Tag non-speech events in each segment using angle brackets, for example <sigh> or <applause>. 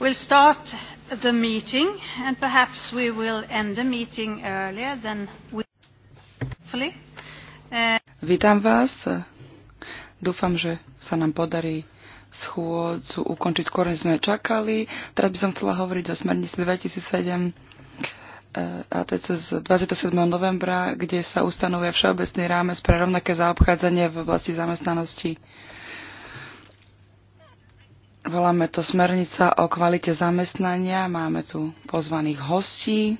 We'll start the meeting, and perhaps we will end the meeting earlier than we hopefully. Uh, Vítam vás. Dúfam, že sa nám podarí schôdcu ukončiť skôr, než sme čakali. Teraz by som chcela hovoriť o smernici 2007 eh, a teď z 27. novembra, kde sa ustanovuje všeobecný rámec pre rovnaké zaobchádzanie v oblasti zamestnanosti. Voláme to Smernica o kvalite zamestnania. Máme tu pozvaných hostí.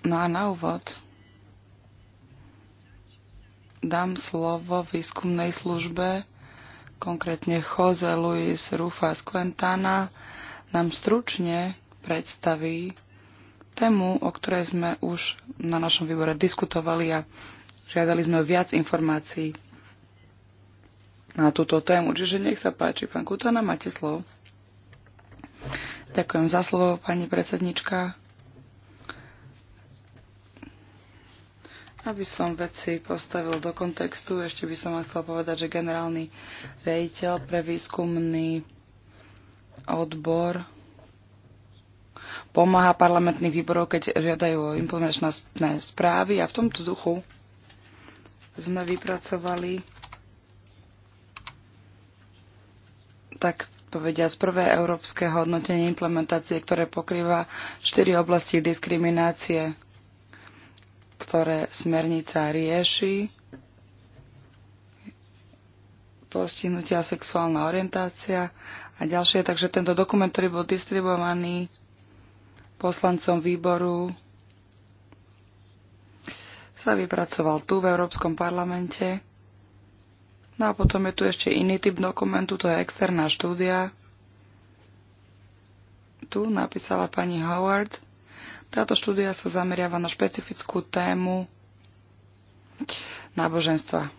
No a na úvod dám slovo výskumnej službe, konkrétne Jose Luis Rufas Quentana, nám stručne predstaví tému, o ktorej sme už na našom výbore diskutovali a žiadali sme o viac informácií na túto tému. Čiže nech sa páči, pán Kutana, máte slovo. Ďakujem za slovo, pani predsednička. Aby som veci postavil do kontextu, ešte by som vám chcel povedať, že generálny rejiteľ pre výskumný odbor pomáha parlamentných výborov, keď žiadajú o implementačné správy a v tomto duchu sme vypracovali tak povedia z prvé európske hodnotenie implementácie, ktoré pokrýva štyri oblasti diskriminácie, ktoré smernica rieši. Postihnutia sexuálna orientácia a ďalšie. Takže tento dokument, ktorý bol distribuovaný poslancom výboru, sa vypracoval tu v Európskom parlamente No a potom je tu ešte iný typ dokumentu, to je externá štúdia. Tu napísala pani Howard. Táto štúdia sa zameriava na špecifickú tému náboženstva,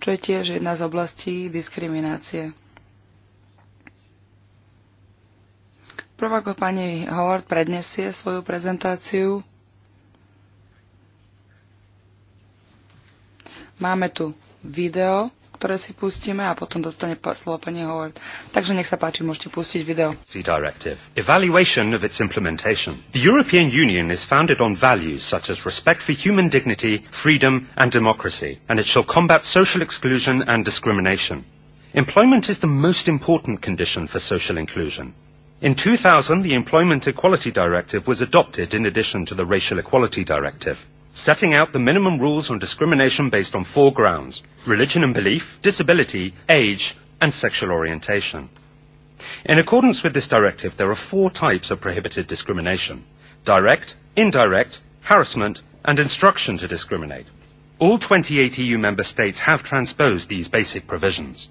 čo je tiež jedna z oblastí diskriminácie. Prvá, ako pani Howard predniesie svoju prezentáciu, Máme tu video, ktoré si pustíme a potom dostane slovo pani Howard. Takže nech sa páči, môžete pustiť video. Directive. Evaluation of its implementation. The European Union is founded on values such as respect for human dignity, freedom and democracy, and it shall combat social exclusion and discrimination. Employment is the most important condition for social inclusion. In 2000, the Employment Equality Directive was adopted in addition to the Racial Equality Directive setting out the minimum rules on discrimination based on four grounds religion and belief, disability, age, and sexual orientation. In accordance with this directive, there are four types of prohibited discrimination direct, indirect, harassment, and instruction to discriminate. All 28 EU member states have transposed these basic provisions.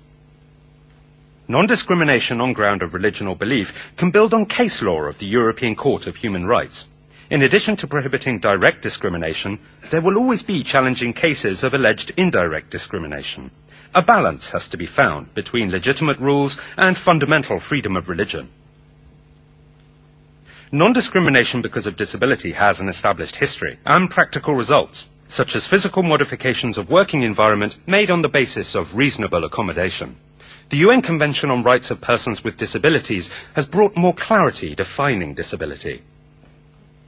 Non-discrimination on ground of religion or belief can build on case law of the European Court of Human Rights In addition to prohibiting direct discrimination, there will always be challenging cases of alleged indirect discrimination. A balance has to be found between legitimate rules and fundamental freedom of religion. Non-discrimination because of disability has an established history and practical results, such as physical modifications of working environment made on the basis of reasonable accommodation. The UN Convention on Rights of Persons with Disabilities has brought more clarity defining disability.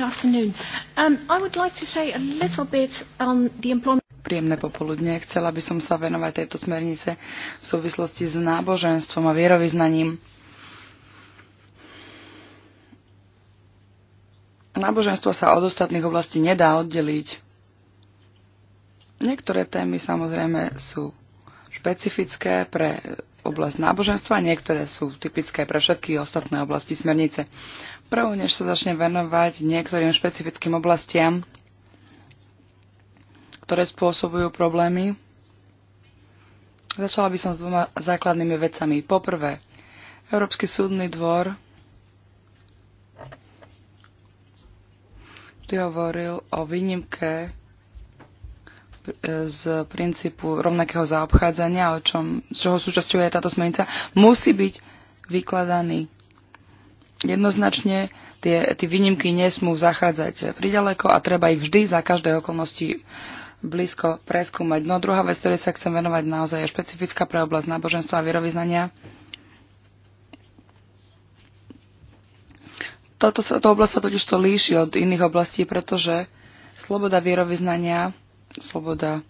Good afternoon. Um, I would like to say a little bit on the employment príjemné popoludne. Chcela by som sa venovať tejto smernice v súvislosti s náboženstvom a vierovýznaním. Náboženstvo sa od ostatných oblastí nedá oddeliť. Niektoré témy samozrejme sú špecifické pre oblasť náboženstva, niektoré sú typické pre všetky ostatné oblasti smernice. Prv, než sa začne venovať niektorým špecifickým oblastiam, ktoré spôsobujú problémy, začala by som s dvoma základnými vecami. Poprvé, Európsky súdny dvor vždy hovoril o výnimke e, z princípu rovnakého zaobchádzania, o čom, z čoho súčasťuje táto smernica, musí byť vykladaný Jednoznačne tie, tie výnimky nesmú zachádzať priďaleko a treba ich vždy za každé okolnosti blízko preskúmať. No druhá vec, ktorej sa chcem venovať naozaj, je špecifická pre oblasť náboženstva a vierovýznania. Toto, to oblasť sa totiž to líši od iných oblastí, pretože sloboda vierovýznania, sloboda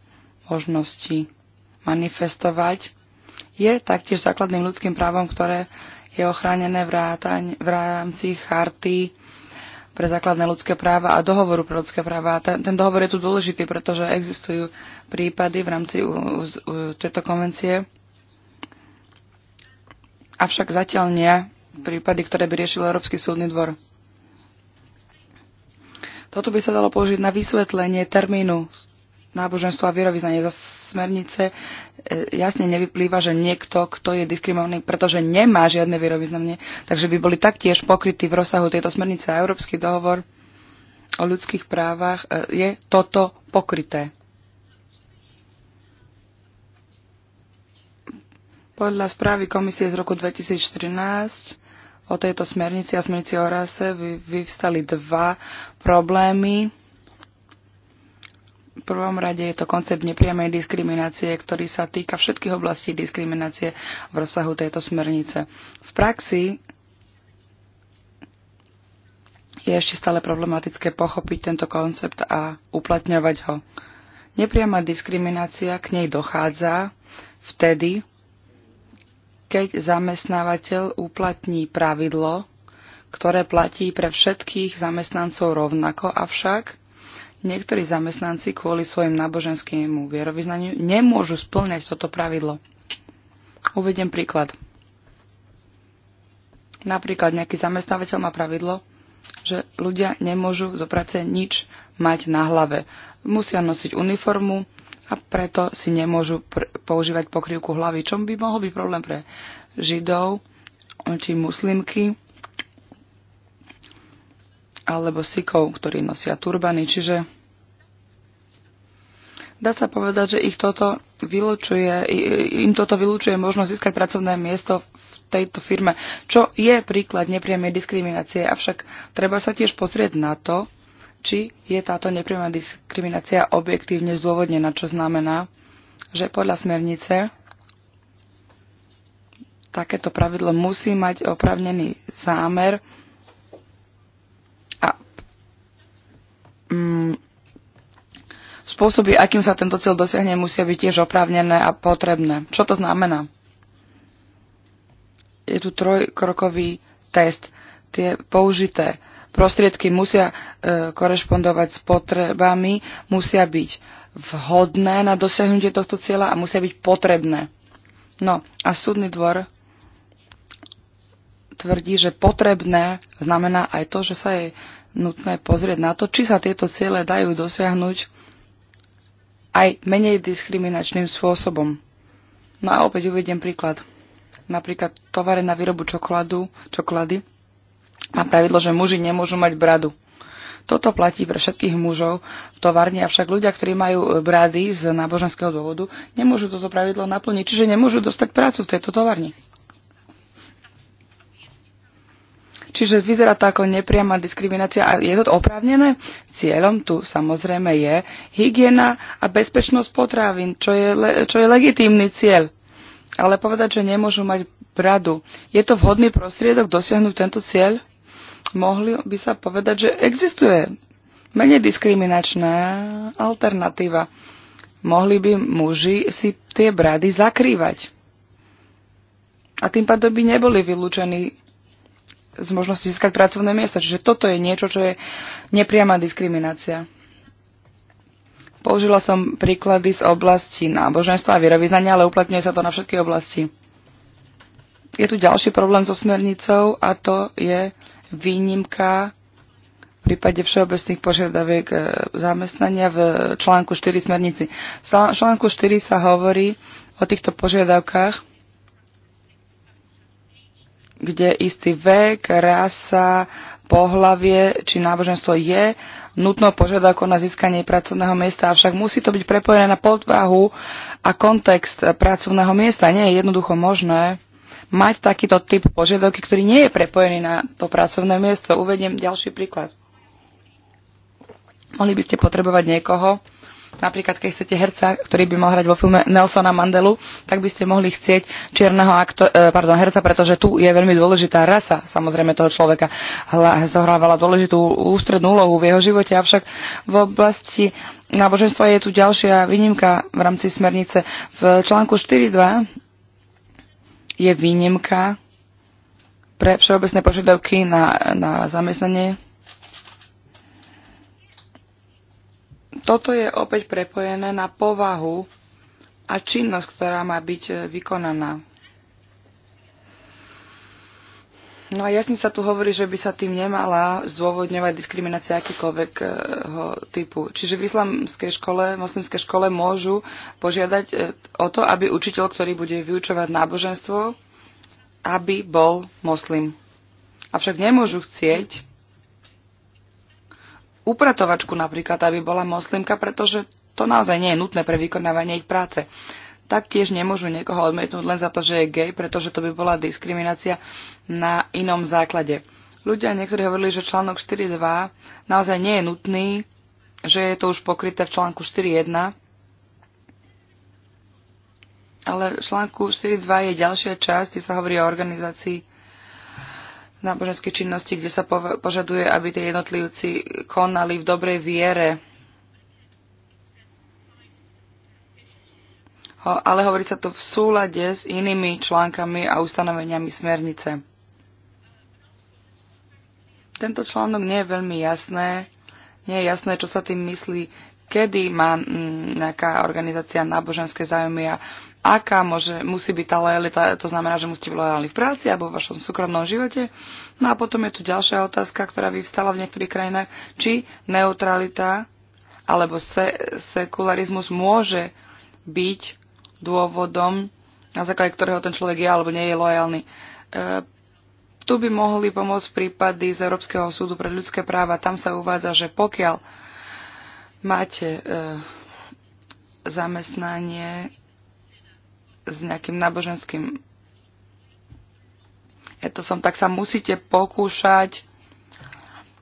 možnosti manifestovať je taktiež základným ľudským právom, ktoré je ochránené vrátaň, v rámci charty pre základné ľudské práva a dohovoru pre ľudské práva. A ten, ten dohovor je tu dôležitý, pretože existujú prípady v rámci u, u, u, tejto konvencie, avšak zatiaľ nie prípady, ktoré by riešil Európsky súdny dvor. Toto by sa dalo použiť na vysvetlenie termínu náboženstvo a vierovýznanie zo smernice e, jasne nevyplýva, že niekto, kto je diskriminovaný, pretože nemá žiadne vierovýznanie, takže by boli taktiež pokrytí v rozsahu tejto smernice a Európsky dohovor o ľudských právach e, je toto pokryté. Podľa správy komisie z roku 2014 o tejto smernici a smernici o rase vyvstali dva problémy prvom rade je to koncept nepriamej diskriminácie, ktorý sa týka všetkých oblastí diskriminácie v rozsahu tejto smernice. V praxi je ešte stále problematické pochopiť tento koncept a uplatňovať ho. Nepriama diskriminácia k nej dochádza vtedy, keď zamestnávateľ uplatní pravidlo, ktoré platí pre všetkých zamestnancov rovnako, avšak niektorí zamestnanci kvôli svojim náboženskému vierovýznaniu nemôžu splňať toto pravidlo. Uvediem príklad. Napríklad nejaký zamestnávateľ má pravidlo, že ľudia nemôžu do práce nič mať na hlave. Musia nosiť uniformu a preto si nemôžu pr- používať pokrývku hlavy, čo by mohol byť problém pre židov či muslimky, alebo sikov, ktorí nosia turbany, čiže dá sa povedať, že ich toto vylučuje, im toto vylučuje možnosť získať pracovné miesto v tejto firme, čo je príklad nepriamej diskriminácie, avšak treba sa tiež pozrieť na to, či je táto nepriama diskriminácia objektívne zdôvodnená, čo znamená, že podľa smernice takéto pravidlo musí mať opravnený zámer Mm, spôsoby, akým sa tento cieľ dosiahne, musia byť tiež oprávnené a potrebné. Čo to znamená? Je tu trojkrokový test. Tie použité prostriedky musia e, korešpondovať s potrebami, musia byť vhodné na dosiahnutie tohto cieľa a musia byť potrebné. No a súdny dvor tvrdí, že potrebné znamená aj to, že sa jej nutné pozrieť na to, či sa tieto ciele dajú dosiahnuť aj menej diskriminačným spôsobom. No a opäť uvediem príklad. Napríklad tovare na výrobu čokoládu, čokolády má pravidlo, že muži nemôžu mať bradu. Toto platí pre všetkých mužov v továrni, avšak ľudia, ktorí majú brady z náboženského dôvodu, nemôžu toto pravidlo naplniť, čiže nemôžu dostať prácu v tejto továrni. Čiže vyzerá to ako nepriama diskriminácia a je to oprávnené? Cieľom tu samozrejme je hygiena a bezpečnosť potravín, čo je, čo je legitímny cieľ. Ale povedať, že nemôžu mať bradu. Je to vhodný prostriedok dosiahnuť tento cieľ? Mohli by sa povedať, že existuje menej diskriminačná alternatíva. Mohli by muži si tie brady zakrývať. A tým pádom by neboli vylúčení z možnosti získať pracovné miesto, Čiže toto je niečo, čo je nepriama diskriminácia. Použila som príklady z oblasti náboženstva a vyrovýznania, ale uplatňuje sa to na všetky oblasti. Je tu ďalší problém so smernicou a to je výnimka v prípade všeobecných požiadaviek e, zamestnania v článku 4 smernici. V článku 4 sa hovorí o týchto požiadavkách kde istý vek, rasa, pohlavie či náboženstvo je nutno požiadavkou na získanie pracovného miesta, avšak musí to byť prepojené na podvahu a kontext pracovného miesta. Nie je jednoducho možné mať takýto typ požiadavky, ktorý nie je prepojený na to pracovné miesto. Uvediem ďalší príklad. Mohli by ste potrebovať niekoho, Napríklad, keď chcete herca, ktorý by mal hrať vo filme Nelsona Mandelu, tak by ste mohli chcieť čierneho akto- e, pardon, herca, pretože tu je veľmi dôležitá rasa samozrejme toho človeka. Hla, zohrávala dôležitú ústrednú úlohu v jeho živote, avšak v oblasti náboženstva je tu ďalšia výnimka v rámci smernice. V článku 4.2 je výnimka pre všeobecné požiadavky na, na zamestnanie toto je opäť prepojené na povahu a činnosť, ktorá má byť e, vykonaná. No a jasne sa tu hovorí, že by sa tým nemala zdôvodňovať diskriminácia akýkoľvek typu. Čiže v islamskej škole, v moslimskej škole môžu požiadať e, o to, aby učiteľ, ktorý bude vyučovať náboženstvo, aby bol moslim. Avšak nemôžu chcieť, upratovačku napríklad, aby bola moslimka, pretože to naozaj nie je nutné pre vykonávanie ich práce. Taktiež nemôžu niekoho odmietnúť len za to, že je gay, pretože to by bola diskriminácia na inom základe. Ľudia niektorí hovorili, že článok 4.2 naozaj nie je nutný, že je to už pokryté v článku 4.1, ale v článku 4.2 je ďalšia časť, kde sa hovorí o organizácii náboženskej činnosti, kde sa požaduje, aby tie jednotlivci konali v dobrej viere. Ale hovorí sa to v súlade s inými článkami a ustanoveniami smernice. Tento článok nie je veľmi jasné. Nie je jasné, čo sa tým myslí kedy má mm, nejaká organizácia náboženské záujmy a aká môže, musí byť tá lojalita, to znamená, že musíte byť lojálni v práci alebo v vašom súkromnom živote. No a potom je tu ďalšia otázka, ktorá vyvstala v niektorých krajinách, či neutralita alebo se, sekularizmus môže byť dôvodom, na základe ktorého ten človek je alebo nie je lojálny. E, tu by mohli pomôcť prípady z Európskeho súdu pre ľudské práva. Tam sa uvádza, že pokiaľ máte e, zamestnanie s nejakým náboženským e, som tak sa musíte pokúšať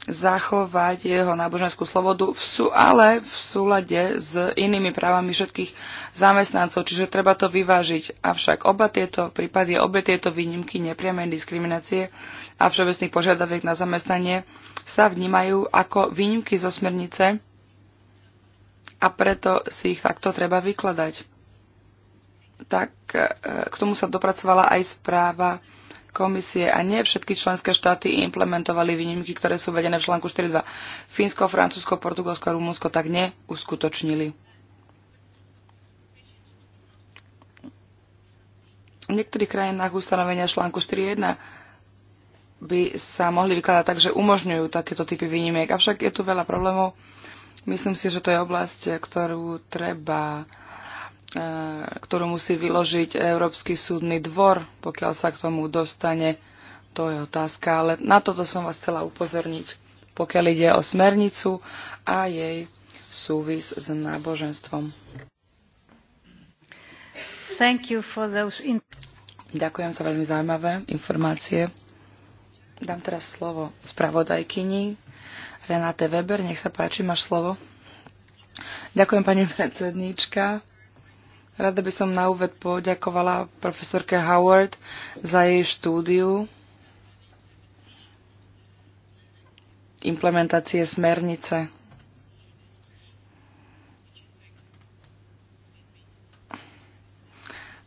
zachovať jeho náboženskú slobodu, v sú, ale v súlade s inými právami všetkých zamestnancov, čiže treba to vyvážiť. Avšak oba tieto prípady, obe tieto výnimky nepriamej diskriminácie a všeobecných požiadaviek na zamestnanie sa vnímajú ako výnimky zo smernice a preto si ich takto treba vykladať. Tak e, k tomu sa dopracovala aj správa komisie a nie všetky členské štáty implementovali výnimky, ktoré sú vedené v článku 4.2. Fínsko, Francúzsko, Portugalsko a Rumunsko tak neuskutočnili. V niektorých krajinách ustanovenia článku 4.1 by sa mohli vykladať tak, že umožňujú takéto typy výnimiek. Avšak je tu veľa problémov, Myslím si, že to je oblasť, ktorú treba e, ktorú musí vyložiť Európsky súdny dvor, pokiaľ sa k tomu dostane. To je otázka, ale na toto som vás chcela upozorniť, pokiaľ ide o smernicu a jej súvis s náboženstvom. Thank you for those in- Ďakujem za veľmi zaujímavé informácie. Dám teraz slovo spravodajkyni Renate Weber, nech sa páči, máš slovo. Ďakujem, pani predsedníčka. Rada by som na úved poďakovala profesorke Howard za jej štúdiu implementácie smernice.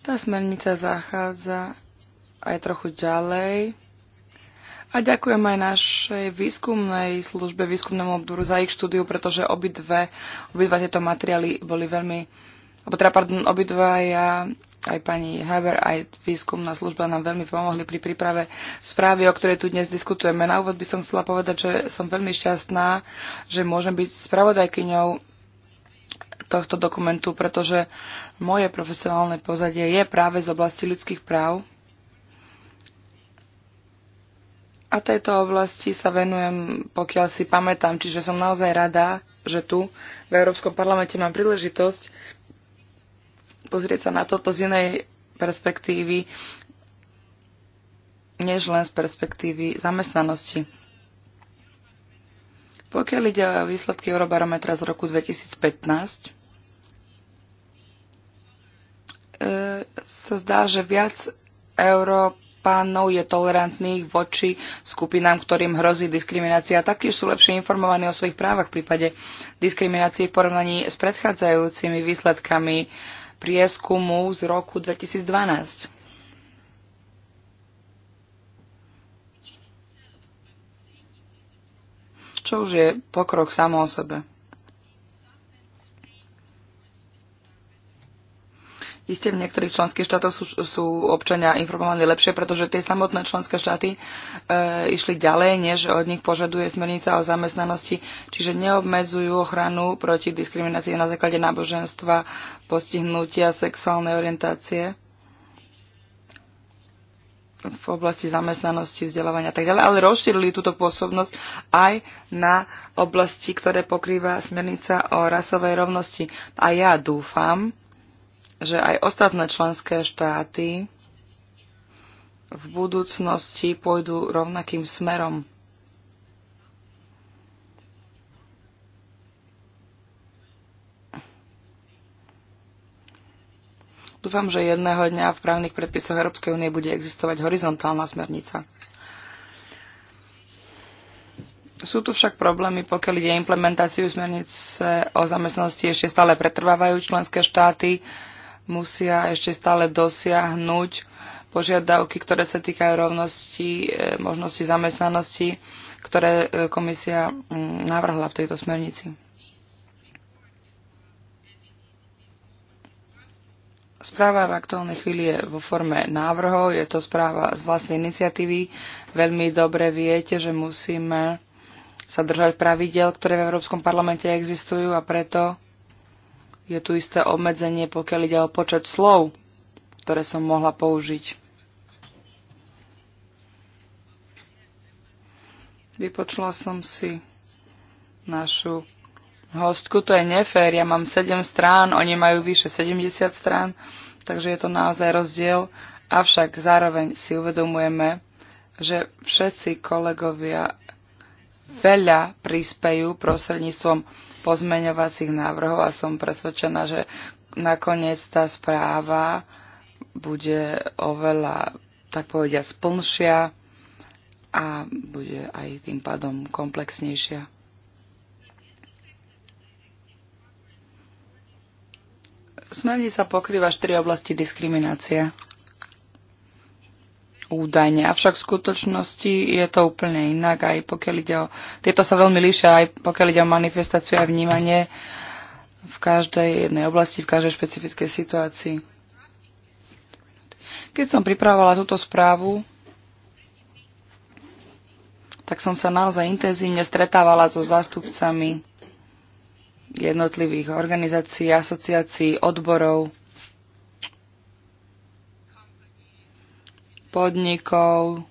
Tá smernica zachádza aj trochu ďalej a ďakujem aj našej výskumnej službe, výskumnému obdúru za ich štúdiu, pretože obidve, obidva tieto materiály boli veľmi, alebo teda, pardon, obidva ja, aj pani Haber, aj výskumná služba nám veľmi pomohli pri príprave správy, o ktorej tu dnes diskutujeme. Na úvod by som chcela povedať, že som veľmi šťastná, že môžem byť spravodajkyňou tohto dokumentu, pretože moje profesionálne pozadie je práve z oblasti ľudských práv A tejto oblasti sa venujem, pokiaľ si pamätám, čiže som naozaj rada, že tu v Európskom parlamente mám príležitosť pozrieť sa na toto z inej perspektívy, než len z perspektívy zamestnanosti. Pokiaľ ide o výsledky Eurobarometra z roku 2015, e, sa zdá, že viac Európ Pánov je tolerantných voči skupinám, ktorým hrozí diskriminácia. Taktiež sú lepšie informovaní o svojich právach v prípade diskriminácie v porovnaní s predchádzajúcimi výsledkami prieskumu z roku 2012. Čo už je pokrok samo o sebe. Isté v niektorých členských štátoch sú, sú občania informovaní lepšie, pretože tie samotné členské štáty e, išli ďalej, než od nich požaduje smernica o zamestnanosti, čiže neobmedzujú ochranu proti diskriminácii na základe náboženstva, postihnutia, sexuálnej orientácie v oblasti zamestnanosti, vzdelávania a tak ďalej, ale rozšírili túto pôsobnosť aj na oblasti, ktoré pokrýva smernica o rasovej rovnosti. A ja dúfam, že aj ostatné členské štáty v budúcnosti pôjdu rovnakým smerom. Dúfam, že jedného dňa v právnych predpisoch Európskej únie bude existovať horizontálna smernica. Sú tu však problémy, pokiaľ ide implementáciu smernice o zamestnanosti, ešte stále pretrvávajú členské štáty musia ešte stále dosiahnuť požiadavky, ktoré sa týkajú rovnosti, e, možnosti zamestnanosti, ktoré e, komisia mm, navrhla v tejto smernici. Správa v aktuálnej chvíli je vo forme návrhov, je to správa z vlastnej iniciatívy. Veľmi dobre viete, že musíme sa držať pravidel, ktoré v Európskom parlamente existujú a preto je tu isté obmedzenie, pokiaľ ide o počet slov, ktoré som mohla použiť. Vypočula som si našu hostku, to je nefér, ja mám 7 strán, oni majú vyše 70 strán, takže je to naozaj rozdiel. Avšak zároveň si uvedomujeme, že všetci kolegovia veľa prispejú prostredníctvom pozmeňovacích návrhov a som presvedčená, že nakoniec tá správa bude oveľa, tak povedia, splnšia a bude aj tým pádom komplexnejšia. sa pokrýva štyri oblasti diskriminácie údajne. Avšak v skutočnosti je to úplne inak, aj pokiaľ ide o... Tieto sa veľmi líšia, aj pokiaľ ide o manifestáciu a vnímanie v každej jednej oblasti, v každej špecifickej situácii. Keď som pripravovala túto správu, tak som sa naozaj intenzívne stretávala so zástupcami jednotlivých organizácií, asociácií, odborov, podnikov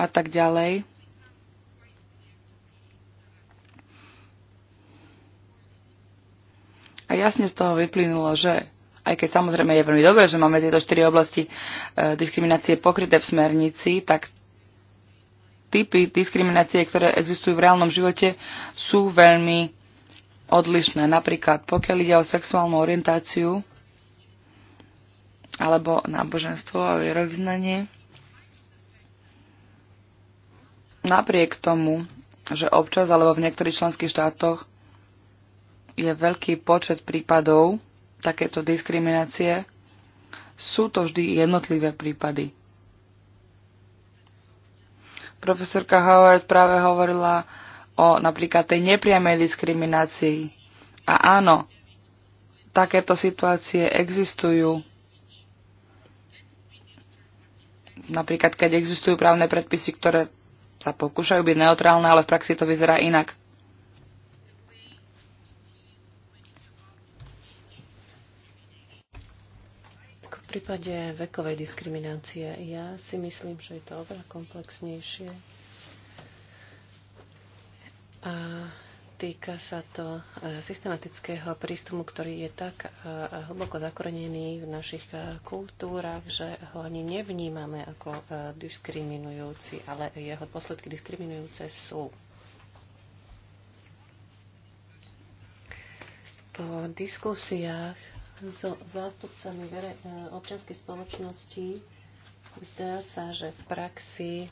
a tak ďalej. A jasne z toho vyplynulo, že aj keď samozrejme je veľmi dobré, že máme tieto štyri oblasti e, diskriminácie pokryté v smernici, tak typy diskriminácie, ktoré existujú v reálnom živote, sú veľmi odlišné. Napríklad, pokiaľ ide o sexuálnu orientáciu, alebo náboženstvo a vierovýznanie. Napriek tomu, že občas alebo v niektorých členských štátoch je veľký počet prípadov takéto diskriminácie, sú to vždy jednotlivé prípady. Profesorka Howard práve hovorila o napríklad tej nepriamej diskriminácii. A áno, takéto situácie existujú. Napríklad, keď existujú právne predpisy, ktoré sa pokúšajú byť neutrálne, ale v praxi to vyzerá inak. V prípade vekovej diskriminácie ja si myslím, že je to oveľa komplexnejšie. A Týka sa to e, systematického prístupu, ktorý je tak e, hlboko zakorenený v našich e, kultúrach, že ho ani nevnímame ako diskriminujúci, ale jeho posledky diskriminujúce sú. Po diskusiách so zástupcami občianskej spoločnosti zdá sa, že v praxi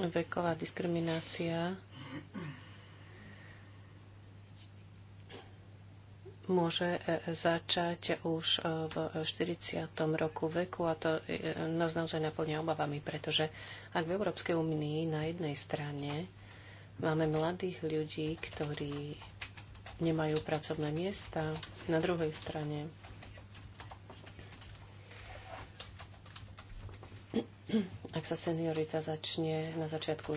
veková diskriminácia môže e, začať už e, v 40. roku veku a to e, nás naozaj naplňa obavami, pretože ak v Európskej únii na jednej strane máme mladých ľudí, ktorí nemajú pracovné miesta, na druhej strane ak sa seniorita začne na začiatku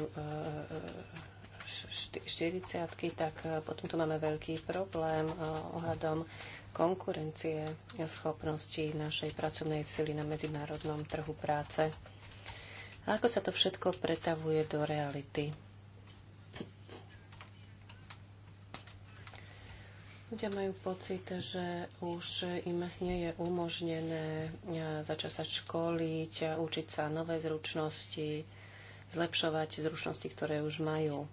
40, tak e, potom tu máme veľký problém e, ohľadom konkurencie a schopnosti našej pracovnej sily na medzinárodnom trhu práce. A ako sa to všetko pretavuje do reality? Ľudia majú pocit, že už im nie je umožnené e, začať sa školiť, učiť sa nové zručnosti, zlepšovať zručnosti, ktoré už majú.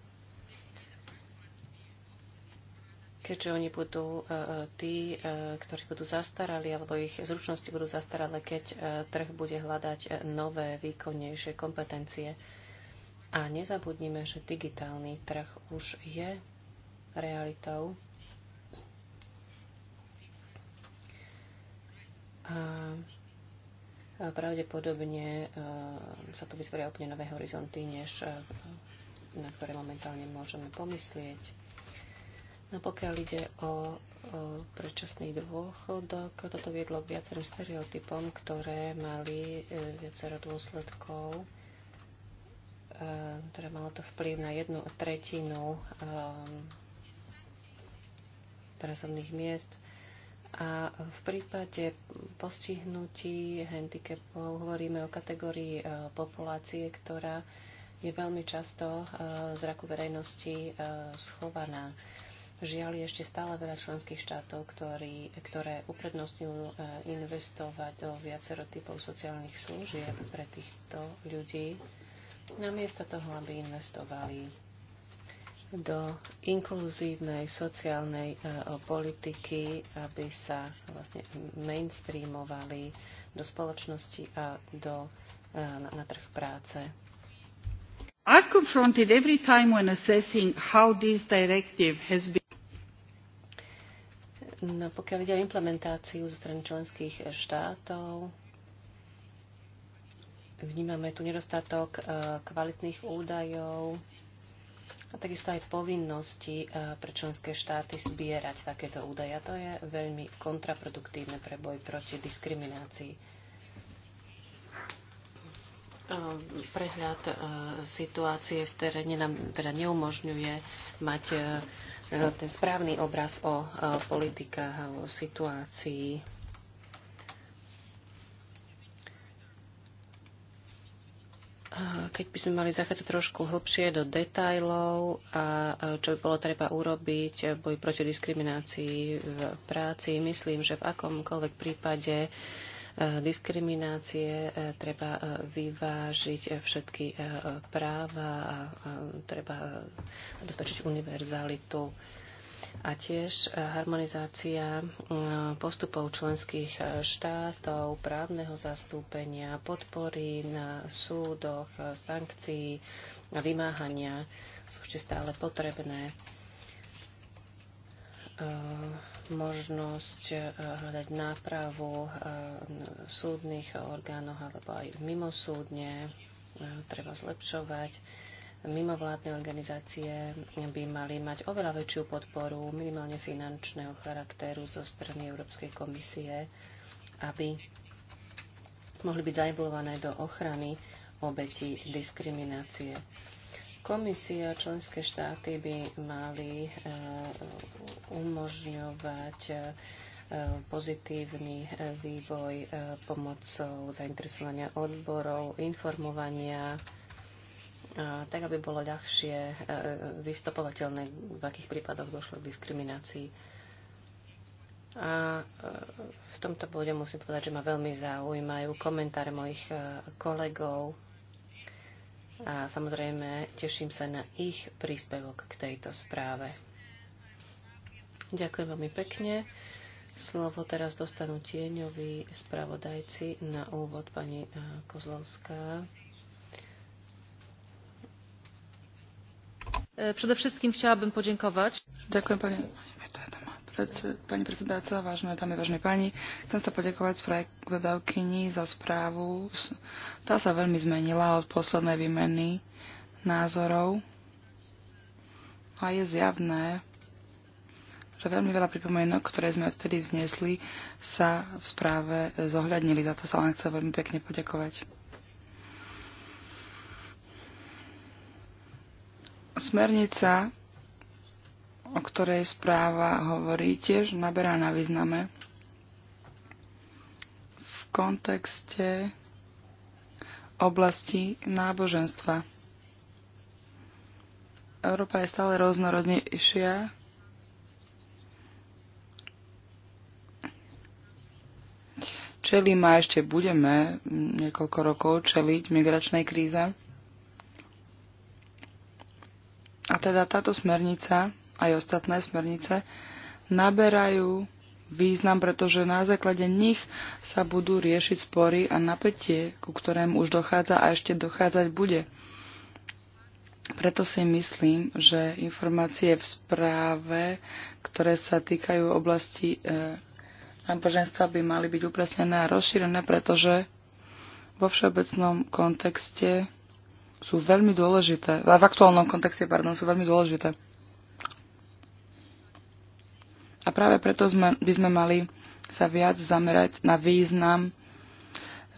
keďže oni budú e, e, tí, e, ktorí budú zastarali, alebo ich zručnosti budú zastaralé, keď trh bude hľadať nové, výkonnejšie kompetencie. A nezabudnime, že digitálny trh už je realitou. A pravdepodobne sa tu vytvoria úplne nové horizonty, než na ktoré momentálne môžeme pomyslieť. No pokiaľ ide o, o predčasný dôchodok, toto viedlo k viacerým stereotypom, ktoré mali e, viacero dôsledkov. E, ktoré malo to vplyv na jednu tretinu e, pracovných miest. A v prípade postihnutí handicapov hovoríme o kategórii e, populácie, ktorá je veľmi často e, z raku verejnosti e, schovaná. Žiaľ, je ešte stále veľa členských štátov, ktorý, ktoré uprednostňujú e, investovať do viacero typov sociálnych služieb pre týchto ľudí, namiesto toho, aby investovali do inkluzívnej sociálnej e, politiky, aby sa vlastne mainstreamovali do spoločnosti a do, e, na, na trh práce I'm confronted every time when assessing how this directive has been No, pokiaľ ide o implementáciu zo strany členských štátov, vnímame tu nedostatok e, kvalitných údajov a takisto aj povinnosti e, pre členské štáty zbierať takéto údaje. A to je veľmi kontraproduktívne pre boj proti diskriminácii e, prehľad situácie v teréne nám teda neumožňuje mať E, ten správny obraz o e, politikách a o situácii. E, keď by sme mali zachádzať trošku hlbšie do detajlov a čo by bolo treba urobiť v boji proti diskriminácii v práci, myslím, že v akomkoľvek prípade uh, diskriminácie, e, treba e, vyvážiť e, všetky práva a treba zabezpečiť univerzalitu a tiež harmonizácia postupov členských štátov, právneho zastúpenia, podpory na súdoch, sankcií a vymáhania sú ešte stále potrebné možnosť eh, hľadať nápravu eh, v súdnych orgánoch alebo aj mimosúdne, eh, treba zlepšovať. Mimovládne organizácie by mali mať oveľa väčšiu podporu, minimálne finančného charakteru zo strany Európskej komisie, aby mohli byť zainvolované do ochrany obetí diskriminácie. Komisia a členské štáty by mali e, umožňovať e, pozitívny e, vývoj pomocou zainteresovania odborov, informovania, tak aby bolo ľahšie vystopovateľné, v akých prípadoch došlo k diskriminácii. A v tomto bode musím povedať, že ma veľmi zaujímajú komentáre mojich kolegov a samozrejme teším sa na ich príspevok k tejto správe. Ďakujem veľmi pekne. Slovo teraz dostanú tieňoví spravodajci na úvod pani eh, Kozlovská. Eh, Przede wszystkim chciałabym podziękować. Ďakujem pani pani predsedáca, vážne dámy, vážne Chcem sa poďakovať spravodajkyni za správu. Tá sa veľmi zmenila od poslednej výmeny názorov. A je zjavné, že veľmi veľa pripomienok, ktoré sme vtedy vznesli, sa v správe zohľadnili. Za to sa vám chcem veľmi pekne poďakovať. Smernica o ktorej správa hovorí, tiež naberá na význame v kontexte oblasti náboženstva. Európa je stále rôznorodnejšia. Čelíme a ešte budeme niekoľko rokov čeliť migračnej kríze. A teda táto smernica aj ostatné smernice, naberajú význam, pretože na základe nich sa budú riešiť spory a napätie, ku ktorému už dochádza a ešte dochádzať bude. Preto si myslím, že informácie v správe, ktoré sa týkajú oblasti e, náboženstva, by mali byť upresnené a rozšírené, pretože vo všeobecnom kontexte sú veľmi dôležité, v aktuálnom kontexte, pardon, sú veľmi dôležité. A práve preto sme, by sme mali sa viac zamerať na význam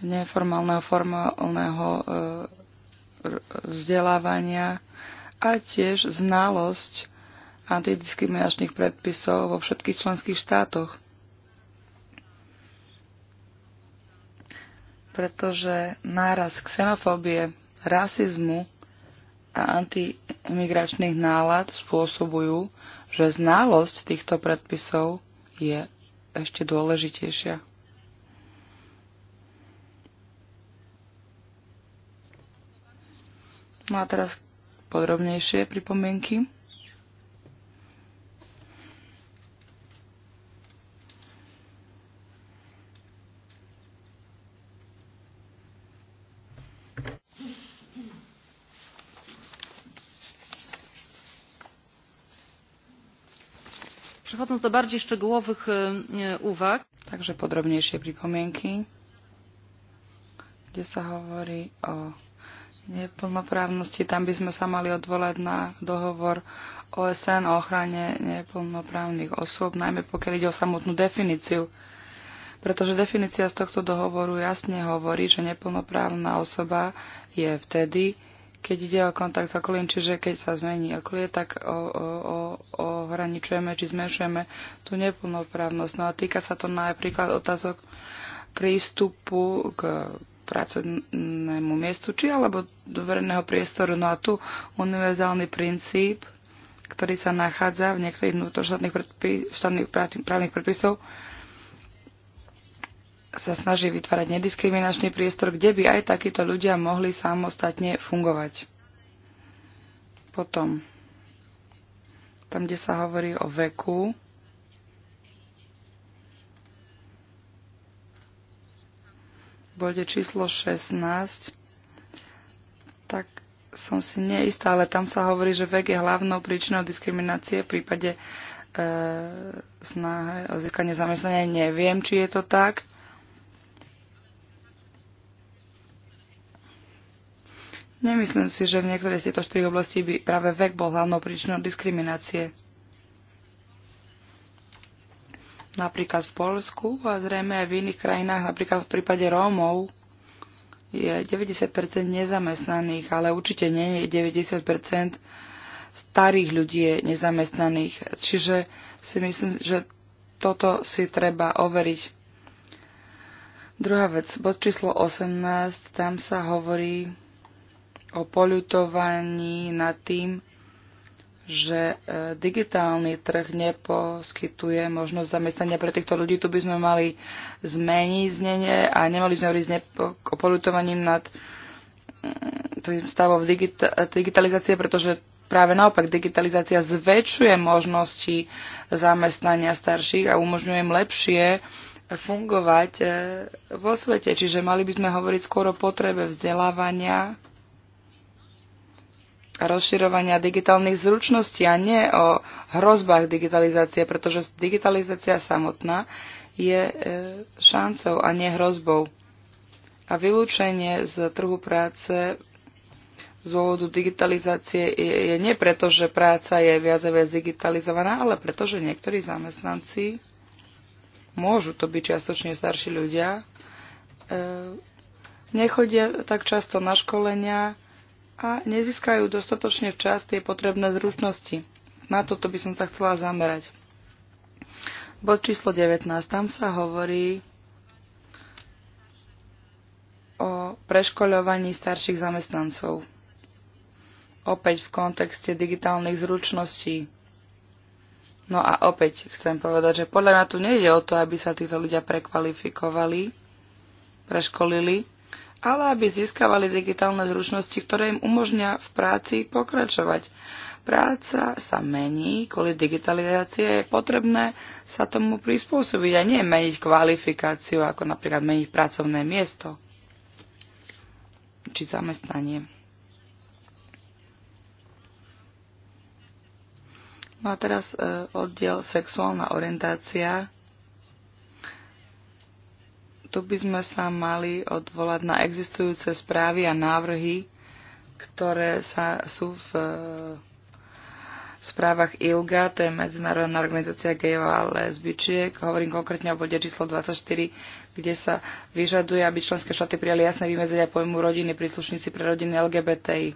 neformálneho, formálneho e, vzdelávania a tiež znalosť antidiskriminačných predpisov vo všetkých členských štátoch. Pretože náraz xenofóbie, rasizmu a antimigračných nálad spôsobujú, že znalosť týchto predpisov je ešte dôležitejšia. No a teraz podrobnejšie pripomienky. przechodząc do bardziej szczegółowych e, e, uwag. Także podrobniejsze pripomienky, kde sa hovorí o neplnoprávnosti. Tam by sme sa mali odvolať na dohovor OSN o ochrane neplnoprávnych osób, najmä pokiaľ ide o samotnú definíciu. Pretože definícia z tohto dohovoru jasne hovorí, že neplnoprávna osoba je vtedy, keď ide o kontakt s okolím, čiže keď sa zmení okolie, tak ohraničujeme či zmenšujeme tú neplnoprávnosť. No a týka sa to napríklad otázok prístupu k pracovnému miestu, či alebo do verejného priestoru. No a tu univerzálny princíp, ktorý sa nachádza v niektorých vnútroštátnych právnych predpisov, sa snaží vytvárať nediskriminačný priestor, kde by aj takíto ľudia mohli samostatne fungovať. Potom, tam, kde sa hovorí o veku, bode číslo 16, tak som si neistá, ale tam sa hovorí, že vek je hlavnou príčinou diskriminácie v prípade e, snahy o získanie zamestnania. Neviem, či je to tak. Nemyslím si, že v niektorej z týchto štyri oblastí by práve vek bol hlavnou príčinou diskriminácie. Napríklad v Polsku a zrejme aj v iných krajinách, napríklad v prípade Rómov, je 90% nezamestnaných, ale určite nie je 90% starých ľudí je nezamestnaných. Čiže si myslím, že toto si treba overiť. Druhá vec, bod číslo 18, tam sa hovorí o poľutovaní nad tým, že e, digitálny trh neposkytuje možnosť zamestnania pre týchto ľudí. Tu by sme mali zmeniť znenie a nemali sme hovoriť o nepoľutovaním nad e, tým stavom digita- digitalizácie, pretože práve naopak digitalizácia zväčšuje možnosti zamestnania starších a umožňuje im lepšie fungovať e, vo svete. Čiže mali by sme hovoriť skôr o potrebe vzdelávania rozširovania digitálnych zručností a nie o hrozbách digitalizácie, pretože digitalizácia samotná je e, šancou a nie hrozbou. A vylúčenie z trhu práce z dôvodu digitalizácie je, nie preto, že práca je viac a viac digitalizovaná, ale preto, že niektorí zamestnanci, môžu to byť čiastočne starší ľudia, e, nechodia tak často na školenia, a nezískajú dostatočne včas tie potrebné zručnosti. Na toto by som sa chcela zamerať. Bod číslo 19. Tam sa hovorí o preškoľovaní starších zamestnancov. Opäť v kontexte digitálnych zručností. No a opäť chcem povedať, že podľa mňa tu nejde o to, aby sa títo ľudia prekvalifikovali, preškolili, ale aby získavali digitálne zručnosti, ktoré im umožňa v práci pokračovať. Práca sa mení, kvôli digitalizácie je potrebné sa tomu prispôsobiť a nie meniť kvalifikáciu, ako napríklad meniť pracovné miesto či zamestnanie. No a teraz e, oddiel sexuálna orientácia tu by sme sa mali odvolať na existujúce správy a návrhy, ktoré sa, sú v e, správach ILGA, to je Medzinárodná organizácia gejov a lesbičiek. Hovorím konkrétne o bode číslo 24, kde sa vyžaduje, aby členské štáty prijali jasné vymedzenia pojmu rodiny príslušníci pre rodiny LGBTI.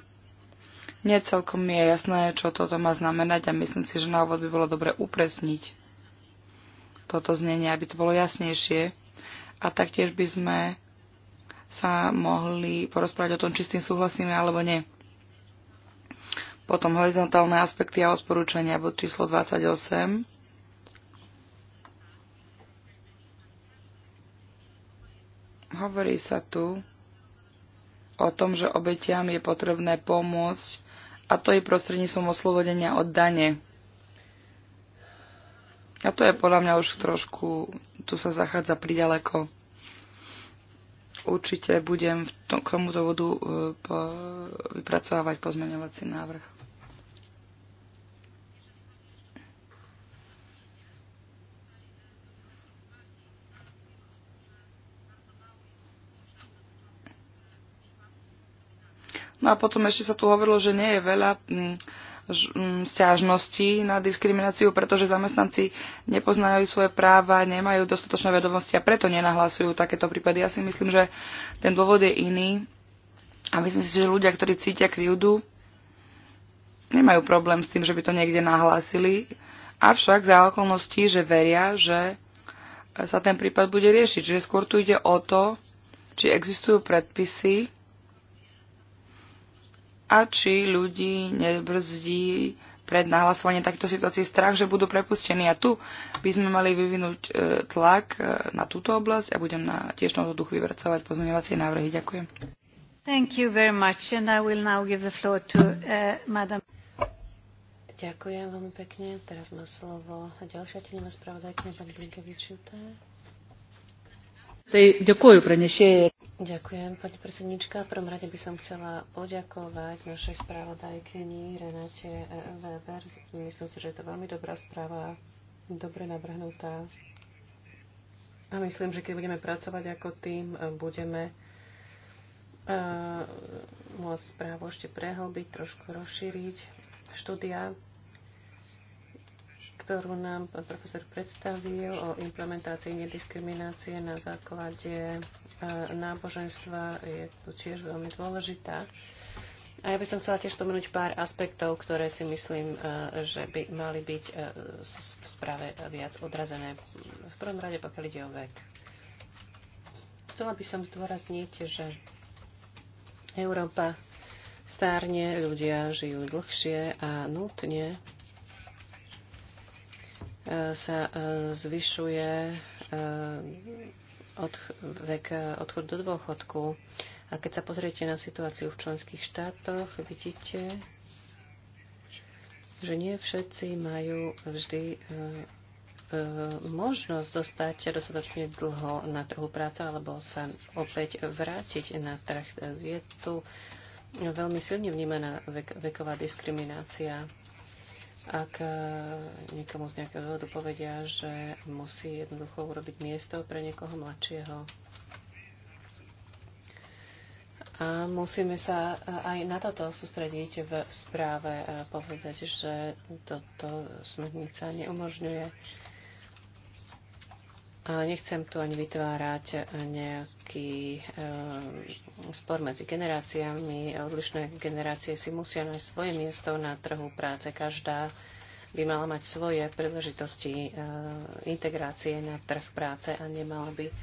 Nie celkom mi je jasné, čo toto má znamenať a myslím si, že na úvod by bolo dobre upresniť toto znenie, aby to bolo jasnejšie a taktiež by sme sa mohli porozprávať o tom, či s tým súhlasíme alebo nie. Potom horizontálne aspekty a odporúčania, bod číslo 28. Hovorí sa tu o tom, že obetiam je potrebné pomôcť a to je prostredníctvom oslobodenia od dane. A to je podľa mňa už trošku, tu sa zachádza priďaleko. Určite budem tom, k tomuto vodu e, po, vypracovávať pozmeňovací návrh. No a potom ešte sa tu hovorilo, že nie je veľa Mm, stiažnosti na diskrimináciu, pretože zamestnanci nepoznajú svoje práva, nemajú dostatočné vedomosti a preto nenahlasujú takéto prípady. Ja si myslím, že ten dôvod je iný a myslím si, že ľudia, ktorí cítia krivdu, nemajú problém s tým, že by to niekde nahlásili, avšak za okolností, že veria, že sa ten prípad bude riešiť. Čiže skôr tu ide o to, či existujú predpisy, a či ľudí nebrzdí pred nahlasovaním takýchto situácií strach, že budú prepustení. A tu by sme mali vyvinúť e, tlak e, na túto oblasť a budem na tiež na duchu vyvracovať pozmeňovacie návrhy. Ďakujem. Thank you very much. And I will now give the floor to uh, Madam. Ďakujem veľmi pekne. Teraz má slovo ďalšia tenová spravodajkňa, pani Blinkevičiutá. Ďakujem pre nešie. Ďakujem, pani predsednička. V prvom rade by som chcela poďakovať našej správodajkyni Renate Weber. Myslím si, že je to veľmi dobrá správa, dobre nabrhnutá. A myslím, že keď budeme pracovať ako tým, budeme uh, môcť správu ešte prehlbiť, trošku rozšíriť. Štúdia ktorú nám pán profesor predstavil o implementácii nediskriminácie na základe e, náboženstva je tu tiež veľmi dôležitá. A ja by som chcela tiež spomenúť pár aspektov, ktoré si myslím, e, že by mali byť e, v správe viac odrazené. V prvom rade, pokiaľ ide o vek. Chcela by som zdôrazniť, že Európa stárne, ľudia žijú dlhšie a nutne sa e, zvyšuje e, od, vek e, odchod do dôchodku. A keď sa pozriete na situáciu v členských štátoch, vidíte, že nie všetci majú vždy možnosť zostať dostatočne dlho na trhu práce alebo sa opäť vrátiť na trh. Je tu veľmi silne vnímaná veková diskriminácia ak e, niekomu z nejakého dôvodu povedia, že musí jednoducho urobiť miesto pre niekoho mladšieho. A musíme sa e, aj na toto sústrediť v správe a povedať, že toto smernica neumožňuje. A nechcem tu ani vytvárať nejak uh, spor medzi generáciami. Odlišné generácie si musia nájsť svoje miesto na trhu práce. Každá by mala mať svoje príležitosti eh, integrácie na trh práce a nemala by eh,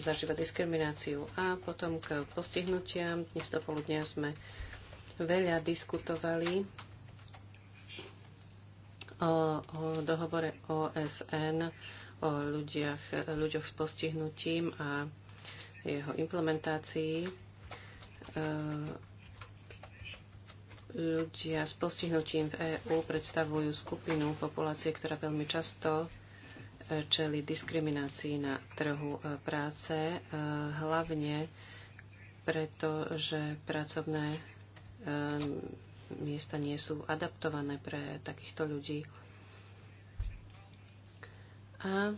zažívať diskrimináciu. A potom k postihnutiam. Dnes do poludnia sme veľa diskutovali o, o dohovore OSN o ľuďach, ľuďoch s postihnutím a jeho implementácii. E, ľudia s postihnutím v EÚ predstavujú skupinu populácie, ktorá veľmi často e, čeli diskriminácii na trhu e, práce, hlavne preto, že pracovné miesta nie sú adaptované pre takýchto ľudí. A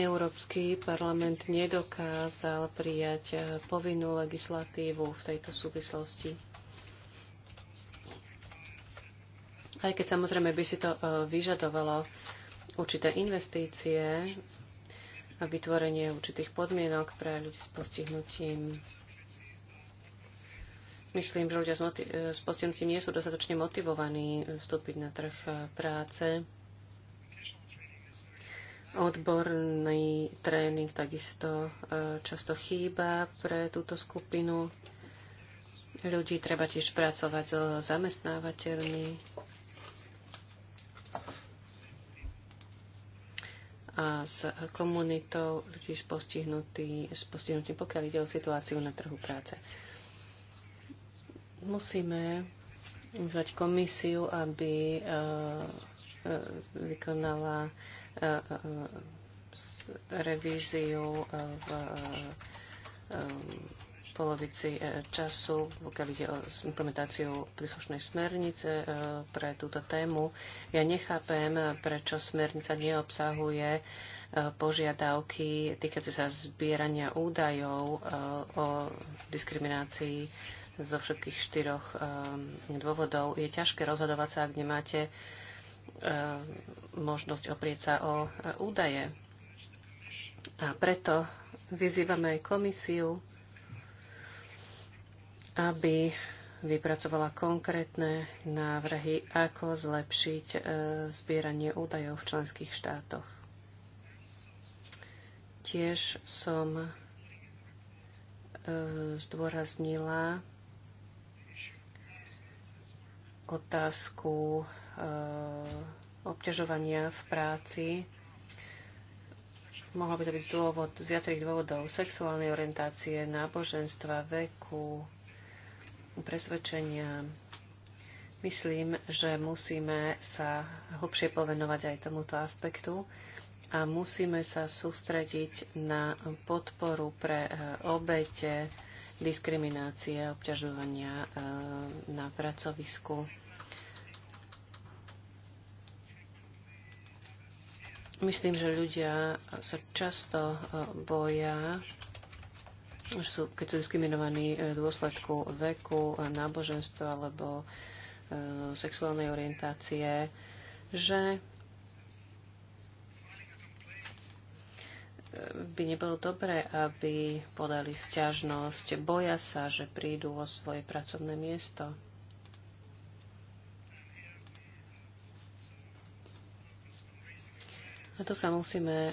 Európsky parlament nedokázal prijať povinnú legislatívu v tejto súvislosti. Aj keď samozrejme by si to e, vyžadovalo určité investície a vytvorenie určitých podmienok pre ľudí s postihnutím. Myslím, že ľudia s, e, postihnutím nie sú dostatočne motivovaní vstúpiť na trh e, práce. Odborný tréning takisto e, často chýba pre túto skupinu ľudí. Treba tiež pracovať so zamestnávateľmi. a s komunitou ľudí s, s postihnutím, pokiaľ ide o situáciu na trhu práce. Musíme vyzvať komisiu, aby e, e, vykonala Eh, eh, eh, revíziu v polovici času, pokiaľ ide o implementáciu príslušnej smernice pre túto tému. Ja nechápem, prečo smernica neobsahuje požiadavky týkajúce sa zbierania údajov o diskriminácii zo všetkých štyroch dôvodov. Je ťažké rozhodovať sa, ak nemáte E, možnosť oprieť sa o e, údaje. A preto vyzývame aj komisiu, aby vypracovala konkrétne návrhy, ako zlepšiť e, zbieranie údajov v členských štátoch. Tiež som zdôraznila otázku Eh, obťažovania v práci. Mohlo by to byť z, dôvod, z viacerých dôvodov sexuálnej orientácie, náboženstva, veku, presvedčenia. Myslím, že musíme sa hlbšie povenovať aj tomuto aspektu a musíme sa sústrediť na podporu pre eh, obete diskriminácie a obťažovania eh, na pracovisku. Myslím, že ľudia sa často e, boja, že sú, keď sú diskriminovaní e, v dôsledku veku, náboženstva alebo e, sexuálnej orientácie, že by nebolo dobré, aby podali stiažnosť. Boja sa, že prídu o svoje pracovné miesto. A tu sa musíme e,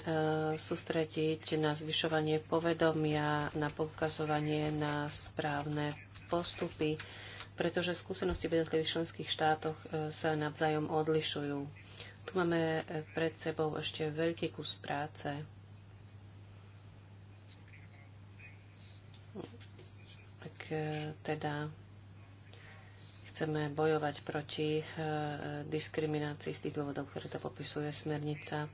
sústrediť na zvyšovanie povedomia, na poukazovanie na správne postupy, pretože skúsenosti v jednotlivých členských štátoch e, sa navzájom odlišujú. Tu máme e, pred sebou ešte veľký kus práce. Ak teda Chceme bojovať proti e, diskriminácii z tých dôvodov, ktoré to popisuje smernica.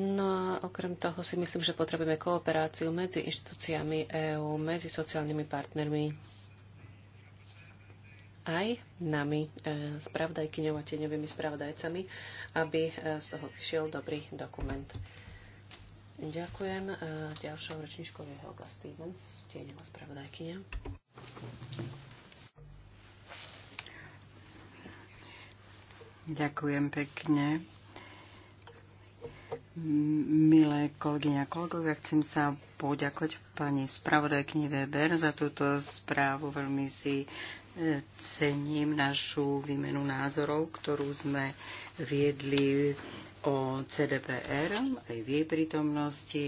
No a okrem toho si myslím, že potrebujeme kooperáciu medzi inštitúciami EÚ, medzi sociálnymi partnermi, aj nami, e, spravodajkyňou a tieňovými spravodajcami, aby e, z toho vyšiel dobrý dokument. Ďakujem. Ďalšou rečničkou je Helga Stevens, tieňová spravodajkyňa. Ďakujem pekne. Milé kolegyňa a kolegovia, chcem sa poďakovať pani spravodajkyni Weber za túto správu. Veľmi si e, cením našu výmenu názorov, ktorú sme viedli o CDPR aj v jej prítomnosti.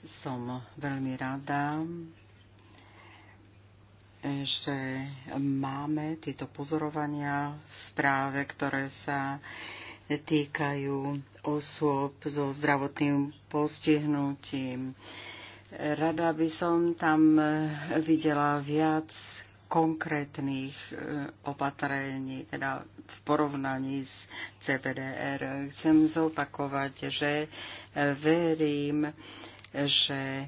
Som veľmi rada, že máme tieto pozorovania v správe, ktoré sa týkajú osôb so zdravotným postihnutím. Rada by som tam videla viac konkrétnych e, opatrení, teda v porovnaní s CBDR. Chcem zopakovať, že e, verím, že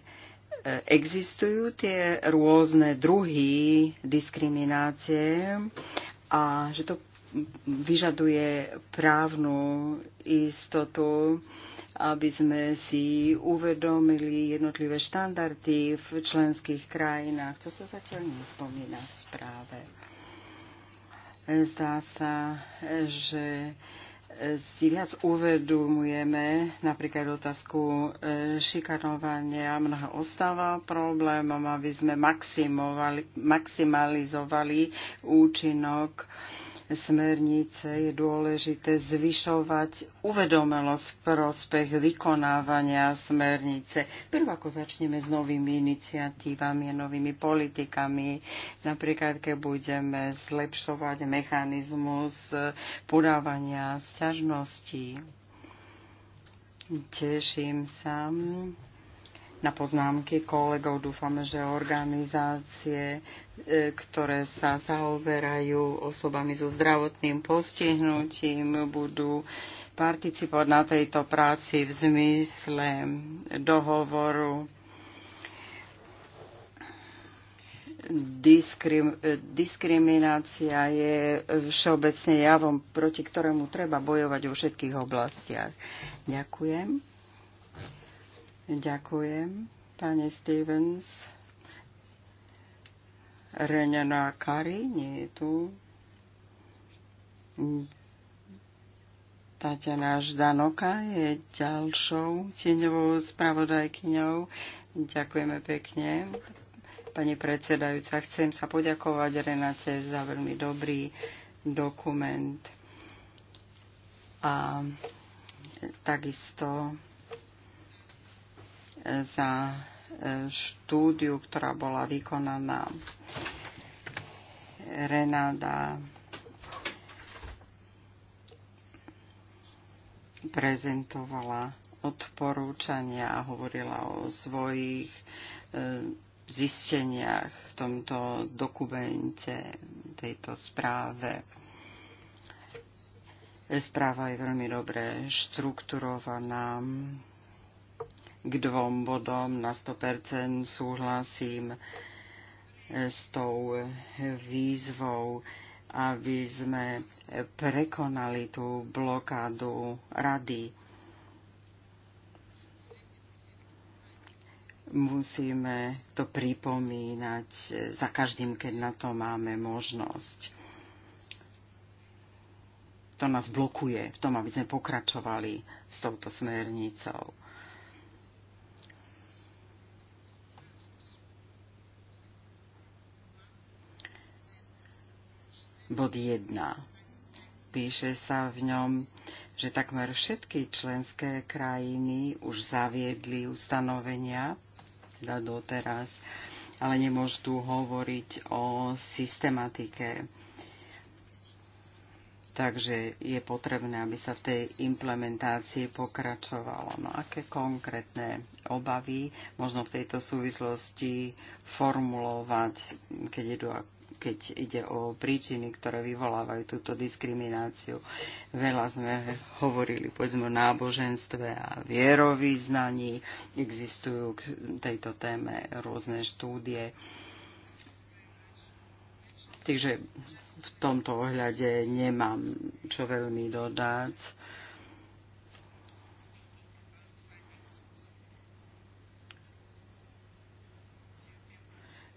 existujú tie rôzne druhy diskriminácie a že to vyžaduje právnu istotu, aby sme si uvedomili jednotlivé štandardy v členských krajinách. To sa zatiaľ nespomína v správe. Zdá sa, že si viac uvedomujeme napríklad otázku e, šikanovania. Mnoho ostáva problémom, aby sme maximalizovali účinok smernice je dôležité zvyšovať uvedomelosť v prospech vykonávania smernice. Prvá, ako začneme s novými iniciatívami a novými politikami, napríklad keď budeme zlepšovať mechanizmus podávania sťažností. Teším sa, na poznámky kolegov. Dúfame, že organizácie, e, ktoré sa zaoberajú osobami so zdravotným postihnutím, budú participovať na tejto práci v zmysle dohovoru Diskrim, diskriminácia je všeobecne javom, proti ktorému treba bojovať vo všetkých oblastiach. Ďakujem. Ďakujem, pani Stevens. Renana Kari nie je tu. Tatiana Ždanoka je ďalšou tieňovou spravodajkyňou. Ďakujeme pekne. Pani predsedajúca, chcem sa poďakovať Renate za veľmi dobrý dokument. A takisto za e, štúdiu, ktorá bola vykonaná Renada prezentovala odporúčania a hovorila o svojich e, zisteniach v tomto dokumente, tejto správe. Správa je veľmi dobre štrukturovaná, k dvom bodom. Na 100% súhlasím s tou výzvou, aby sme prekonali tú blokádu rady. Musíme to pripomínať za každým, keď na to máme možnosť. To nás blokuje v tom, aby sme pokračovali s touto smernicou Bod 1. Píše sa v ňom, že takmer všetky členské krajiny už zaviedli ustanovenia, teda doteraz, ale nemôžu tu hovoriť o systematike. Takže je potrebné, aby sa v tej implementácii pokračovalo. No aké konkrétne obavy možno v tejto súvislosti formulovať, keď idú keď ide o príčiny, ktoré vyvolávajú túto diskrimináciu. Veľa sme hovorili povedzme o náboženstve a vierovýznaní. Existujú k tejto téme rôzne štúdie. Takže v tomto ohľade nemám čo veľmi dodať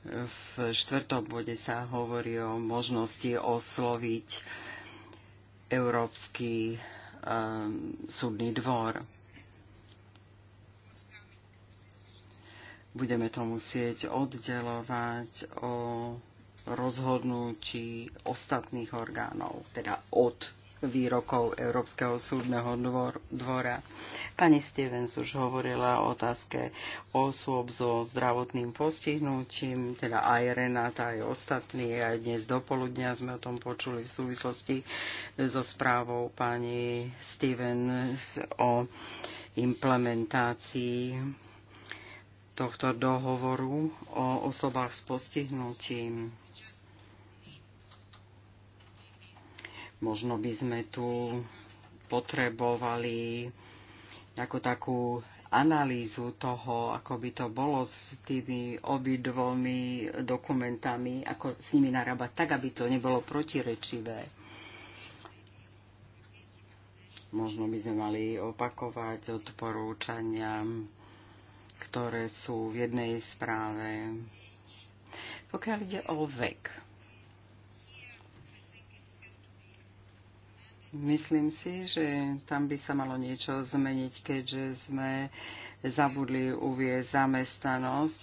V štvrtom bode sa hovorí o možnosti osloviť Európsky um, súdny dvor. Budeme to musieť oddelovať o rozhodnutí ostatných orgánov, teda od výrokov Európskeho súdneho dvora. Pani Stevens už hovorila o otázke osôb so zdravotným postihnutím, teda aj Renata, aj ostatní. Aj dnes poludnia sme o tom počuli v súvislosti so správou pani Stevens o implementácii tohto dohovoru o osobách s postihnutím. Možno by sme tu potrebovali ako takú analýzu toho, ako by to bolo s tými obidvomi dokumentami, ako s nimi narábať tak, aby to nebolo protirečivé. Možno by sme mali opakovať odporúčania, ktoré sú v jednej správe. Pokiaľ ide o vek, Myslím si, že tam by sa malo niečo zmeniť, keďže sme zabudli uvieť zamestnanosť.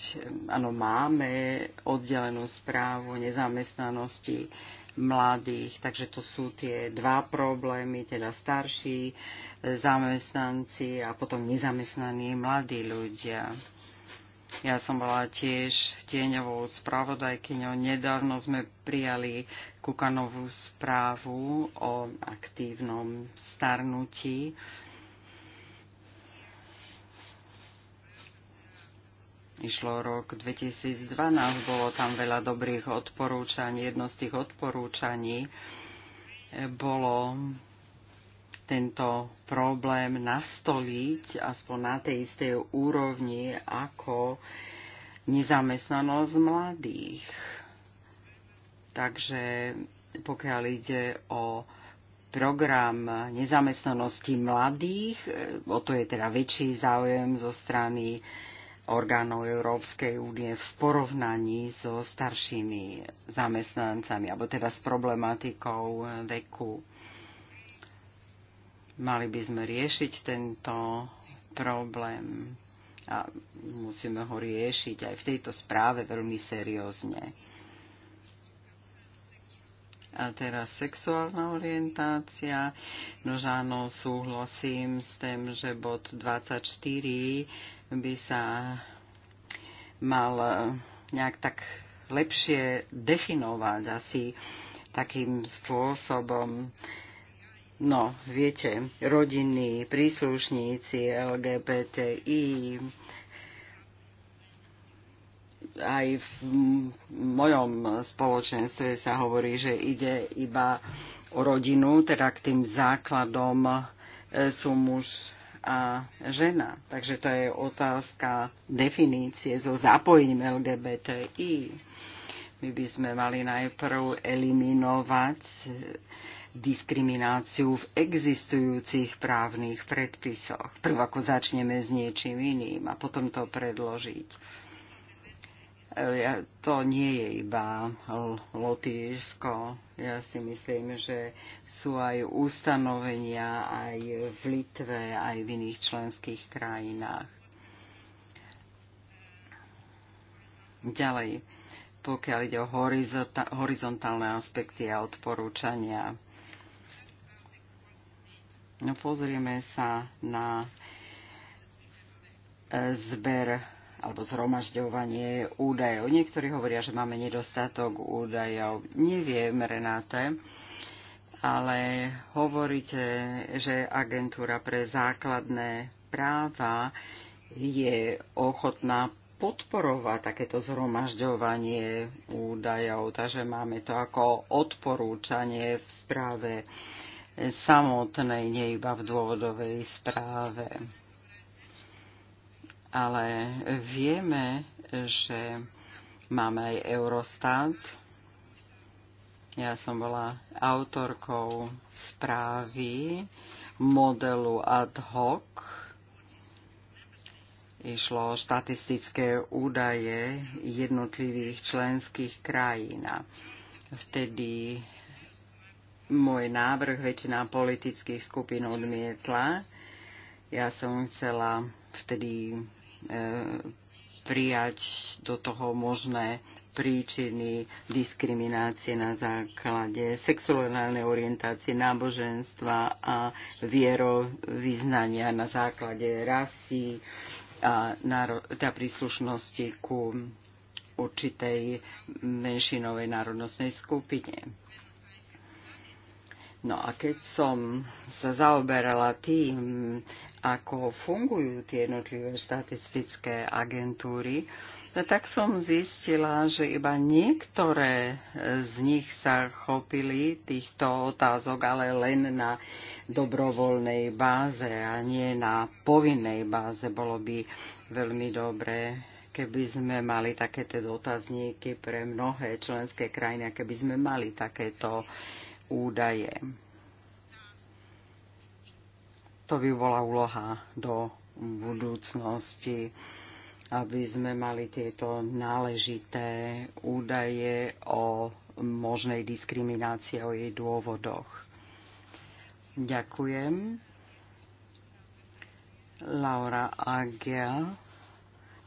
Áno, máme oddelenú správu nezamestnanosti mladých, takže to sú tie dva problémy, teda starší zamestnanci a potom nezamestnaní mladí ľudia ja som bola tiež tieňovou spravodajkyňou. Nedávno sme prijali Kukanovú správu o aktívnom starnutí. Išlo rok 2012, bolo tam veľa dobrých odporúčaní. Jedno z tých odporúčaní bolo tento problém nastoliť aspoň na tej istej úrovni ako nezamestnanosť mladých. Takže pokiaľ ide o program nezamestnanosti mladých, e, o to je teda väčší záujem zo strany orgánov Európskej únie v porovnaní so staršími zamestnancami, alebo teda s problematikou veku. Mali by sme riešiť tento problém a musíme ho riešiť aj v tejto správe veľmi seriózne. A teraz sexuálna orientácia. No áno, súhlasím s tým, že bod 24 by sa mal eh, nejak tak lepšie definovať asi takým spôsobom. No, viete, rodiny, príslušníci LGBTI, aj v mojom spoločenstve sa hovorí, že ide iba o rodinu, teda k tým základom e, sú muž a žena. Takže to je otázka definície so zapojením LGBTI. My by sme mali najprv eliminovať diskrimináciu v existujúcich právnych predpisoch. Prv ako začneme s niečím iným a potom to predložiť. E, to nie je iba Lotyšsko. Ja si myslím, že sú aj ustanovenia aj v Litve, aj v iných členských krajinách. Ďalej pokiaľ ide o horizontálne aspekty a odporúčania. No, pozrieme sa na e, zber alebo zhromažďovanie údajov. Niektorí hovoria, že máme nedostatok údajov. Neviem, Renáte, ale hovoríte, že agentúra pre základné práva je ochotná podporovať takéto zhromažďovanie údajov, takže máme to ako odporúčanie v správe samotnej, nie iba v dôvodovej správe. Ale vieme, že máme aj Eurostat. Ja som bola autorkou správy modelu ad hoc. Išlo o štatistické údaje jednotlivých členských krajín. Vtedy môj návrh väčšina politických skupín odmietla. Ja som chcela vtedy e, prijať do toho možné príčiny diskriminácie na základe sexuálnej orientácie, náboženstva a vierovýznania na základe rasy a teda príslušnosti ku určitej menšinovej národnostnej skupine No a keď som sa zaoberala tým, ako fungujú tie jednotlivé štatistické agentúry, no tak som zistila, že iba niektoré z nich sa chopili týchto otázok, ale len na dobrovoľnej báze a nie na povinnej báze. Bolo by veľmi dobré, keby sme mali takéto dotazníky pre mnohé členské krajiny, keby sme mali takéto uh, údaje. To by bola úloha do budúcnosti, aby sme mali tieto náležité údaje o možnej diskriminácii o jej dôvodoch. Ďakujem. Laura Agia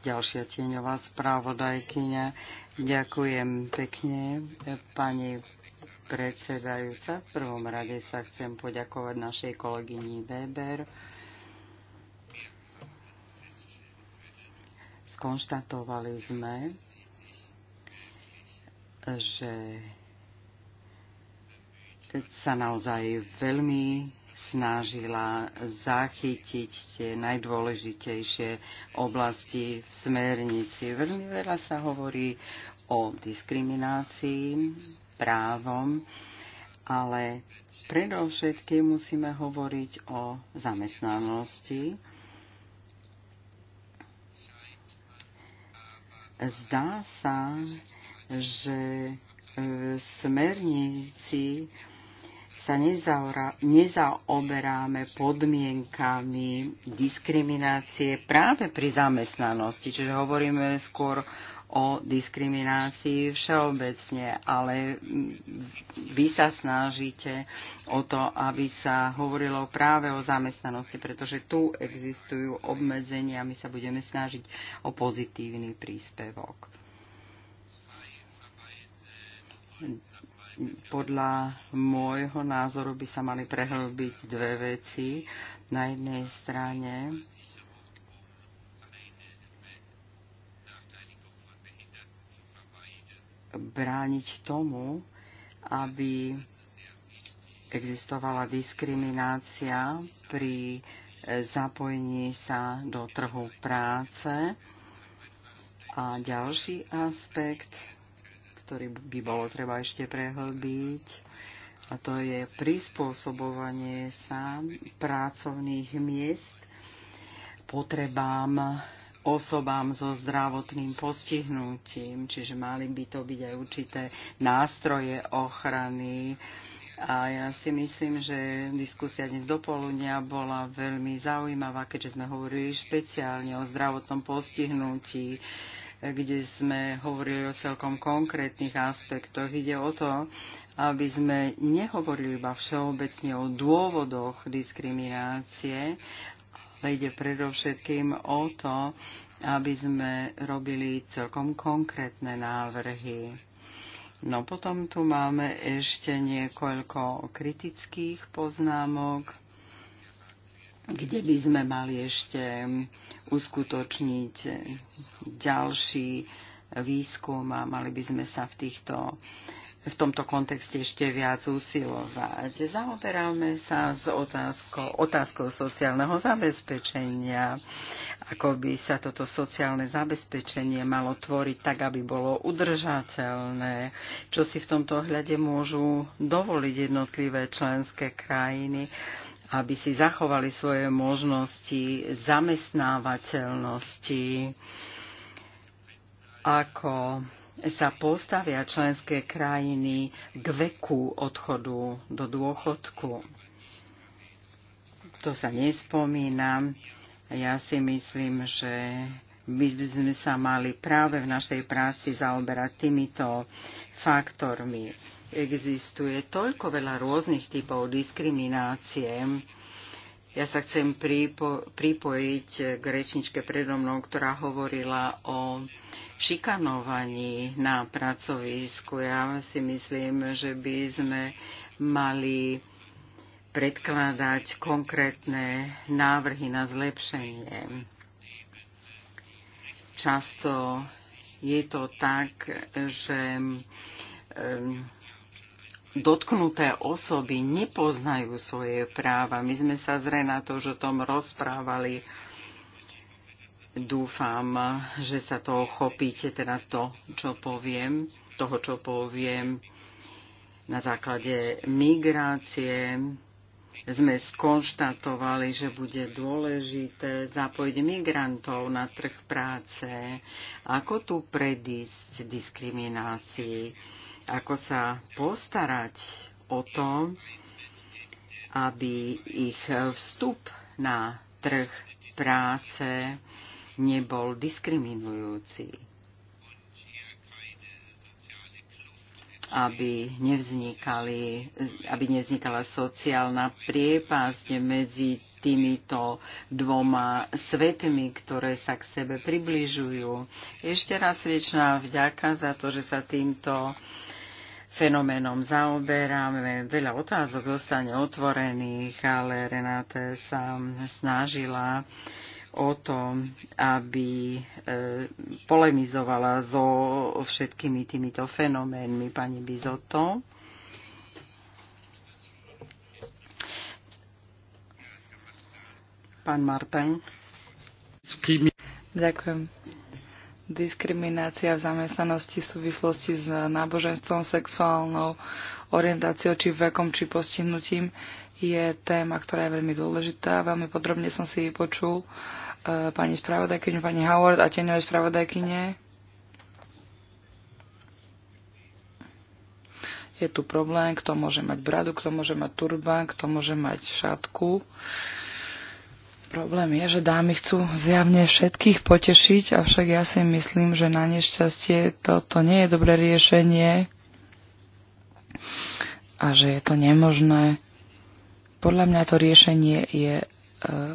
ďalšia tieňová správodajkyňa. Ďakujem pekne, pani predsedajúca. V prvom rade sa chcem poďakovať našej kolegyni Weber. Skonštatovali sme, že sa naozaj veľmi snažila zachytiť tie najdôležitejšie oblasti v smernici. Veľmi veľa sa hovorí o diskriminácii právom, ale predovšetkým musíme hovoriť o zamestnanosti. Zdá sa, že v e, smernici sa nezaora, nezaoberáme podmienkami diskriminácie práve pri zamestnanosti, čiže hovoríme skôr o diskriminácii všeobecne, ale vy sa snažíte o to, aby sa hovorilo práve o zamestnanosti, pretože tu existujú obmedzenia a my sa budeme snažiť o pozitívny príspevok. Podľa môjho názoru by sa mali prehlbiť dve veci. Na jednej strane brániť tomu, aby existovala diskriminácia pri e, zapojení sa do trhu práce. A ďalší aspekt, ktorý by bolo treba ešte prehlbiť, a to je prispôsobovanie sa pracovných miest potrebám osobám so zdravotným postihnutím, čiže mali by to byť aj určité nástroje ochrany. A ja si myslím, že diskusia dnes dopoludnia bola veľmi zaujímavá, keďže sme hovorili špeciálne o zdravotnom postihnutí, kde sme hovorili o celkom konkrétnych aspektoch. Ide o to, aby sme nehovorili iba všeobecne o dôvodoch diskriminácie, Ide predovšetkým o to, aby sme robili celkom konkrétne návrhy. No potom tu máme ešte niekoľko kritických poznámok, kde by sme mali ešte uskutočniť ďalší výskum a mali by sme sa v týchto v tomto kontexte ešte viac usilovať. Zaoberáme sa s otázkou, otázkou sociálneho zabezpečenia, ako by sa toto sociálne zabezpečenie malo tvoriť tak, aby bolo udržateľné, čo si v tomto ohľade môžu dovoliť jednotlivé členské krajiny aby si zachovali svoje možnosti zamestnávateľnosti, ako sa postavia členské krajiny k veku odchodu do dôchodku. To sa nespomína. Ja si myslím, že my by sme sa mali práve v našej práci zaoberať týmito faktormi. Existuje toľko veľa rôznych typov diskriminácie, ja sa chcem pripo- pripojiť k rečničke predo mnou, ktorá hovorila o šikanovaní na pracovisku. Ja si myslím, že by sme mali predkladať konkrétne návrhy na zlepšenie. Často je to tak, že um, dotknuté osoby nepoznajú svoje práva. My sme sa na to, že o tom rozprávali. Dúfam, že sa to chopíte, teda to, čo poviem, toho, čo poviem na základe migrácie. Sme skonštatovali, že bude dôležité zapojiť migrantov na trh práce. Ako tu predísť diskriminácii? ako sa postarať o to, aby ich vstup na trh práce nebol diskriminujúci, aby, nevznikali, aby nevznikala sociálna priepasť medzi týmito dvoma svetmi, ktoré sa k sebe približujú. Ešte raz srdečná vďaka za to, že sa týmto fenoménom zaoberáme. Veľa otázok zostane otvorených, ale Renáte sa snažila o to, aby e, polemizovala so všetkými týmito fenoménmi pani Bizotto. Pán Martin. Ďakujem diskriminácia v zamestnanosti v súvislosti s náboženstvom, sexuálnou orientáciou, či vekom, či postihnutím je téma, ktorá je veľmi dôležitá. Veľmi podrobne som si vypočul e, pani spravodajkyňu, pani Howard a tieňové spravodajkyne. Je tu problém, kto môže mať bradu, kto môže mať turbán, kto môže mať šatku. E, Problém je, že dámy chcú zjavne všetkých potešiť, avšak ja si myslím, že na nešťastie toto nie je dobré riešenie a že je to nemožné. Podľa mňa to riešenie je uh,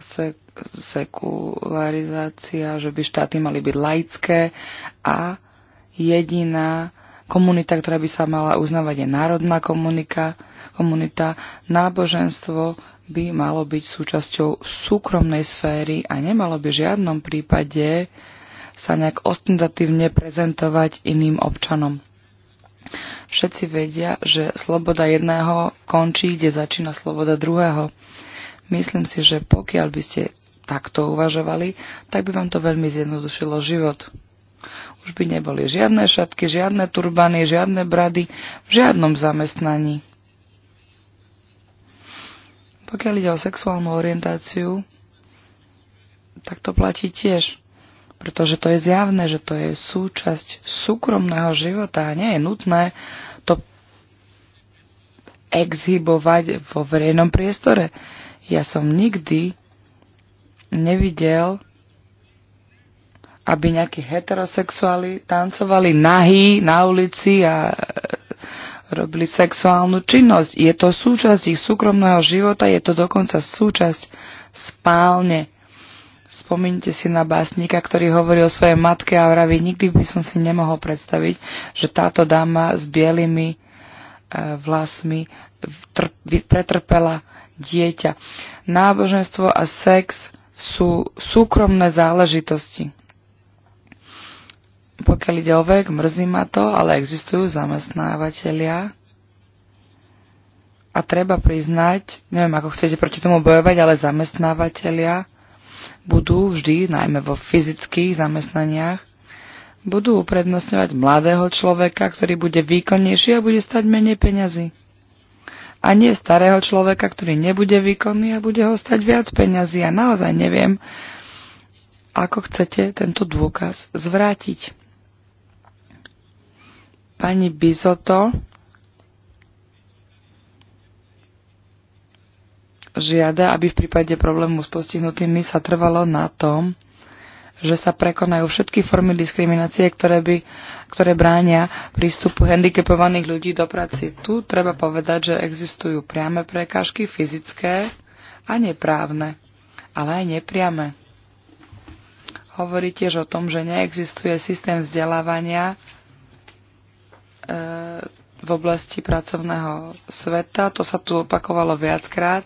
sek- sekularizácia, že by štáty mali byť laické a jediná komunita, ktorá by sa mala uznávať, je národná komunika, komunita, náboženstvo, by malo byť súčasťou súkromnej sféry a nemalo by v žiadnom prípade sa nejak ostentatívne prezentovať iným občanom. Všetci vedia, že sloboda jedného končí, kde začína sloboda druhého. Myslím si, že pokiaľ by ste takto uvažovali, tak by vám to veľmi zjednodušilo život. Už by neboli žiadne šatky, žiadne turbany, žiadne brady v žiadnom zamestnaní. Pokiaľ ide o sexuálnu orientáciu, tak to platí tiež. Pretože to je zjavné, že to je súčasť súkromného života a nie je nutné to exhibovať vo verejnom priestore. Ja som nikdy nevidel, aby nejakí heterosexuáli tancovali nahý na ulici a robili sexuálnu činnosť. Je to súčasť ich súkromného života, je to dokonca súčasť spálne. Spomínte si na básnika, ktorý hovorí o svojej matke a vraví, nikdy by som si nemohol predstaviť, že táto dáma s bielými e, vlasmi pretrpela dieťa. Náboženstvo a sex sú súkromné záležitosti. Pokiaľ ide o vek, mrzí ma to, ale existujú zamestnávateľia a treba priznať, neviem ako chcete proti tomu bojovať, ale zamestnávateľia budú vždy, najmä vo fyzických zamestnaniach, budú uprednostňovať mladého človeka, ktorý bude výkonnejší a bude stať menej peňazí. A nie starého človeka, ktorý nebude výkonný a bude ho stať viac peňazí. A naozaj neviem, ako chcete tento dôkaz zvrátiť. Pani Bizoto žiada, aby v prípade problému s postihnutými sa trvalo na tom, že sa prekonajú všetky formy diskriminácie, ktoré, by, ktoré bránia prístupu handicapovaných ľudí do práci. Tu treba povedať, že existujú priame prekážky, fyzické a neprávne, ale aj nepriame. Hovorí tiež o tom, že neexistuje systém vzdelávania, v oblasti pracovného sveta. To sa tu opakovalo viackrát.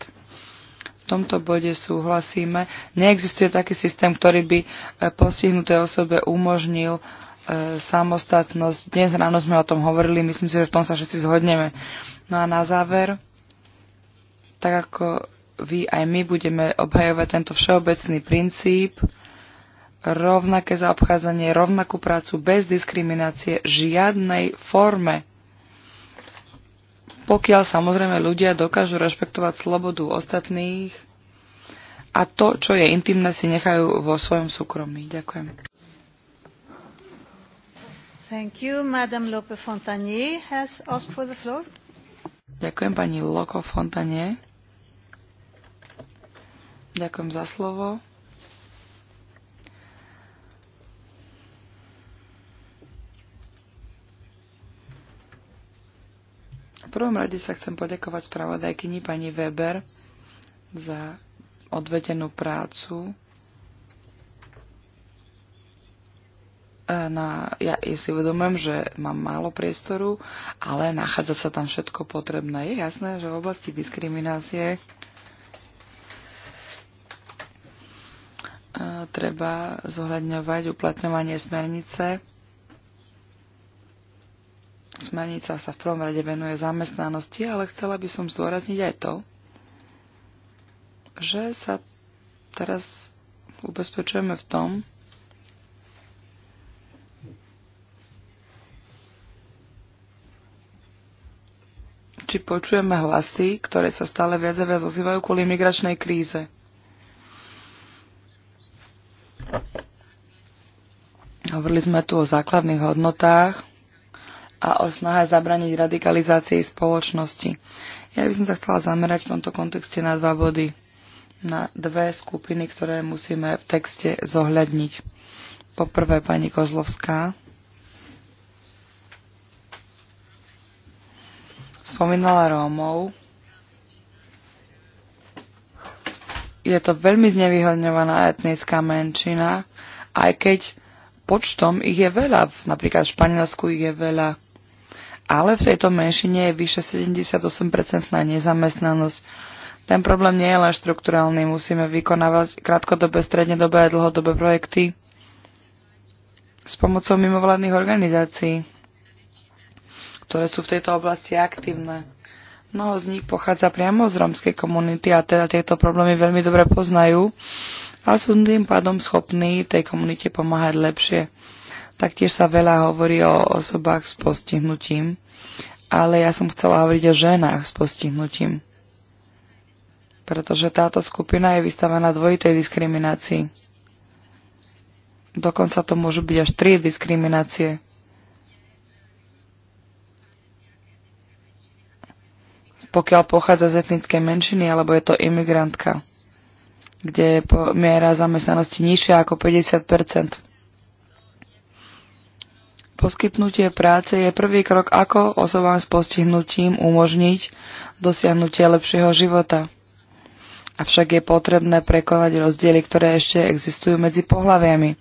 V tomto bode súhlasíme. Neexistuje taký systém, ktorý by e, postihnuté osobe umožnil e, samostatnosť. Dnes ráno sme o tom hovorili, myslím si, že v tom sa všetci zhodneme. No a na záver, tak ako vy aj my budeme obhajovať tento všeobecný princíp, rovnaké zaobchádzanie, rovnakú prácu bez diskriminácie, žiadnej forme. Pokiaľ samozrejme ľudia dokážu rešpektovať slobodu ostatných a to, čo je intimné, si nechajú vo svojom súkromí. Ďakujem. Thank you. Madame Lope has asked for the floor. Ďakujem pani Loko Fontanie. Ďakujem za slovo. V prvom rade sa chcem poďakovať spravodajkyni pani Weber za odvedenú prácu. E, na, ja, ja si uvedomujem, že mám málo priestoru, ale nachádza sa tam všetko potrebné. Je jasné, že v oblasti diskriminácie e, treba zohľadňovať uplatňovanie smernice Smernica sa v prvom rade venuje zamestnanosti, ale chcela by som zdôrazniť aj to, že sa teraz ubezpečujeme v tom, či počujeme hlasy, ktoré sa stále viac a viac ozývajú kvôli migračnej kríze. Hovorili sme tu o základných hodnotách, a o snahe zabraniť radikalizácii spoločnosti. Ja by som sa chcela zamerať v tomto kontexte na dva body, na dve skupiny, ktoré musíme v texte zohľadniť. Poprvé pani Kozlovská spomínala Rómov. Je to veľmi znevýhodňovaná etnická menšina, aj keď počtom ich je veľa. Napríklad v Španielsku ich je veľa ale v tejto menšine je vyše 78-percentná nezamestnanosť. Ten problém nie je len štrukturálny, musíme vykonávať krátkodobé, strednodobé a dlhodobé projekty s pomocou mimovládnych organizácií, ktoré sú v tejto oblasti aktívne. Mnoho z nich pochádza priamo z rómskej komunity a teda tieto problémy veľmi dobre poznajú a sú tým pádom schopní tej komunite pomáhať lepšie. Taktiež sa veľa hovorí o osobách s postihnutím, ale ja som chcela hovoriť o ženách s postihnutím, pretože táto skupina je vystavená dvojitej diskriminácii. Dokonca to môžu byť až tri diskriminácie. Pokiaľ pochádza z etnickej menšiny alebo je to imigrantka, kde je miera zamestnanosti nižšia ako 50 Poskytnutie práce je prvý krok, ako osobám s postihnutím umožniť dosiahnutie lepšieho života. Avšak je potrebné prekonať rozdiely, ktoré ešte existujú medzi pohľaviami.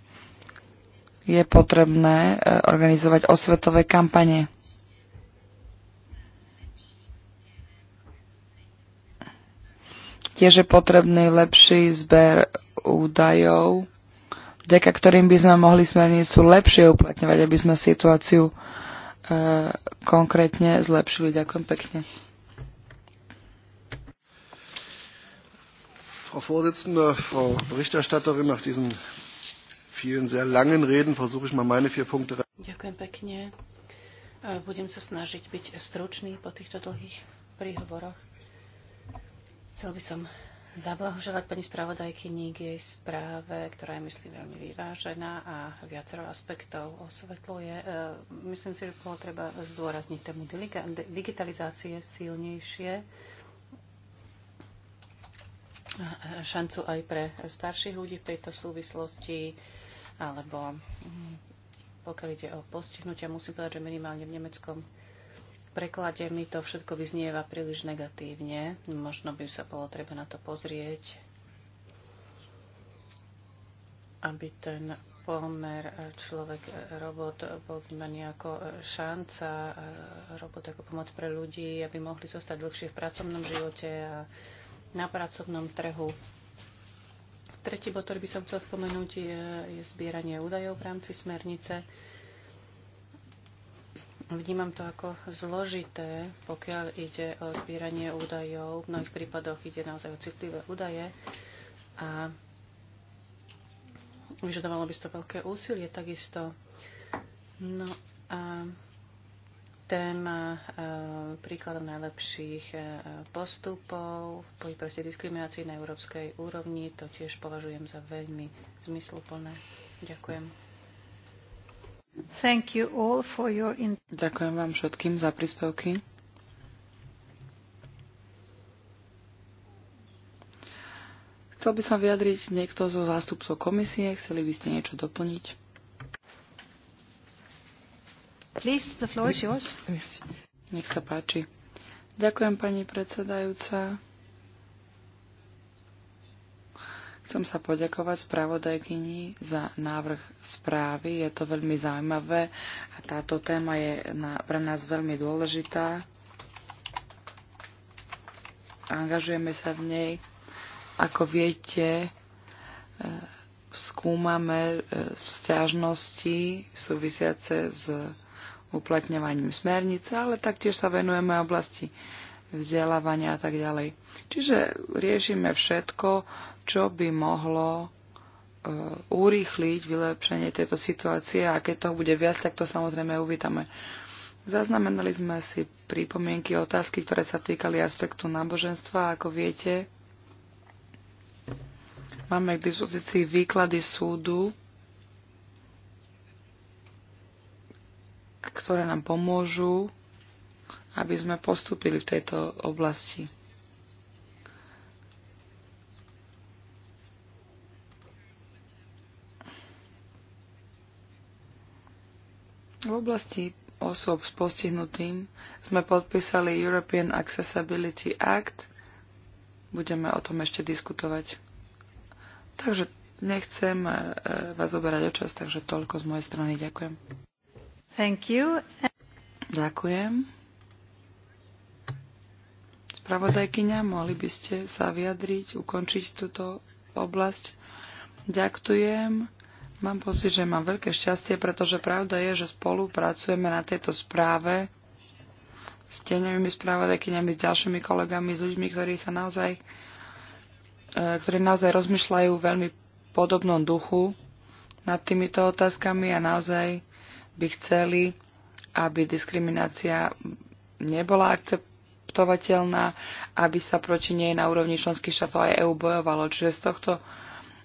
Je potrebné e, organizovať osvetové kampane. Tiež je potrebný lepší zber údajov vďaka ktorým by sme mohli smernicu lepšie uplatňovať, aby sme situáciu e, konkrétne zlepšili. Ďakujem pekne. Frau Vorsitzende, Frau Berichterstatterin, nach diesen vielen sehr langen Reden versuche ich mal meine vier Punkte. Ďakujem pekne. E, budem sa snažiť byť stručný po týchto dlhých príhovoroch. Chcel by som zablahoželať pani spravodajkyni k jej správe, ktorá je, myslím, veľmi vyvážená a viacero aspektov osvetľuje. E, myslím si, že bolo treba zdôrazniť tému digitalizácie silnejšie šancu aj pre starších ľudí v tejto súvislosti, alebo mm, pokiaľ ide o postihnutia, musím povedať, že minimálne v Nemeckom preklade mi to všetko vyznieva príliš negatívne. Možno by sa bolo treba na to pozrieť, aby ten pomer e, človek-robot e, bol vnímaný ako e, šanca, robot ako pomoc pre ľudí, aby mohli zostať dlhšie v pracovnom živote a na pracovnom trhu. Tretí bod, ktorý by som chcel spomenúť, je, je zbieranie údajov v rámci smernice. Vnímam to ako zložité, pokiaľ ide o zbieranie údajov. V mnohých prípadoch ide naozaj o citlivé údaje a vyžadovalo by to veľké úsilie takisto. No a téma e, príkladom najlepších e, postupov v boji proti diskriminácii na európskej úrovni, to tiež považujem za veľmi zmysluplné. Ďakujem. Thank you all for your in- Ďakujem vám všetkým za príspevky. Chcel by som vyjadriť niekto zo zástupcov komisie. Chceli by ste niečo doplniť? Please, the floor is yours. Nech sa páči. Ďakujem, pani predsedajúca. Chcem sa poďakovať spravodajkyni za návrh správy. Je to veľmi zaujímavé a táto téma je na, pre nás veľmi dôležitá. Angažujeme sa v nej. Ako viete, e, skúmame e, stiažnosti súvisiace s uplatňovaním smernice, ale taktiež sa venujeme oblasti vzdelávania a tak ďalej. Čiže riešime všetko, čo by mohlo eh, urýchliť vylepšenie tejto situácie a keď toho bude viac, tak to samozrejme uvítame. Zaznamenali sme si pripomienky, otázky, ktoré sa týkali aspektu náboženstva. Ako viete, máme k dispozícii výklady súdu, ktoré nám pomôžu aby sme postúpili v tejto oblasti. V oblasti osôb s postihnutým sme podpísali European Accessibility Act. Budeme o tom ešte diskutovať. Takže nechcem e, vás oberať o čas, takže toľko z mojej strany. Ďakujem. Thank you. Ďakujem spravodajkyňa, mohli by ste sa vyjadriť, ukončiť túto oblasť. Ďakujem. Mám pocit, že mám veľké šťastie, pretože pravda je, že spolupracujeme na tejto správe s tieňovými spravodajkyňami, s ďalšími kolegami, s ľuďmi, ktorí sa naozaj, e, ktorí naozaj rozmýšľajú veľmi podobnom duchu nad týmito otázkami a naozaj by chceli, aby diskriminácia nebola akcept, akceptovateľná, aby sa proti nej na úrovni členských štátov aj EU bojovalo. Čiže z tohto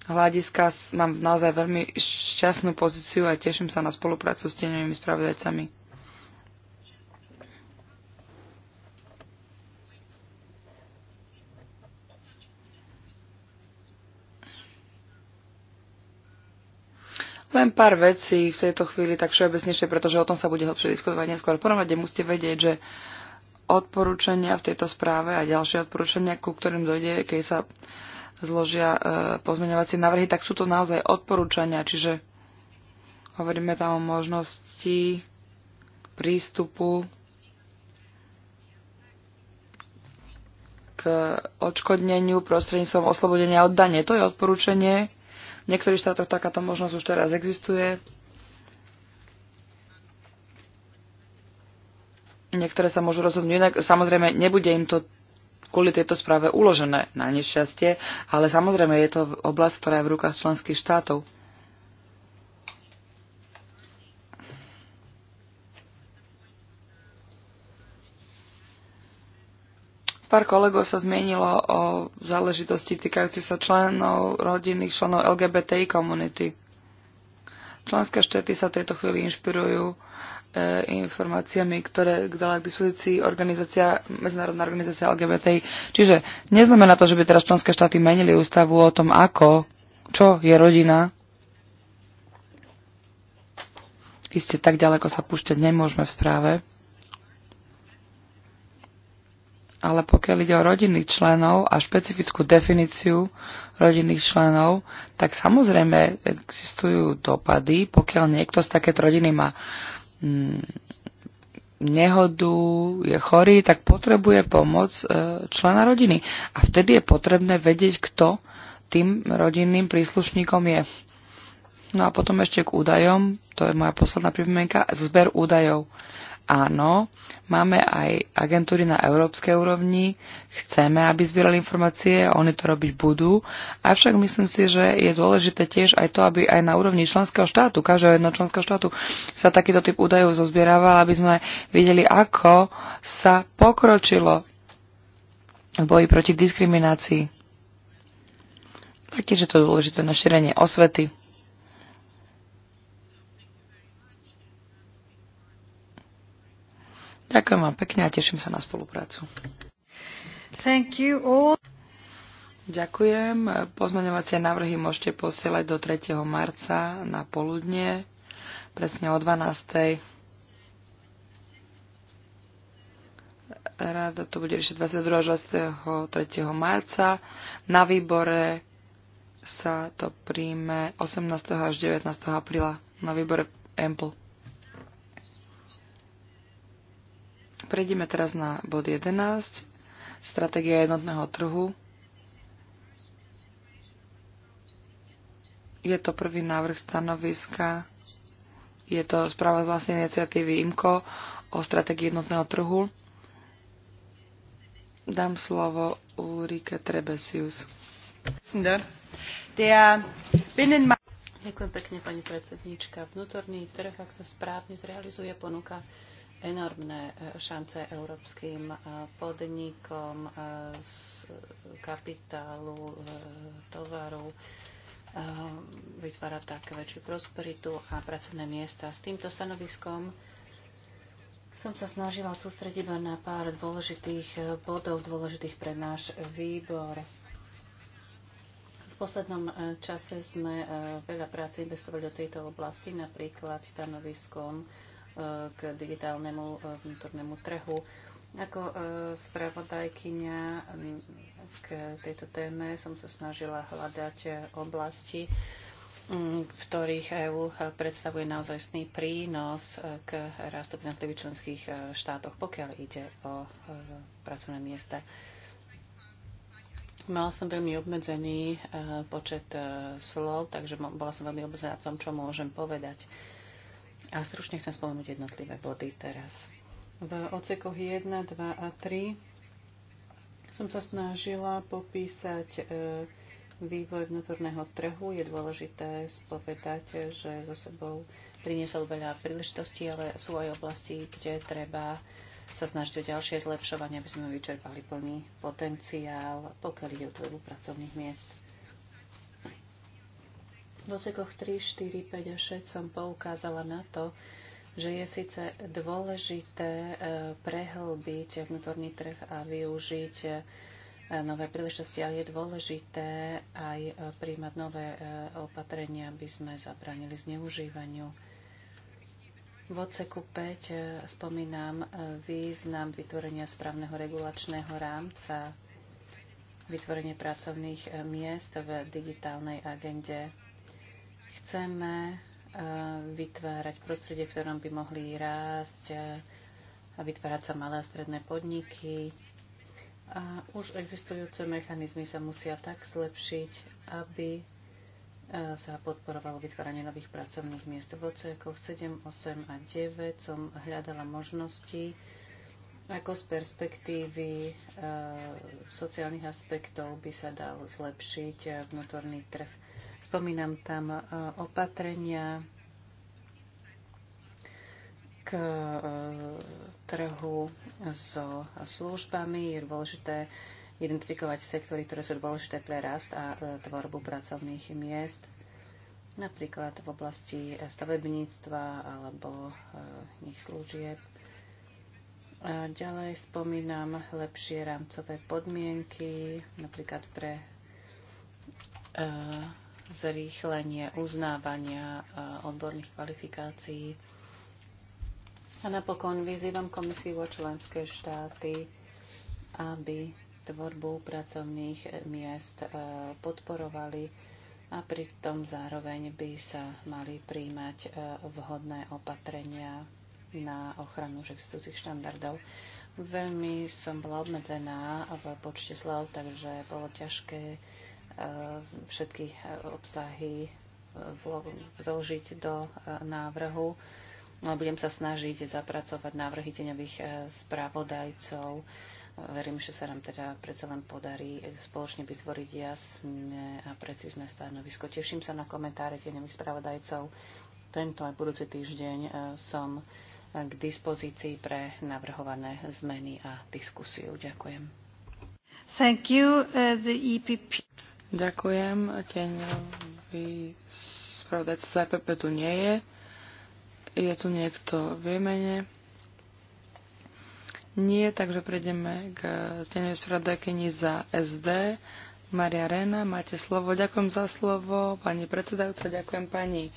hľadiska mám naozaj veľmi šťastnú pozíciu a teším sa na spoluprácu s tenovými spravodajcami. Len pár vecí v tejto chvíli tak všeobecnejšie, pretože o tom sa bude hlbšie diskutovať neskôr. V prvom rade musíte vedieť, že odporúčania v tejto správe a ďalšie odporúčania, ku ktorým dojde, keď sa zložia e, pozmeňovacie návrhy, tak sú to naozaj odporúčania, čiže hovoríme tam o možnosti prístupu k odškodneniu prostredníctvom oslobodenia od dane. To je odporúčanie. V niektorých štátoch takáto možnosť už teraz existuje. Niektoré sa môžu rozhodnúť inak. Samozrejme, nebude im to kvôli tejto správe uložené na nešťastie, ale samozrejme je to oblasť, ktorá je v rukách členských štátov. Pár kolegov sa zmienilo o záležitosti týkajúci sa členov rodinných členov LGBTI komunity. Členské štáty sa v tejto chvíli inšpirujú Eh, informáciami, ktoré dala k dispozícii organizácia, Medzinárodná organizácia LGBTI. Čiže neznamená to, že by teraz členské štáty menili ústavu o tom, ako, čo je rodina. Isté tak ďaleko sa púšťať nemôžeme v správe. Ale pokiaľ ide o rodinných členov a špecifickú definíciu rodinných členov, tak samozrejme existujú dopady, pokiaľ niekto z takéto rodiny má Mm, nehodu, je chorý, tak potrebuje pomoc e, člena rodiny. A vtedy je potrebné vedieť, kto tým rodinným príslušníkom je. No a potom ešte k údajom, to je moja posledná pripomienka, zber údajov. Áno, máme aj agentúry na európskej úrovni, chceme, aby zbierali informácie, oni to robiť budú, avšak myslím si, že je dôležité tiež aj to, aby aj na úrovni členského štátu, každého jedného členského štátu sa takýto typ údajov zozbieraval, aby sme videli, ako sa pokročilo v boji proti diskriminácii. Taktiež je to dôležité na šírenie osvety. Ďakujem vám pekne a teším sa na spoluprácu. Thank you all. Ďakujem. Pozmeňovacie návrhy môžete posielať do 3. marca na poludne, presne o 12. Rada to bude riešiť 22. až 23. marca. Na výbore sa to príjme 18. až 19. apríla na výbore Ample. Prejdeme teraz na bod 11. Stratégia jednotného trhu. Je to prvý návrh stanoviska. Je to správa z vlastnej iniciatívy IMCO o stratégii jednotného trhu. Dám slovo Ulrike Trebesius. Ďakujem pekne, pani predsedníčka. Vnútorný trh, ak sa správne zrealizuje, ponuka enormné e, šance európskym e, podnikom, e, kapitálu, tovaru, vytvára tak väčšiu prosperitu a pracovné miesta. S týmto stanoviskom som sa snažila sústrediť na pár dôležitých bodov, dôležitých pre náš výbor. V poslednom čase sme veľa práce investovali do tejto oblasti, napríklad stanoviskom k digitálnemu e, vnútornému trhu. Ako e, spravodajkyňa k tejto téme som sa snažila hľadať e, oblasti, v ktorých EÚ predstavuje naozaj prínos k rastu v členských štátoch, pokiaľ ide o pracovné miesta. Mala som veľmi obmedzený počet slov, takže bola som veľmi obmedzená v tom, čo môžem povedať. A stručne chcem spomenúť jednotlivé body teraz. V ocekoch 1, 2 a 3 som sa snažila popísať e, vývoj vnútorného trhu. Je dôležité spovedať, e, že so sebou priniesol veľa príležitostí, ale sú aj oblasti, kde treba sa snažiť o ďalšie zlepšovanie, aby sme vyčerpali plný potenciál, pokiaľ ide o tvorbu pracovných miest. V ocekoch 3, 4, 5 a 6 som poukázala na to, že je síce dôležité e, prehlbiť vnútorný trh a využiť e, nové príležitosti, ale je dôležité aj e, príjmať nové opatrenia, aby sme zabránili zneužívaniu. V odseku 5 spomínam význam vytvorenia správneho regulačného rámca, vytvorenie pracovných miest v digitálnej agende. Chceme eh, vytvárať prostredie, v ktorom by mohli rásť eh, a vytvárať sa malé a stredné podniky. A už existujúce mechanizmy sa musia tak zlepšiť, aby eh, sa podporovalo vytváranie nových pracovných miest. V odsekoch 7, 8 a 9 som hľadala možnosti, ako z perspektívy e, sociálnych aspektov by sa dal zlepšiť vnútorný trh. Spomínam tam e, opatrenia k e, trhu so službami. Je dôležité identifikovať sektory, ktoré sú dôležité pre rast a e, tvorbu pracovných miest, napríklad v oblasti stavebníctva alebo iných služieb. A ďalej spomínam lepšie rámcové podmienky, napríklad pre zrýchlenie uznávania e, odborných kvalifikácií. A napokon vyzývam komisiu o členské štáty, aby tvorbu pracovných e, miest e, podporovali a pritom zároveň by sa mali príjmať vhodné opatrenia na ochranu existujúcich štandardov. Veľmi som bola obmedzená v počte slov, takže bolo ťažké E, všetky e, obsahy e, vložiť do návrhu. No budem sa snažiť zapracovať návrhy deňových správodajcov. Verím, že sa nám teda predsa len podarí spoločne vytvoriť jasné a precízne stanovisko. Teším sa na komentáre deňových správodajcov. Tento aj budúci týždeň som k dispozícii pre navrhované zmeny a diskusiu. Ďakujem. Thank you, uh, the EPP. Ďakujem. Tieňový spravodajca z EPP tu nie je. Je tu niekto v mene? Nie, takže prejdeme k tieňovej spravodajkyni za SD. Maria Rena, máte slovo. Ďakujem za slovo, pani predsedajúca, ďakujem pani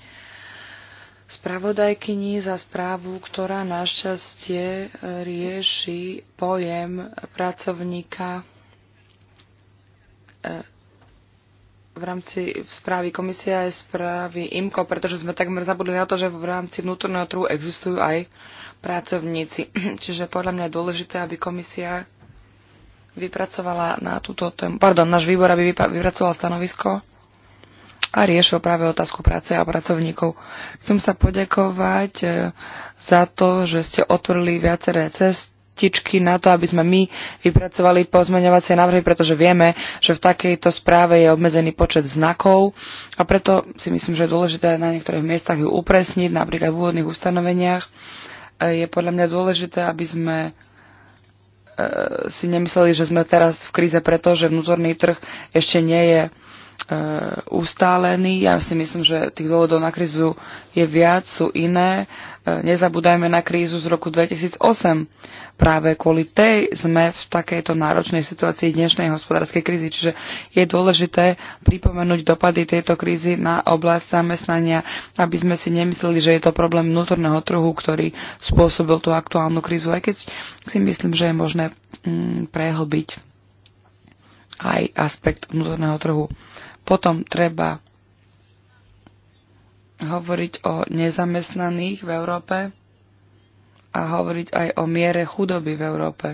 spravodajkyni za správu, ktorá našťastie rieši pojem pracovníka e, v rámci správy komisia aj správy IMCO, pretože sme takmer zabudli na to, že v rámci vnútorného trhu existujú aj pracovníci. <clears throat> Čiže podľa mňa je dôležité, aby komisia vypracovala na túto tému, pardon, náš výbor, aby vypracoval stanovisko a riešil práve otázku práce a pracovníkov. Chcem sa poďakovať eh, za to, že ste otvorili viaceré cesty loptičky na to, aby sme my vypracovali pozmeňovacie návrhy, pretože vieme, že v takejto správe je obmedzený počet znakov a preto si myslím, že je dôležité na niektorých miestach ju upresniť, napríklad v úvodných ustanoveniach. E, je podľa mňa dôležité, aby sme e, si nemysleli, že sme teraz v kríze preto, že vnútorný trh ešte nie je e, ustálený. Ja si myslím, že tých dôvodov na krizu je viac, sú iné nezabúdajme na krízu z roku 2008. Práve kvôli tej sme v takejto náročnej situácii dnešnej hospodárskej krízy, čiže je dôležité pripomenúť dopady tejto krízy na oblasť zamestnania, aby sme si nemysleli, že je to problém vnútorného trhu, ktorý spôsobil tú aktuálnu krízu, aj keď si myslím, že je možné mm, prehlbiť aj aspekt vnútorného trhu. Potom treba hovoriť o nezamestnaných v Európe a hovoriť aj o miere chudoby v Európe.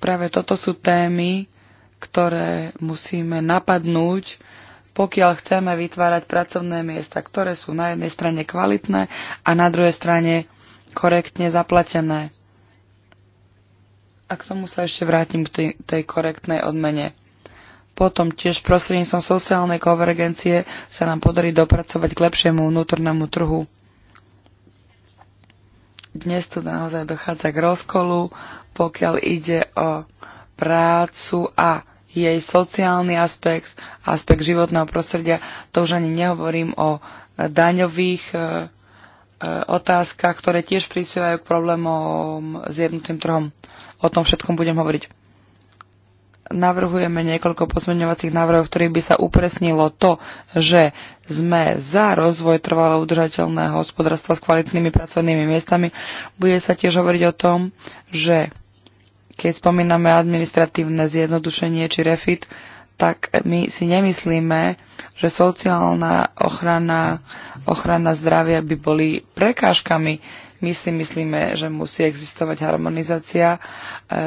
Práve toto sú témy, ktoré musíme napadnúť, pokiaľ chceme vytvárať pracovné miesta, ktoré sú na jednej strane kvalitné a na druhej strane korektne zaplatené. A k tomu sa ešte vrátim k tej, tej korektnej odmene. Potom tiež prostredníctvom sociálnej konvergencie sa nám podarí dopracovať k lepšiemu vnútornému trhu. Dnes tu naozaj dochádza k rozkolu, pokiaľ ide o prácu a jej sociálny aspekt, aspekt životného prostredia. To už ani nehovorím o daňových e, e, otázkach, ktoré tiež prispievajú k problémom s jednotným trhom. O tom všetkom budem hovoriť navrhujeme niekoľko pozmeňovacích návrhov, v ktorých by sa upresnilo to, že sme za rozvoj trvalo udržateľného hospodárstva s kvalitnými pracovnými miestami. Bude sa tiež hovoriť o tom, že keď spomíname administratívne zjednodušenie či refit, tak my si nemyslíme, že sociálna ochrana, ochrana zdravia by boli prekážkami. My si myslíme, že musí existovať harmonizácia E,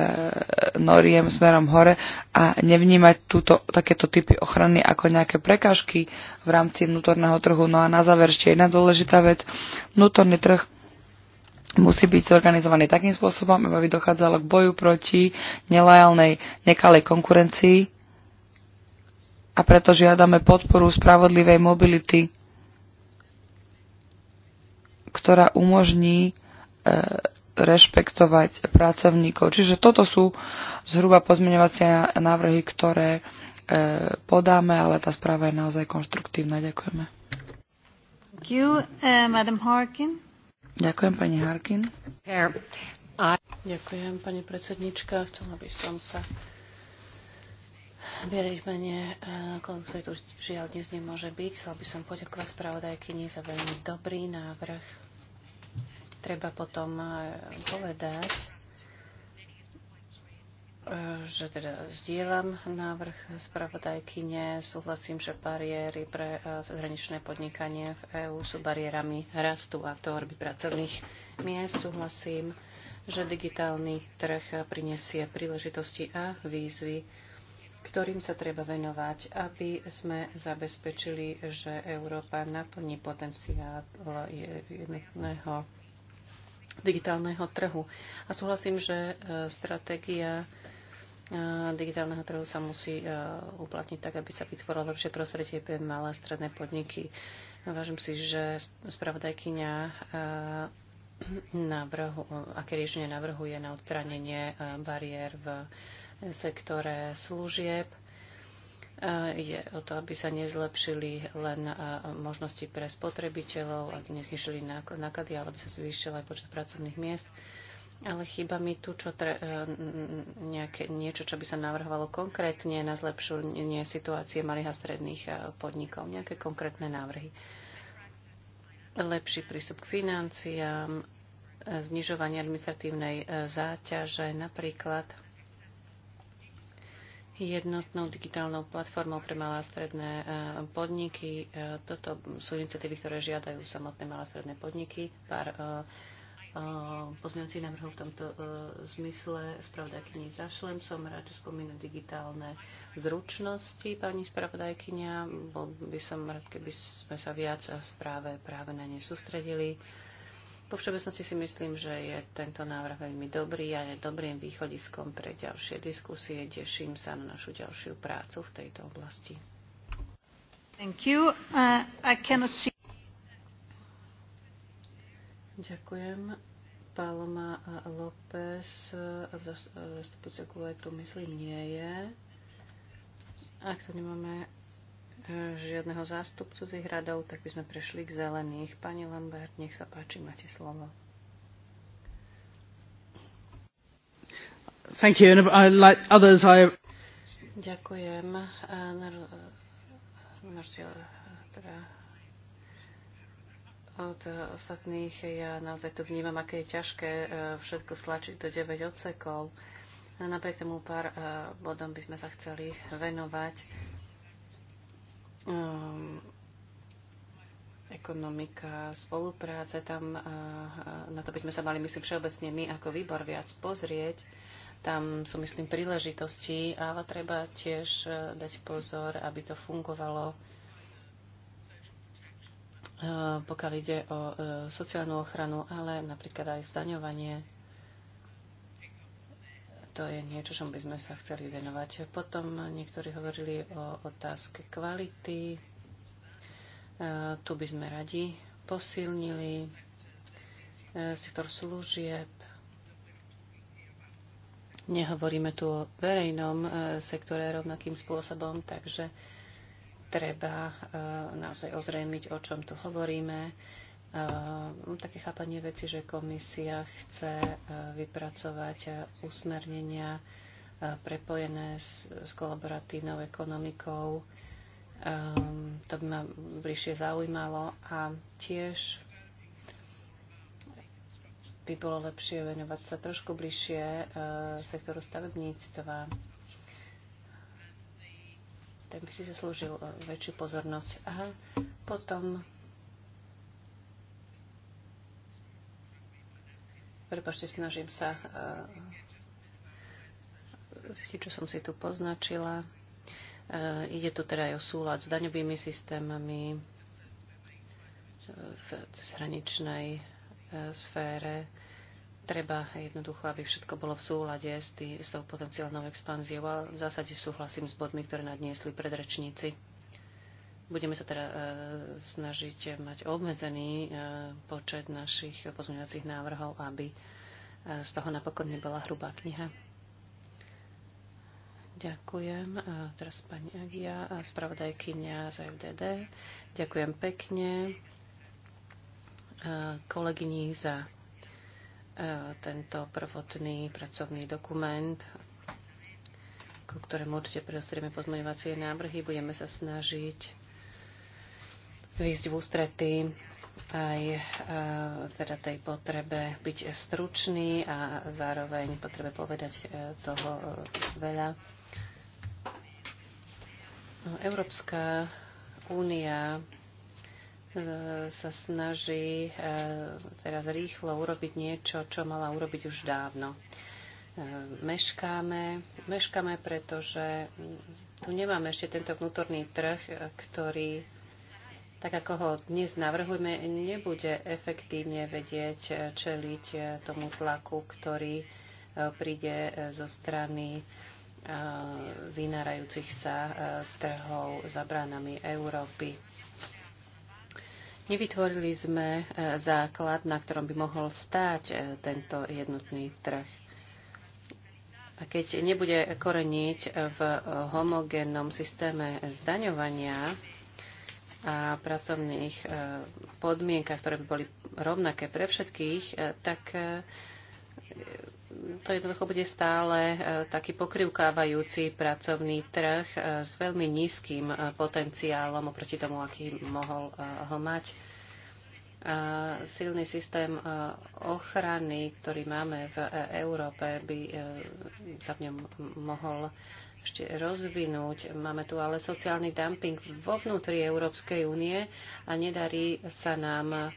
noriem smerom hore a nevnímať túto, takéto typy ochrany ako nejaké prekážky v rámci vnútorného trhu. No a na záver ešte jedna dôležitá vec. Vnútorný trh musí byť zorganizovaný takým spôsobom, aby dochádzalo k boju proti nelajálnej, nekalej konkurencii a preto žiadame podporu spravodlivej mobility, ktorá umožní e, rešpektovať pracovníkov. Čiže toto sú zhruba pozmeňovacie návrhy, ktoré e, podáme, ale tá správa je naozaj konštruktívna. Ďakujeme. Thank you, uh, Madam Harkin. Ďakujem, pani Harkin. Ďakujem, pani predsednička. Chcela by som sa v mene e, ktorý tu žiaľ dnes nemôže byť. Chcela by som poďakovať spravodajkyni za veľmi dobrý návrh Treba potom eh, povedať, eh, že teda zdieľam návrh spravodajkyne, súhlasím, že bariéry pre eh, zahraničné podnikanie v EÚ sú bariérami rastu a tvorby pracovných miest. Súhlasím, že digitálny trh prinesie príležitosti a výzvy, ktorým sa treba venovať, aby sme zabezpečili, že Európa naplní potenciál jednotného digitálneho trhu. A súhlasím, že e, stratégia e, digitálneho trhu sa musí e, uplatniť tak, aby sa vytvorilo lepšie prostredie pre malé a stredné podniky. Vážim si, že spravodajkyňa navrhu, aké riešenie navrhuje na odstránenie bariér v sektore služieb Eh, je o to, aby sa nezlepšili len eh, možnosti pre spotrebiteľov a neznišili náklady, ale aby sa zvýšil aj počet pracovných miest. Ale chýba mi tu čo tre, eh, nejaké, niečo, čo by sa navrhovalo konkrétne na zlepšenie situácie malých a stredných podnikov. Nejaké konkrétne návrhy. Lepší prístup k financiám, znižovanie administratívnej záťaže napríklad jednotnou digitálnou platformou pre malé a stredné e, podniky. E, toto sú iniciatívy, ktoré žiadajú samotné malé a stredné podniky. Pár e, pozmeňujúcich návrhov v tomto zmysle spravodajkyni zašlem. Som rád, že spomína digitálne zručnosti pani spravodajkynia. Bol by som rád, keby sme sa viac v správe práve na ne sústredili. Po všeobecnosti si myslím, že je tento návrh veľmi dobrý a je dobrým východiskom pre ďalšie diskusie. Teším sa na našu ďalšiu prácu v tejto oblasti. Thank you. Uh, I cannot see... Ďakujem. Paloma López, eh, eh, kvôli tu myslím nie je. Ak to nemáme žiadneho zástupcu tých radov, tak by sme prešli k zelených. Pani Lambert, nech sa páči, máte slovo. Thank you. And I, like others, I... Ďakujem. Na teda od ostatných, ja naozaj to vnímam, aké je ťažké e, všetko vtlačiť do 9 odsekov. Napriek tomu pár e, bodom by sme sa chceli venovať um, ekonomika, spolupráce, tam uh, na to by sme sa mali, myslím, všeobecne my ako výbor viac pozrieť. Tam sú, myslím, príležitosti, ale treba tiež eh, dať pozor, aby to fungovalo pokiaľ ide o sociálnu ochranu, ale napríklad aj zdaňovanie to je niečo, čom by sme sa chceli venovať. Potom niektorí hovorili o otázke kvality. E, tu by sme radi posilnili e, sektor služieb. Nehovoríme tu o verejnom e, sektore rovnakým spôsobom, takže treba naozaj ozrejmiť, o čom tu hovoríme také chápanie veci, že komisia chce eh, vypracovať eh, usmernenia eh, prepojené s, s kolaboratívnou ekonomikou. Ehm, to by ma bližšie zaujímalo a tiež by bolo lepšie venovať sa trošku bližšie sektoru stavebníctva. Ten by si zaslúžil väčšiu pozornosť. Aha, potom Prepašte, snažím sa e, zistiť, čo som si tu poznačila. E, ide tu teda aj o súlad s daňovými systémami e, v cezhraničnej sfére. Treba jednoducho, aby všetko bolo v súlade s, tý, s tou potenciálnou expanziou, a v zásade súhlasím s bodmi, ktoré nadniesli predrečníci. Budeme sa teda e, snažiť mať obmedzený e, počet našich pozmeňovacích návrhov, aby e, z toho napokon nebola hrubá kniha. Ďakujem. A teraz pani Agia, spravodajkynia z FDD. Ďakujem pekne kolegyni za tento prvotný pracovný dokument, ku ktorému určite predostrieme podmojovacie návrhy. Budeme sa snažiť výjsť v ústretí aj e, teda tej potrebe byť stručný a zároveň potrebe povedať e, toho e, veľa. No, Európska únia sa snaží teraz rýchlo urobiť niečo, čo mala urobiť už dávno. Meškáme, meškáme, pretože tu nemáme ešte tento vnútorný trh, ktorý tak ako ho dnes navrhujeme, nebude efektívne vedieť eh, čeliť eh, tomu tlaku, ktorý eh, príde zo strany vynárajúcich sa trhov za bránami Európy. Nevytvorili sme základ, na ktorom by mohol stáť tento jednotný trh. A keď nebude koreniť v homogénnom systéme zdaňovania, a pracovných e, podmienkach, ktoré by boli rovnaké pre všetkých, e, tak e, to jednoducho bude stále taký pokrivkávajúci pracovný trh s veľmi nízkym potenciálom oproti tomu, aký mohol ho mať. A silný systém ochrany, ktorý máme v Európe, by sa v ňom mohol ešte rozvinúť. Máme tu ale sociálny dumping vo vnútri Európskej únie a nedarí sa nám e,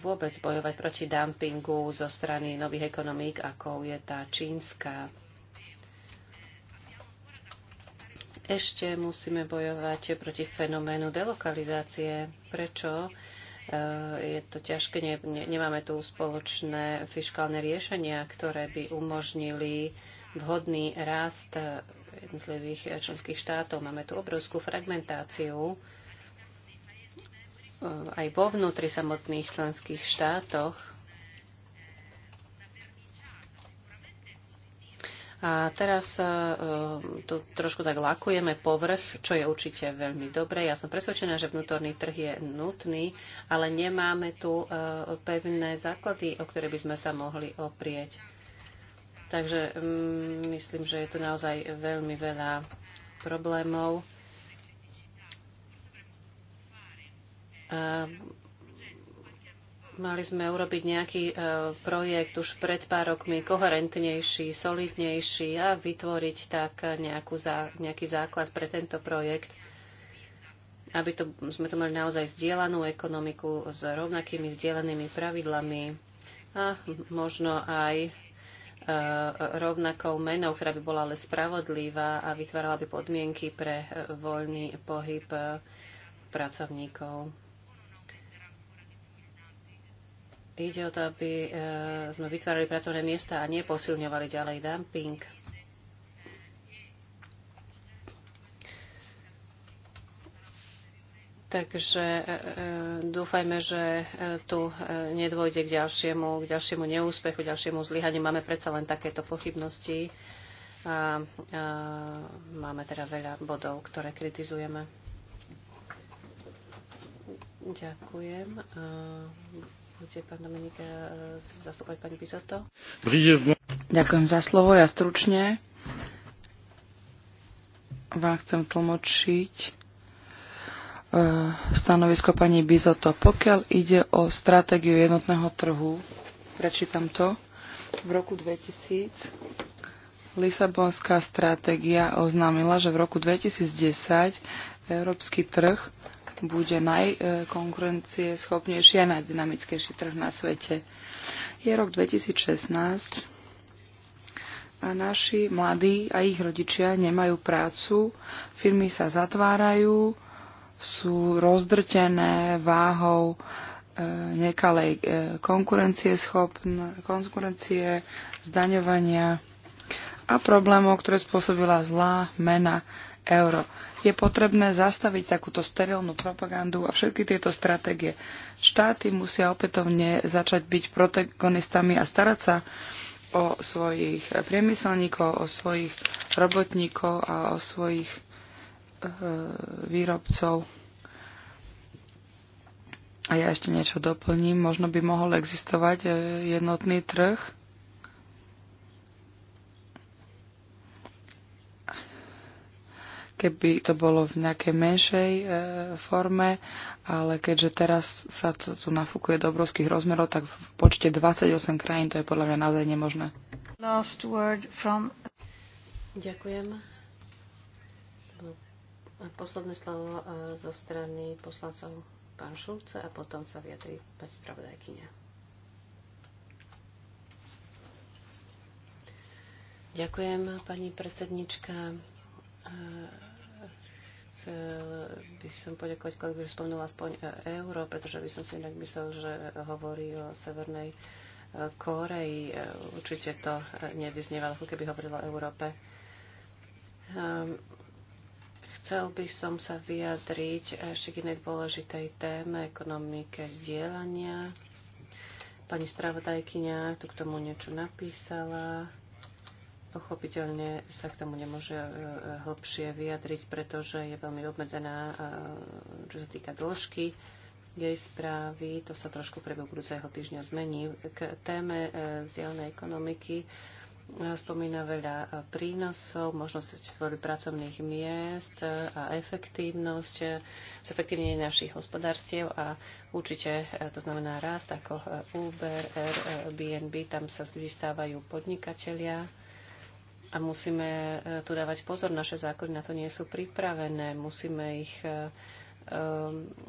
vôbec bojovať proti dumpingu zo strany nových ekonomík, ako je tá čínska. Ešte musíme bojovať proti fenoménu delokalizácie. Prečo? E, je to ťažké, nemáme tu spoločné fiskálne riešenia, ktoré by umožnili vhodný rast jednotlivých členských štátov. Máme tu obrovskú fragmentáciu e, aj vo vnútri samotných členských štátoch. A teraz e, tu trošku tak lakujeme povrch, čo je určite veľmi dobré. Ja som presvedčená, že vnútorný trh je nutný, ale nemáme tu e, pevné základy, o ktoré by sme sa mohli oprieť. Takže um, myslím, že je tu naozaj veľmi veľa problémov. A mali sme urobiť nejaký uh, projekt už pred pár rokmi koherentnejší, solidnejší a vytvoriť tak nejakú zá, nejaký základ pre tento projekt, aby to, sme tu mali naozaj zdieľanú ekonomiku s rovnakými zdieľanými pravidlami a možno aj Eh, rovnakou menou, ktorá by bola ale spravodlivá a vytvárala by podmienky pre eh, voľný pohyb eh, pracovníkov. Ide o to, aby sme vytvárali pracovné miesta a neposilňovali ďalej dumping. Takže e, e, dúfajme, že e, tu nedôjde k ďalšiemu, k ďalšiemu neúspechu, ďalšiemu zlyhaniu. Máme predsa len takéto pochybnosti a, a máme teda veľa bodov, ktoré kritizujeme. Ďakujem. Bude pán Dominik zastupovať pani Bizoto? Ďakujem za slovo. Ja stručne vám chcem tlmočiť E, stanovisko pani Bizoto. Pokiaľ ide o stratégiu jednotného trhu, prečítam to, v roku 2000 Lisabonská stratégia oznámila, že v roku 2010 európsky trh bude najkonkurencieschopnejší a najdynamickejší trh na svete. Je rok 2016 a naši mladí a ich rodičia nemajú prácu, firmy sa zatvárajú, sú rozdrtené váhou e, nekalej e, konkurencie, schopn, konkurencie, zdaňovania a problémov, ktoré spôsobila zlá mena euro. Je potrebné zastaviť takúto sterilnú propagandu a všetky tieto stratégie. Štáty musia opätovne začať byť protagonistami a starať sa o svojich priemyselníkov, o svojich robotníkov a o svojich E, výrobcov. A ja ešte niečo doplním. Možno by mohol existovať e, jednotný trh. Keby to bolo v nejakej menšej e, forme, ale keďže teraz sa to tu nafúkuje do obrovských rozmerov, tak v počte 28 krajín to je podľa mňa naozaj nemožné. Last word from... Ďakujem posledné slovo e, zo strany poslancov pán Šulce a potom sa vyjadrí pani spravodajkyňa. Ďakujem, pani predsednička. E, chcel by som poďakovať kolegovi, by spomenul aspoň e, euro, pretože by som si inak myslel, že hovorí o Severnej Koreji. Určite to nevyznievalo, ako keby hovorilo o Európe. Ehm, Chcel by som sa vyjadriť ešte k inej dôležitej téme ekonomike vzdielania. Pani spravodajkyňa tu k tomu niečo napísala. Pochopiteľne sa k tomu nemôže e, hlbšie vyjadriť, pretože je veľmi obmedzená, e, čo sa týka dĺžky jej správy. To sa trošku v priebehu budúceho týždňa zmení. K téme e, vzdielnej ekonomiky spomína veľa eh, prínosov, možnosť tvorby pracovných miest eh, a efektívnosť, eh, zefektívnenie našich hospodárstiev a určite to znamená rast ako Uber, Airbnb, tam sa vystávajú podnikatelia a musíme tu dávať pozor, naše zákony na to nie sú pripravené, musíme ich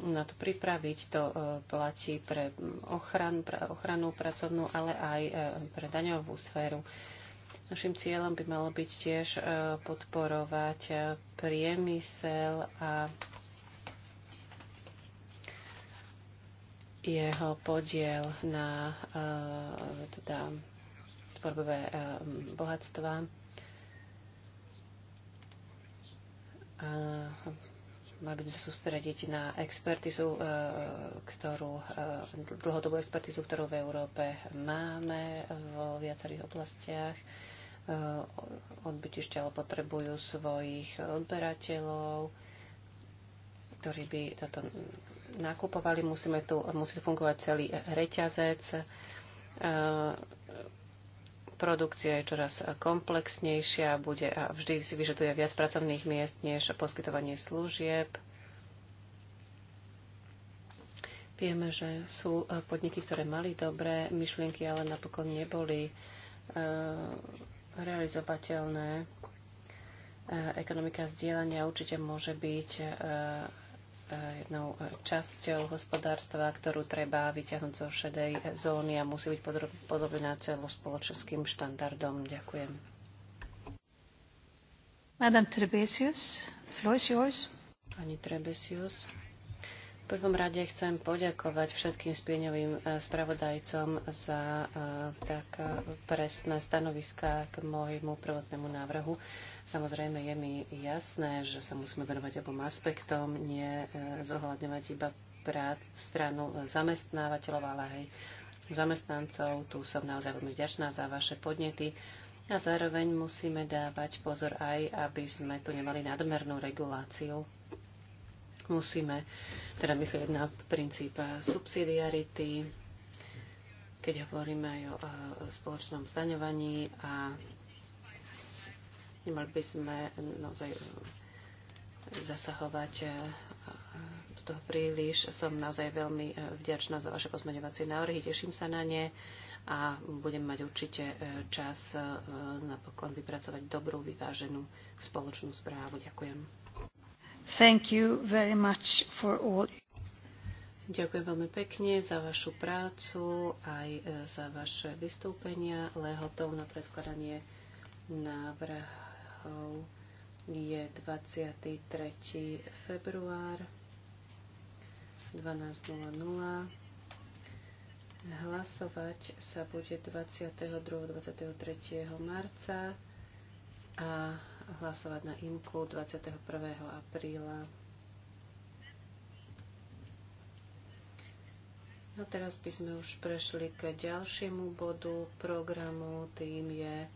na to pripraviť. To platí pre mm, pre ochranu pracovnú, ale aj pre daňovú sféru. Našim cieľom by malo byť tiež e, podporovať e, priemysel a jeho podiel na e, teda, tvorbové bohatstva. A mali by sme sa sústrediť na expertizu, ktorú, dlhodobú expertizu, ktorú v Európe máme vo viacerých oblastiach. Eh, ale potrebujú svojich odberateľov, ktorí by toto nakupovali. Musíme tu, musí fungovať celý reťazec. Eh, produkcia je čoraz komplexnejšia bude a vždy si vyžaduje viac pracovných miest než poskytovanie služieb. Vieme, že sú eh, podniky, ktoré mali dobré myšlienky, ale napokon neboli realizovateľné. E, ekonomika zdieľania určite môže byť e, e, jednou časťou hospodárstva, ktorú treba vyťahnuť zo šedej zóny a musí byť podobná celospoločenským štandardom. Ďakujem. Madame Trebesius, floor is yours. Pani Trebesius prvom rade chcem poďakovať všetkým spieňovým e, spravodajcom za e, tak e, presné stanoviská k môjmu prvotnému návrhu. Samozrejme je mi jasné, že sa musíme venovať obom aspektom, nie zohľadňovať iba prát, stranu zamestnávateľov, ale aj zamestnancov. Tu som naozaj veľmi vďačná za vaše podnety. A zároveň musíme dávať pozor aj, aby sme tu nemali nadmernú reguláciu musíme teda myslieť na princíp subsidiarity, keď hovoríme aj o e, spoločnom zdaňovaní a nemali by sme naozaj e, zasahovať e, do toho príliš. Som naozaj veľmi vďačná za vaše pozmeňovacie návrhy, teším sa na ne a budem mať určite čas napokon vypracovať dobrú, vyváženú spoločnú správu. Ďakujem. Thank you very much for all. Ďakujem veľmi pekne za vašu prácu, aj e, za vaše vystúpenia. Lehotov na predkladanie návrhov je 23. február 12.00. Hlasovať sa bude 22. 23. marca a hlasovať na IMKU 21. apríla. A teraz by sme už prešli k ďalšiemu bodu programu, tým je e,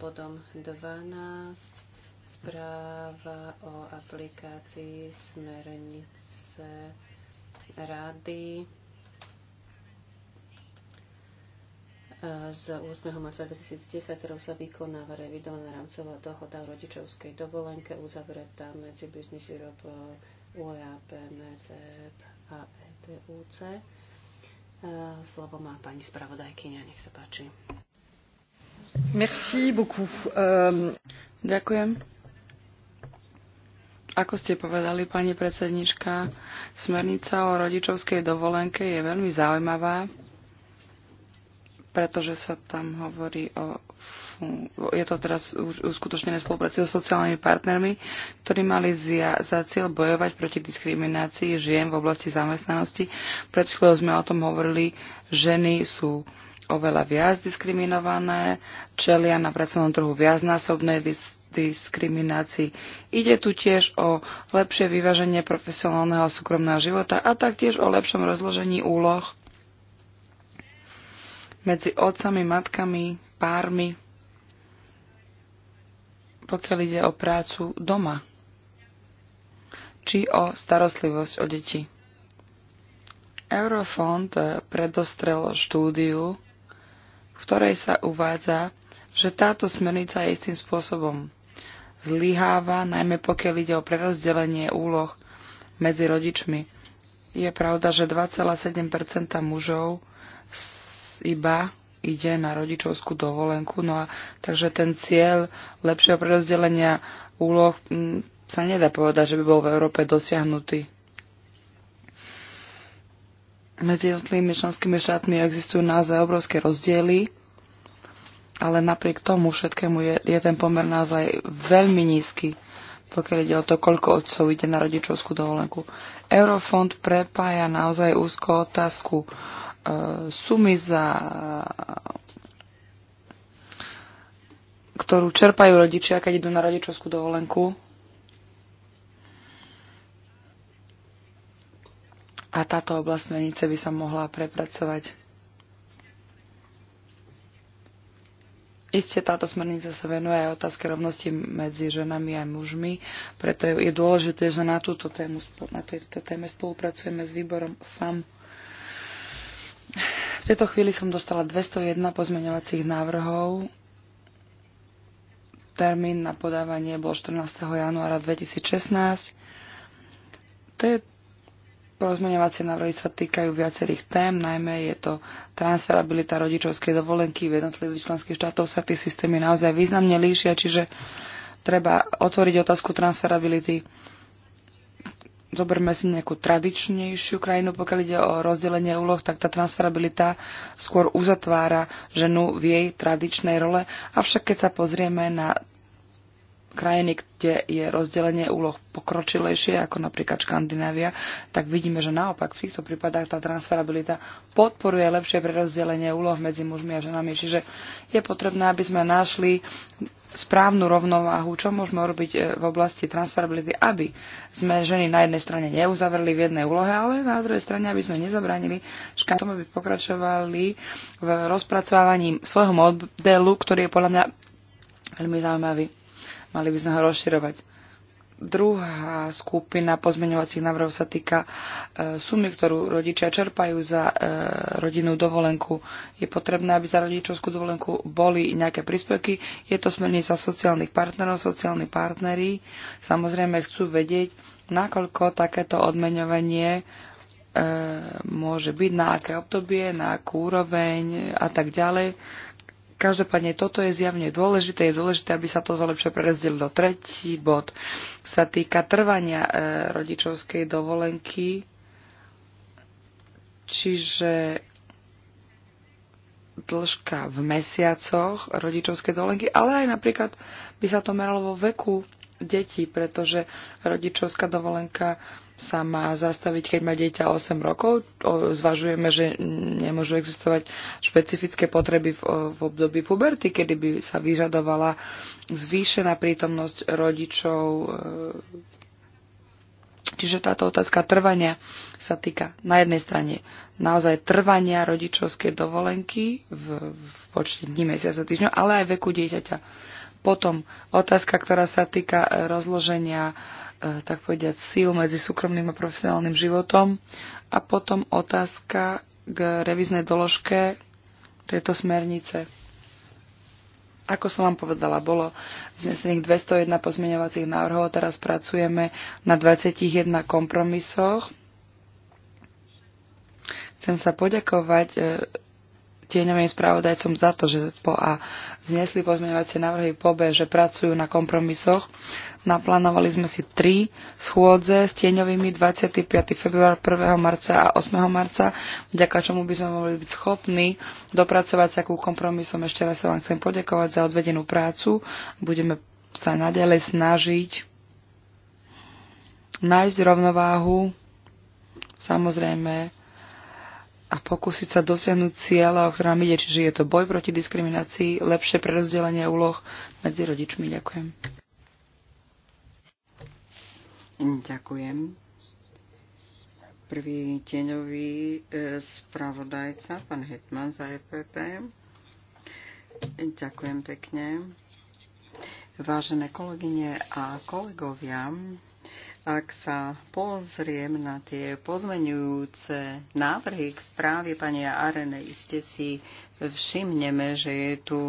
bodom 12, správa o aplikácii smernice Rady z 8. marca 2010, ktorou sa vykonáva revidovaná rámcová dohoda o rodičovskej dovolenke uzavretá medzi Business Europe, UEAP, MECEP a ETUC. E e e, slovo má pani spravodajkynia, nech sa páči. Merci beaucoup. Um... Ďakujem. Ako ste povedali, pani predsednička, smernica o rodičovskej dovolenke je veľmi zaujímavá pretože sa tam hovorí o je to teraz uskutočnené spolupráci so sociálnymi partnermi, ktorí mali za cieľ bojovať proti diskriminácii žien v oblasti zamestnanosti. Pred chvíľou sme o tom hovorili, ženy sú oveľa viac diskriminované, čelia na pracovnom trhu viacnásobnej dis- diskriminácii. Ide tu tiež o lepšie vyváženie profesionálneho a súkromného života a taktiež o lepšom rozložení úloh medzi otcami, matkami, pármi, pokiaľ ide o prácu doma, či o starostlivosť o deti. Eurofond eh, predostrel štúdiu, v ktorej sa uvádza, že táto smernica je istým spôsobom zlyháva, najmä pokiaľ ide o prerozdelenie úloh medzi rodičmi. Je pravda, že 2,7 mužov iba ide na rodičovskú dovolenku. No a takže ten cieľ lepšieho prerozdelenia úloh m, mm, sa nedá povedať, že by bol v Európe dosiahnutý. Medzi jednotlivými členskými štátmi existujú naozaj obrovské rozdiely, ale napriek tomu všetkému je, je ten pomer naozaj veľmi nízky, pokiaľ ide o to, koľko otcov ide na rodičovskú dovolenku. Eurofond prepája naozaj úzko otázku uh, sumy, za, ktorú čerpajú rodičia, keď idú na rodičovskú dovolenku. A táto oblasť menice by sa mohla prepracovať. Isté táto smernica sa venuje aj otázke rovnosti medzi ženami a mužmi, preto je dôležité, že na, túto tému, na tejto téme spolupracujeme s výborom FAM. V tejto chvíli som dostala 201 pozmeňovacích návrhov. Termín na podávanie bol 14. januára 2016. Tie pozmeňovacie návrhy sa týkajú viacerých tém, najmä je to transferabilita rodičovskej dovolenky v jednotlivých členských štátov sa tie systémy naozaj významne líšia, čiže treba otvoriť otázku transferability zoberme si nejakú tradičnejšiu krajinu, pokiaľ ide o rozdelenie úloh, tak tá transferabilita skôr uzatvára ženu v jej tradičnej role. Avšak keď sa pozrieme na krajiny, kde je rozdelenie úloh pokročilejšie, ako napríklad Škandinávia, tak vidíme, že naopak v týchto prípadách tá transferabilita podporuje lepšie prerozdelenie úloh medzi mužmi a ženami. Čiže je potrebné, aby sme našli správnu rovnováhu, čo môžeme robiť e, v oblasti transferability, aby sme ženy na jednej strane neuzavreli v jednej úlohe, ale na druhej strane, aby sme nezabránili škantom, aby pokračovali v rozpracovávaní svojho modelu, ktorý je podľa mňa veľmi zaujímavý. Mali by sme ho rozširovať. Druhá skupina pozmeňovacích návrhov sa týka e, sumy, ktorú rodičia čerpajú za e, rodinnú dovolenku. Je potrebné, aby za rodičovskú dovolenku boli nejaké príspevky. Je to smernica sociálnych partnerov. Sociálni partneri samozrejme chcú vedieť, nakoľko takéto odmeňovanie e, môže byť, na aké obdobie, na akú úroveň a tak ďalej. Každopádne toto je zjavne dôležité. Je dôležité, aby sa to lepšie prerezdelilo. Tretí bod sa týka trvania e, rodičovskej dovolenky. Čiže dĺžka v mesiacoch rodičovskej dovolenky, ale aj napríklad by sa to meralo vo veku detí, pretože rodičovská dovolenka sa má zastaviť, keď má dieťa 8 rokov. Zvažujeme, že nemôžu existovať špecifické potreby v, období puberty, kedy by sa vyžadovala zvýšená prítomnosť rodičov. E, čiže táto otázka trvania sa týka na jednej strane naozaj trvania rodičovskej dovolenky v, v počte dní, mesiacov, týždňov, ale aj veku dieťaťa. Potom otázka, ktorá sa týka e, rozloženia Eh, tak povediať, síl medzi súkromným a profesionálnym životom. A potom otázka k reviznej doložke tejto smernice. Ako som vám povedala, bolo znesených 201 pozmeňovacích návrhov, teraz pracujeme na 21 kompromisoch. Chcem sa poďakovať eh, tieňovým spravodajcom za to, že po A vznesli pozmeňovacie návrhy, po B, že pracujú na kompromisoch Naplánovali sme si tri schôdze s tieňovými 25. február, 1. marca a 8. marca, vďaka čomu by sme mohli byť schopní dopracovať sa ku kompromisom. Ešte raz sa vám chcem podekovať za odvedenú prácu. Budeme sa naďalej snažiť nájsť rovnováhu, samozrejme, a pokúsiť sa dosiahnuť cieľa, o ktorom ide, čiže je to boj proti diskriminácii, lepšie prerozdelenie úloh medzi rodičmi. Ďakujem. Ďakujem. Prvý tieňový e, spravodajca, pán Hetman za EPP. Ďakujem pekne. Vážené kolegyne a kolegovia, ak sa pozriem na tie pozmenujúce návrhy k správe pani Arene, iste si všimneme, že je tu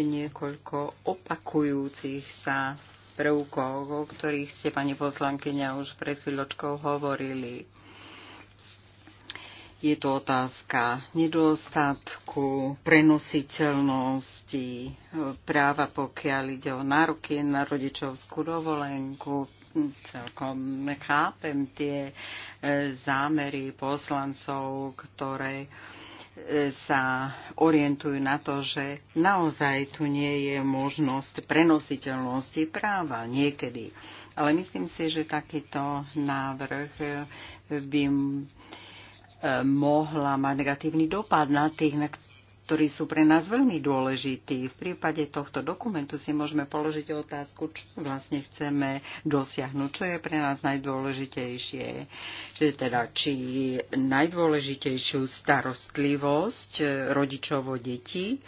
niekoľko opakujúcich sa prvkov, o ktorých ste, pani poslankyňa, už pred chvíľočkou hovorili. Je to otázka nedostatku, prenositeľnosti, práva pokiaľ ide o nároky na rodičovskú dovolenku. Celkom chápem tie e, zámery poslancov, ktoré sa orientujú na to, že naozaj tu nie je možnosť prenositeľnosti práva niekedy. Ale myslím si, že takýto návrh by eh, mohla mať negatívny dopad na tých, ktorí sú pre nás veľmi dôležití. V prípade tohto dokumentu si môžeme položiť otázku, čo vlastne chceme dosiahnuť, čo je pre nás najdôležitejšie. Čiže teda, či najdôležitejšiu starostlivosť e, rodičovo deti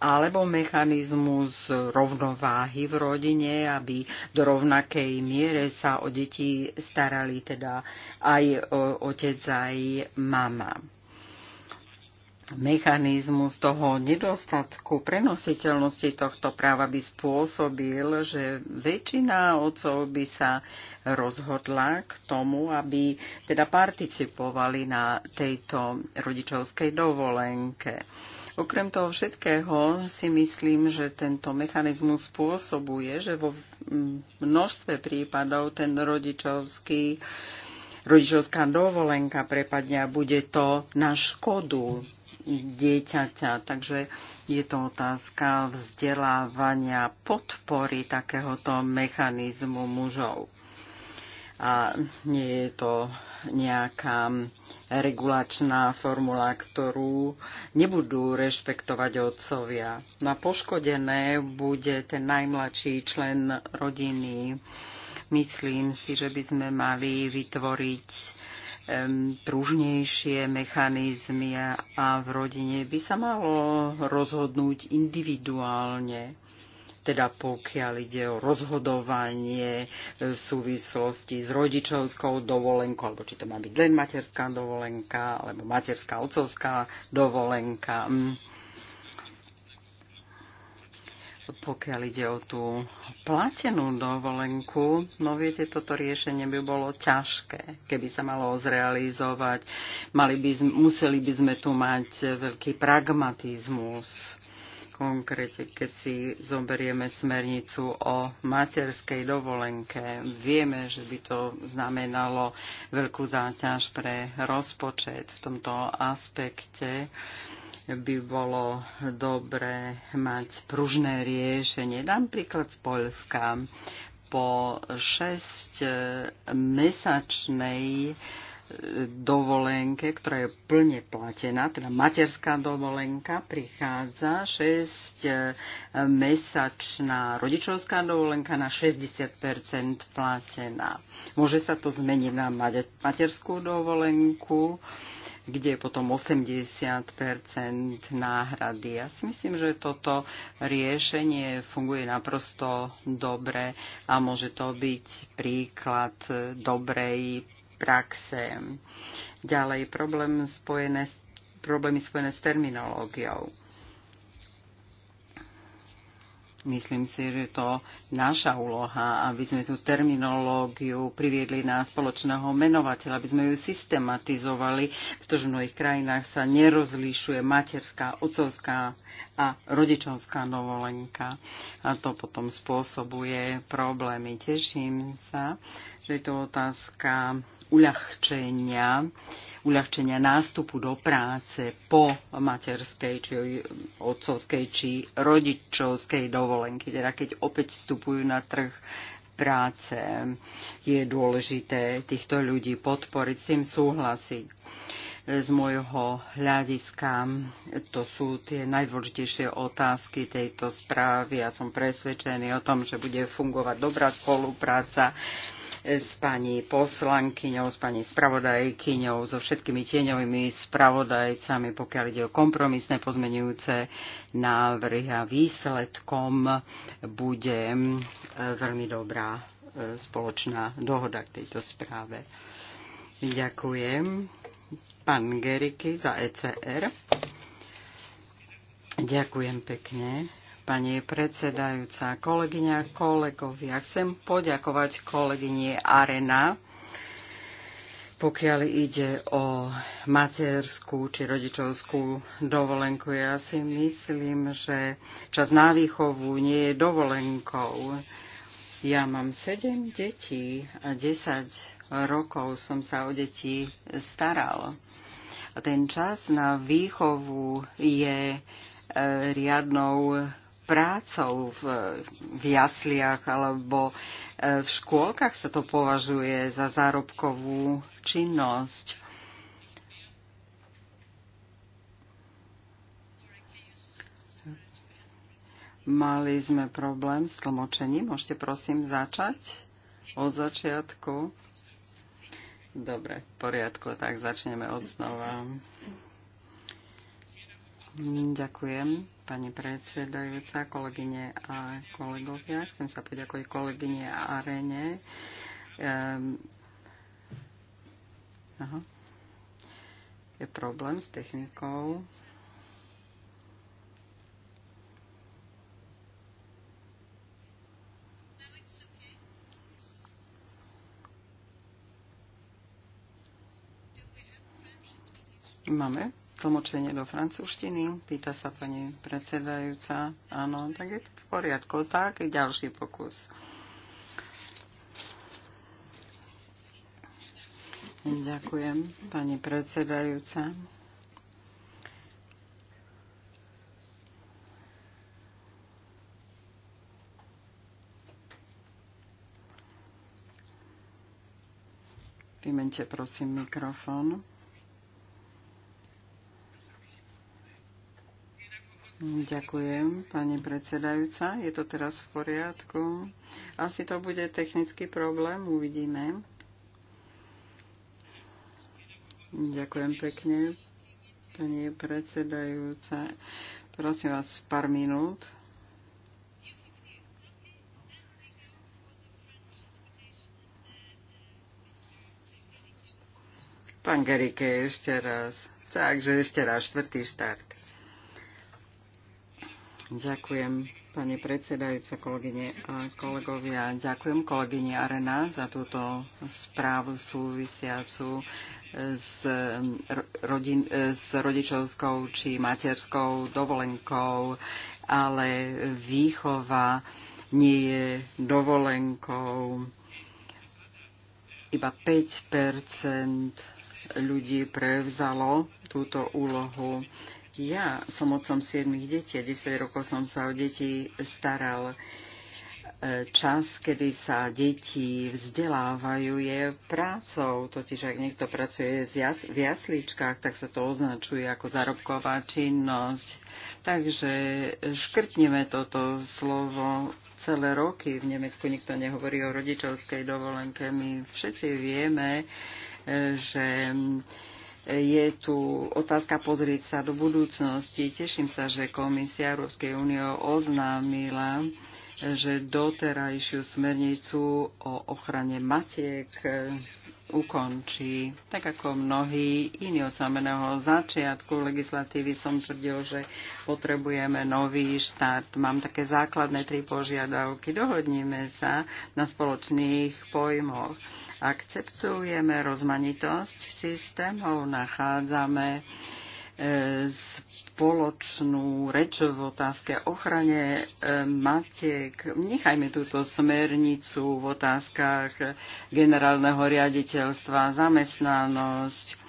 alebo mechanizmus rovnováhy v rodine, aby do rovnakej miere sa o deti starali teda aj otec, aj mama mechanizmus toho nedostatku prenositeľnosti tohto práva by spôsobil, že väčšina otcov by sa rozhodla k tomu, aby teda participovali na tejto rodičovskej dovolenke. Okrem toho všetkého si myslím, že tento mechanizmus spôsobuje, že vo množstve prípadov ten rodičovský rodičovská dovolenka prepadňa, bude to na škodu dieťaťa. Takže je to otázka vzdelávania, podpory takéhoto mechanizmu mužov. A nie je to nejaká regulačná formula, ktorú nebudú rešpektovať otcovia. Na poškodené bude ten najmladší člen rodiny. Myslím si, že by sme mali vytvoriť pružnejšie mechanizmy a v rodine by sa malo rozhodnúť individuálne teda pokiaľ ide o rozhodovanie e, v súvislosti s rodičovskou dovolenkou, alebo či to má byť len materská dovolenka, alebo materská otcovská dovolenka. Mm pokiaľ ide o tú platenú dovolenku, no viete, toto riešenie by bolo ťažké, keby sa malo zrealizovať. Mali by, museli by sme tu mať veľký pragmatizmus. Konkrétne, keď si zoberieme smernicu o materskej dovolenke, vieme, že by to znamenalo veľkú záťaž pre rozpočet v tomto aspekte by bolo dobré mať pružné riešenie. Dám príklad z Polska. Po 6-mesačnej e, e, dovolenke, ktorá je plne platená, teda materská dovolenka, prichádza 6-mesačná e, rodičovská dovolenka na 60% platená. Môže sa to zmeniť na materskú dovolenku, kde je potom 80 náhrady. Ja si myslím, že toto riešenie funguje naprosto dobre a môže to byť príklad dobrej praxe. Ďalej problém spojené, problémy spojené s terminológiou Myslím si, že to naša úloha, aby sme tú terminológiu priviedli na spoločného menovateľa, aby sme ju systematizovali, pretože v mnohých krajinách sa nerozlišuje materská, otcovská a rodičovská dovolenka. A to potom spôsobuje problémy. Teším sa, že je to otázka uľahčenia uľahčenia nástupu do práce po materskej, či otcovskej, či rodičovskej dovolenky, teda keď opäť vstupujú na trh práce. Je dôležité týchto ľudí podporiť, s tým súhlasiť. Z môjho hľadiska to sú tie najdôležitejšie otázky tejto správy. Ja som presvedčený o tom, že bude fungovať dobrá spolupráca s pani poslankyňou, s pani spravodajkyňou, so všetkými tieňovými spravodajcami, pokiaľ ide o kompromisné pozmenujúce návrhy a výsledkom bude e, veľmi dobrá e, spoločná dohoda k tejto správe. Ďakujem. Pán Geriky za ECR. Ďakujem pekne pani predsedajúca, kolegyňa, kolegovia. Chcem poďakovať kolegyni Arena, pokiaľ ide o materskú či rodičovskú dovolenku. Ja si myslím, že čas na výchovu nie je dovolenkou. Ja mám sedem detí a 10 rokov som sa o deti staral. A ten čas na výchovu je e, riadnou prácou v, v jasliach alebo e, v škôlkach sa to považuje za zárobkovú činnosť. Mali sme problém s tlmočením. Môžete prosím začať od začiatku. Dobre, v poriadku, tak začneme od znova. Hm, ďakujem pani predsedajúca, kolegyne a kolegovia. Chcem sa poďakovať kolegyne a Arene. Um, aha. Je problém s technikou. Máme tlmočenie do francúzštiny? Pýta sa pani predsedajúca. Áno, tak je to v poriadku. Tak, ďalší pokus. Ďakujem, pani predsedajúca. Vymente prosím mikrofón. Ďakujem, pani predsedajúca. Je to teraz v poriadku. Asi to bude technický problém, uvidíme. Ďakujem pekne, pani predsedajúca. Prosím vás, pár minút. Pán Gerike, ešte raz. Takže ešte raz, štvrtý štart. Ďakujem, pani predsedajúca, kolegyne a kolegovia. Ďakujem kolegyne Arena za túto správu súvisiacu s, rodin, s rodičovskou či materskou dovolenkou, ale výchova nie je dovolenkou. Iba 5 ľudí prevzalo túto úlohu ja som otcom siedmých detí, 10 rokov som sa o deti staral e, čas, kedy sa deti vzdelávajú, je prácou. Totiž, ak niekto pracuje v jasličkách, tak sa to označuje ako zárobková činnosť. Takže škrtneme toto slovo celé roky. V Nemecku nikto nehovorí o rodičovskej dovolenke. My všetci vieme, e, že je tu otázka pozrieť sa do budúcnosti. Teším sa, že Komisia Európskej únie oznámila, že doterajšiu smernicu o ochrane matiek ukončí. Tak ako mnohí iní od samého začiatku legislatívy som tvrdil, že potrebujeme nový štart. Mám také základné tri požiadavky. Dohodníme sa na spoločných pojmoch Akceptujeme rozmanitosť systémov, nachádzame e, spoločnú reč v otázke ochrane e, matiek. Nechajme túto smernicu v otázkach generálneho riaditeľstva, zamestnanosť,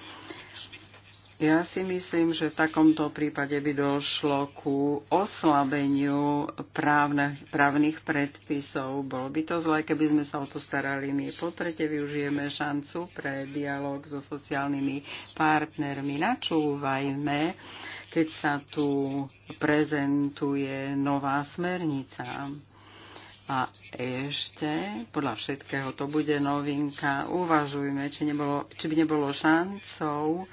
ja si myslím, že v takomto prípade by došlo ku oslabeniu právne, právnych predpisov. Bolo by to zle, keby sme sa o to starali my. Po tretie, využijeme šancu pre dialog so sociálnymi partnermi. Načúvajme, keď sa tu prezentuje nová smernica. A ešte, podľa všetkého, to bude novinka. Uvažujme, či, nebolo, či by nebolo šancou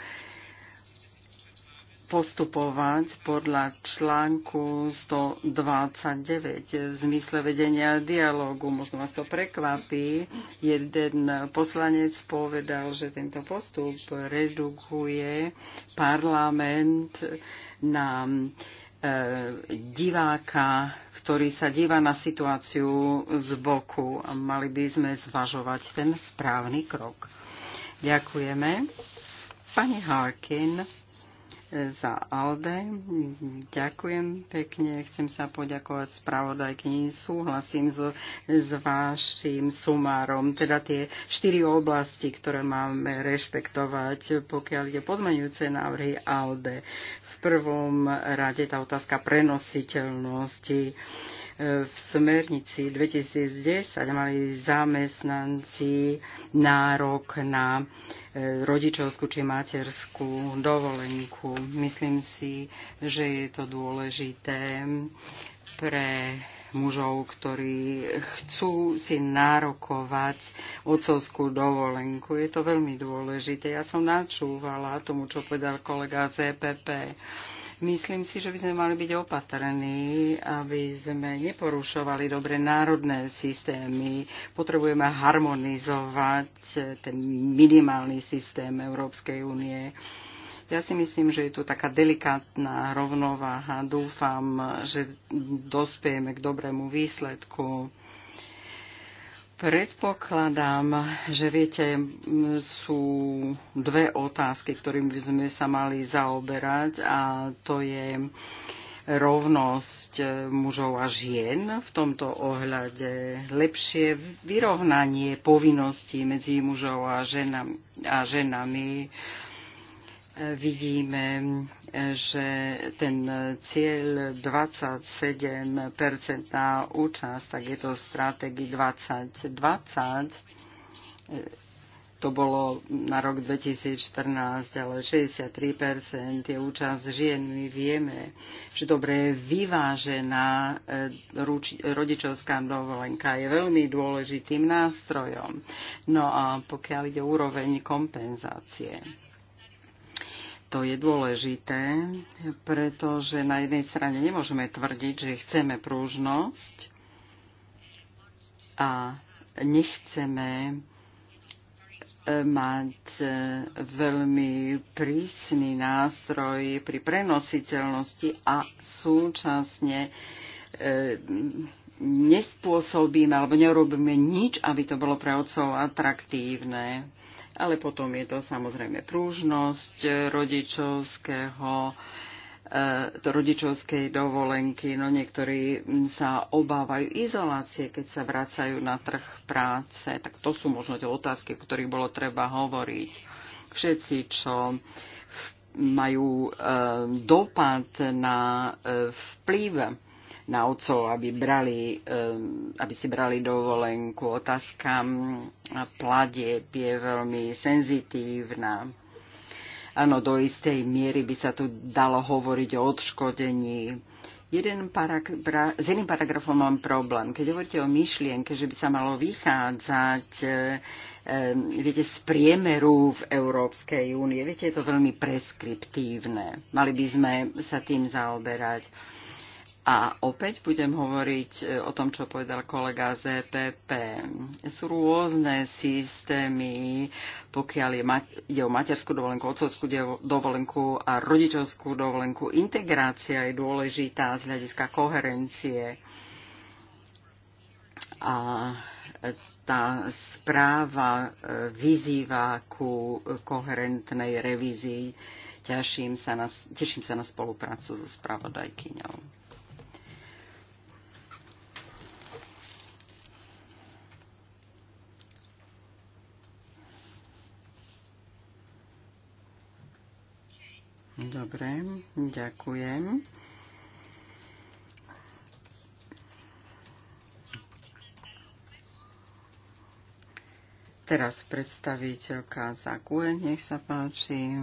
postupovať podľa článku 129 v zmysle vedenia dialógu. Možno vás to prekvapí. Jeden poslanec povedal, že tento postup redukuje parlament na e, diváka, ktorý sa díva na situáciu z boku a mali by sme zvažovať ten správny krok. Ďakujeme. Pani Harkin za ALDE. Ďakujem pekne, chcem sa poďakovať spravodajkyni, súhlasím so, s vašim sumárom, teda tie štyri oblasti, ktoré máme rešpektovať, pokiaľ je pozmeňujúce návrhy ALDE. V prvom rade tá otázka prenositeľnosti v smernici 2010 mali zamestnanci nárok na rodičovskú či materskú dovolenku. Myslím si, že je to dôležité pre mužov, ktorí chcú si nárokovať ocovskú dovolenku. Je to veľmi dôležité. Ja som načúvala tomu, čo povedal kolega z EPP Myslím si, že by sme mali byť opatrní, aby sme neporušovali dobre národné systémy. Potrebujeme harmonizovať ten minimálny systém Európskej únie. Ja si myslím, že je tu taká delikátna rovnováha. Dúfam, že dospejeme k dobrému výsledku. Predpokladám, že viete, sú dve otázky, ktorým by sme sa mali zaoberať a to je rovnosť e, mužov a žien v tomto ohľade, lepšie vyrovnanie povinností medzi mužov a ženami, a ženami vidíme, že ten cieľ 27% percentná účasť, tak je to v stratégii 2020. To bolo na rok 2014, ale 63% je účasť žien. My vieme, že dobre vyvážená eh, rodičovská dovolenka je veľmi dôležitým nástrojom. No a pokiaľ ide úroveň kompenzácie to je dôležité, pretože na jednej strane nemôžeme tvrdiť, že chceme prúžnosť a nechceme e, mať e, veľmi prísny nástroj pri prenositeľnosti a súčasne e, nespôsobíme alebo neurobíme nič, aby to bolo pre otcov atraktívne ale potom je to samozrejme prúžnosť eh, rodičovského eh, to rodičovskej dovolenky, no niektorí hm, sa obávajú izolácie, keď sa vracajú na trh práce. Tak to sú možno tie otázky, o ktorých bolo treba hovoriť. Všetci, čo majú eh, dopad na vplyv na otcov, aby, brali, ehm, aby si brali dovolenku. Otázka mm, pladieb je veľmi senzitívna. Áno, do istej miery by sa tu dalo hovoriť o odškodení. Jeden paragra- s jedným paragrafom mám problém. Keď hovoríte o myšlienke, že by sa malo vychádzať ehm, ehm, viete, z priemeru v Európskej únie. Viete, je to veľmi preskriptívne. Mali by sme sa tým zaoberať. A opäť budem hovoriť e, o tom, čo povedal kolega z EPP. Sú rôzne systémy, pokiaľ je ma- ide o materskú dovolenku, otcovskú dovolenku a rodičovskú dovolenku. Integrácia je dôležitá z hľadiska koherencie. A e, tá správa e, vyzýva ku koherentnej revízii. Teším sa na, teším sa na spoluprácu so spravodajkyňou. Dobre, ďakujem. Teraz predstaviteľka QN, nech sa páči.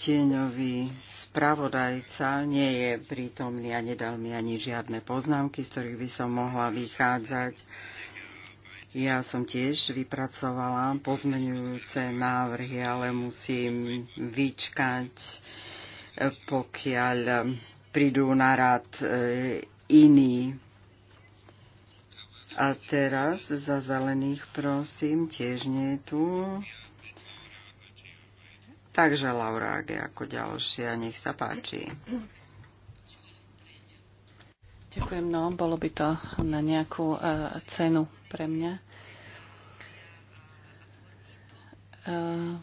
Tieňový spravodajca nie je prítomný a nedal mi ani žiadne poznámky, z ktorých by som mohla vychádzať. Ja som tiež vypracovala pozmenujúce návrhy, ale musím vyčkať, pokiaľ prídu na rad e, iní. A teraz za zelených prosím, tiež nie je tu. Takže Laura ak je ako ďalšia, nech sa páči. Ďakujem, no, bolo by to na nejakú uh, cenu pre mňa. Uh,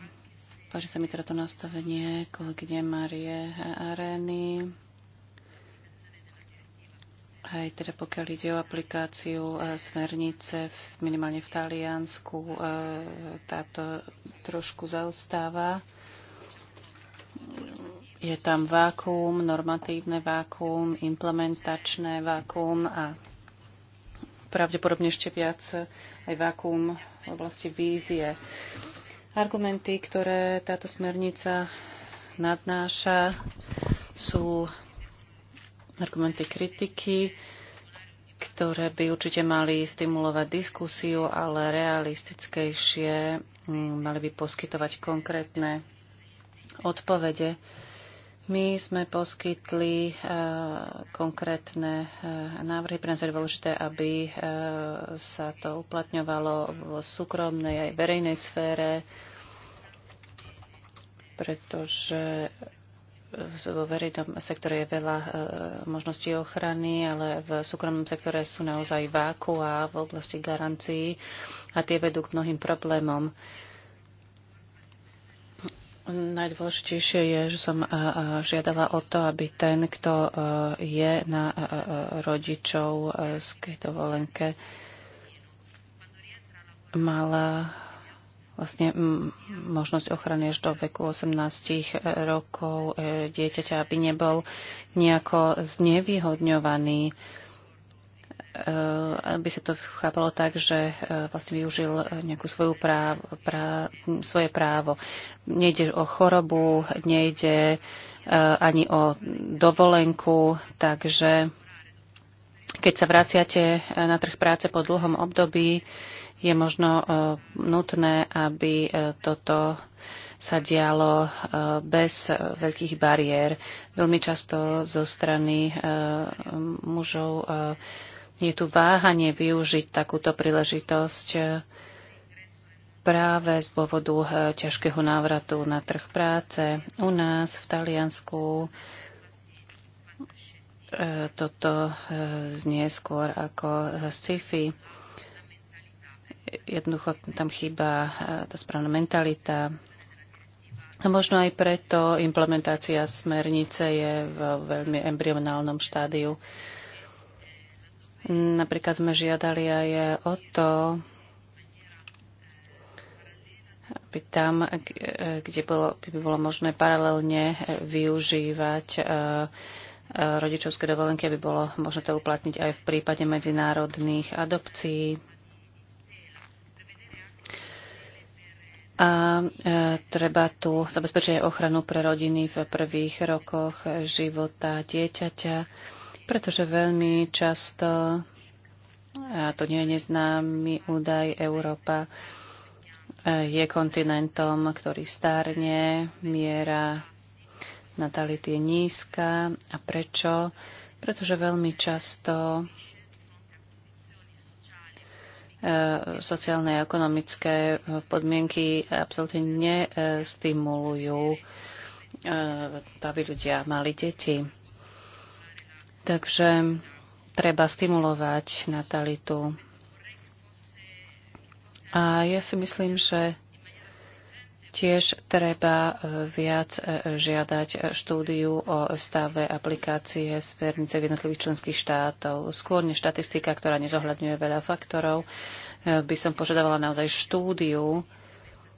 páči sa mi teda to nastavenie kolegyne Marie Areny. Aj teda pokiaľ ide o aplikáciu uh, smernice, v, minimálne v Taliansku, uh, táto trošku zaostáva. Je tam vákuum, normatívne vákuum, implementačné vákuum a pravdepodobne ešte viac aj vákuum v oblasti vízie. Argumenty, ktoré táto smernica nadnáša, sú argumenty kritiky, ktoré by určite mali stimulovať diskusiu, ale realistickejšie mm, mali by poskytovať konkrétne odpovede my sme poskytli e, konkrétne e, návrhy, pre nás je dôležité, aby e, sa to uplatňovalo v súkromnej aj verejnej sfére, pretože vo verejnom sektore je veľa možností ochrany, ale v súkromnom sektore sú naozaj vákuá v oblasti garancií a tie vedú k mnohým problémom. Najdôležitejšie je, že som žiadala o to, aby ten, kto e, je na e, e, rodičov z dovolenke, mala vlastne možnosť ochrany až do veku 18 rokov dieťaťa, aby nebol nejako znevýhodňovaný Eh, aby sa to chápalo tak, že eh, vlastne využil eh, nejakú svoju práv, prá, svoje právo. Nejde o chorobu, nejde ani o dovolenku, takže keď sa vraciate na trh práce po dlhom období, je možno nutné, aby toto sa dialo bez veľkých bariér. Veľmi často zo strany mužov je tu váhanie využiť takúto príležitosť eh, práve z dôvodu eh, ťažkého návratu na trh práce. U nás v Taliansku eh, toto znie skôr ako sci-fi. Jednoducho tam chýba tá správna mentalita. A možno aj preto implementácia smernice je v veľmi embryonálnom štádiu. Napríklad sme žiadali aj o to, aby tam, kde bolo, by bolo možné paralelne využívať e, e, rodičovské dovolenky, aby bolo možné to uplatniť aj v prípade medzinárodných adopcií. A e, treba tu zabezpečiť ochranu pre rodiny v prvých rokoch života dieťaťa pretože veľmi často, a to nie je neznámy údaj, Európa e, je kontinentom, ktorý stárne, miera natality je nízka. A prečo? Pretože veľmi často e, sociálne a ekonomické podmienky absolútne nestimulujú, e, aby ľudia mali deti. Takže treba stimulovať natalitu. A ja si myslím, že tiež treba e, viac e, žiadať štúdiu o stave aplikácie smernice v jednotlivých členských štátov. Skôr než štatistika, ktorá nezohľadňuje veľa faktorov, e, by som požadovala naozaj štúdiu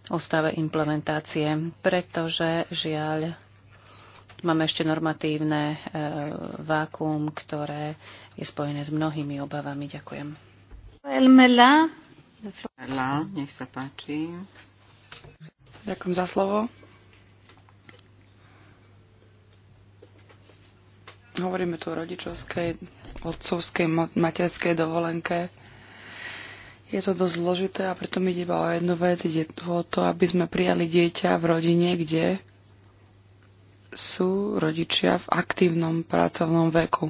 o stave implementácie, pretože žiaľ tu máme ešte normatívne e, vákuum, ktoré je spojené s mnohými obavami. Ďakujem. Elmela. Elmela, nech sa páči. Ďakujem za slovo. Hovoríme tu o rodičovskej, otcovskej, materskej dovolenke. Je to dosť zložité a preto mi ide iba o jednu vec. Ide o to, aby sme prijali dieťa v rodine, kde sú rodičia v aktívnom pracovnom veku.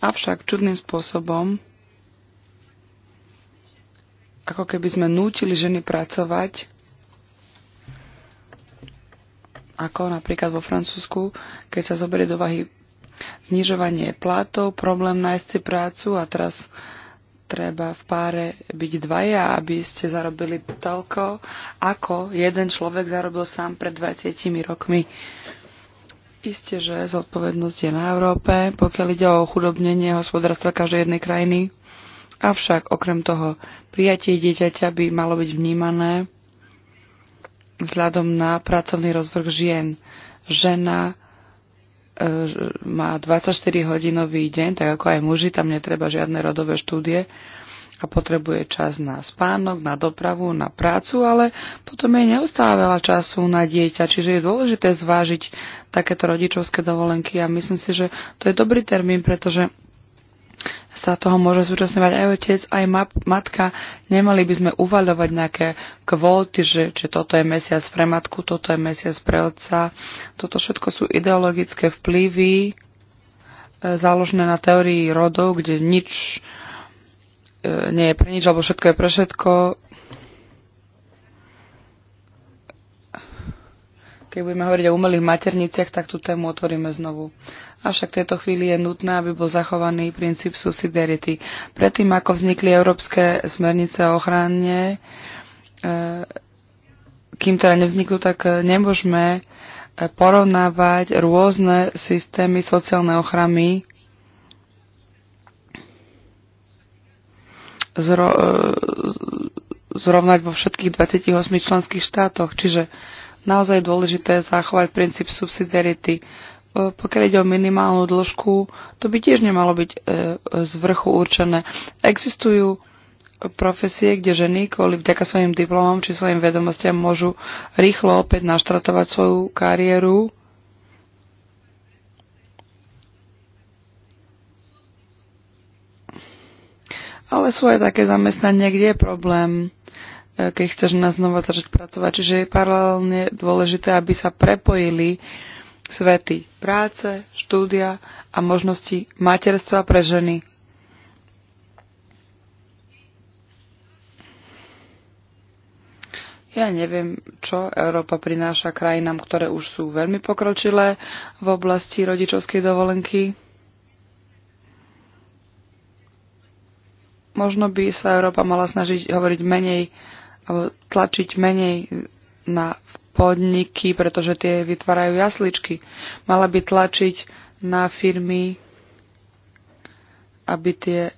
Avšak čudným spôsobom, ako keby sme nútili ženy pracovať, ako napríklad vo Francúzsku, keď sa zoberie do vahy znižovanie platov, problém nájsť si prácu a teraz treba v páre byť dvaja, aby ste zarobili toľko, ako jeden človek zarobil sám pred 20 rokmi. Isté, že zodpovednosť je na Európe, pokiaľ ide o chudobnenie hospodárstva každej jednej krajiny. Avšak okrem toho prijatie dieťaťa by malo byť vnímané vzhľadom na pracovný rozvrh žien. Žena e, má 24-hodinový deň, tak ako aj muži, tam netreba žiadne rodové štúdie a potrebuje čas na spánok, na dopravu, na prácu, ale potom jej neostáva veľa času na dieťa, čiže je dôležité zvážiť takéto rodičovské dovolenky a myslím si, že to je dobrý termín, pretože sa toho môže zúčastňovať aj otec, aj matka. Nemali by sme uvaľovať nejaké kvóty, že, že toto je mesiac pre matku, toto je mesiac pre otca. Toto všetko sú ideologické vplyvy e, založené na teórii rodov, kde nič nie je pre nič, alebo všetko je pre všetko. Keď budeme hovoriť o umelých materniciach, tak tú tému otvoríme znovu. Avšak v tejto chvíli je nutné, aby bol zachovaný princíp subsidiarity. Predtým, ako vznikli európske smernice o ochrane, e, kým teda nevzniknú, tak nemôžeme porovnávať rôzne systémy sociálnej ochrany zro, e, zrovnať vo všetkých 28 členských štátoch. Čiže naozaj je dôležité zachovať princíp subsidiarity. E, pokiaľ ide o minimálnu dĺžku, to by tiež nemalo byť e, z vrchu určené. Existujú profesie, kde ženy kvôli vďaka svojim diplomom či svojim vedomostiam môžu rýchlo opäť naštratovať svoju kariéru Ale sú aj také zamestnania, kde je problém, e, keď chceš na znova začať pracovať. Čiže je paralelne dôležité, aby sa prepojili svety práce, štúdia a možnosti materstva pre ženy. Ja neviem, čo Európa prináša krajinám, ktoré už sú veľmi pokročilé v oblasti rodičovskej dovolenky. Možno by sa Európa mala snažiť hovoriť menej alebo tlačiť menej na podniky, pretože tie vytvárajú jasličky. Mala by tlačiť na firmy, aby tie e,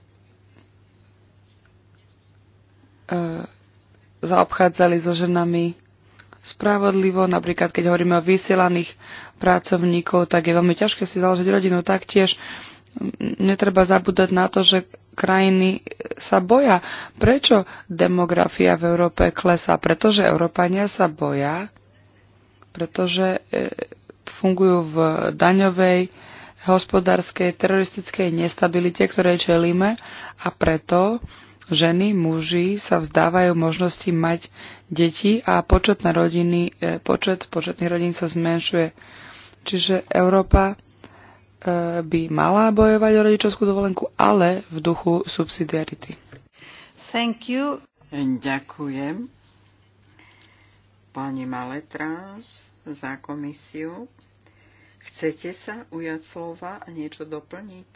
zaobchádzali so ženami spravodlivo. Napríklad, keď hovoríme o vysielaných pracovníkov, tak je veľmi ťažké si založiť rodinu. Taktiež netreba zabúdať na to, že krajiny sa boja. Prečo demografia v Európe klesá? Pretože Európania sa boja, pretože e, fungujú v daňovej, hospodárskej, teroristickej nestabilite, ktorej čelíme a preto ženy, muži sa vzdávajú možnosti mať deti a počet, na rodiny, e, počet početných rodín sa zmenšuje. Čiže Európa E, by mala bojovať o rodičovskú dovolenku, ale v duchu subsidiarity. Thank you. Ďakujem pani Maletrans za komisiu. Chcete sa ujať slova a niečo doplniť?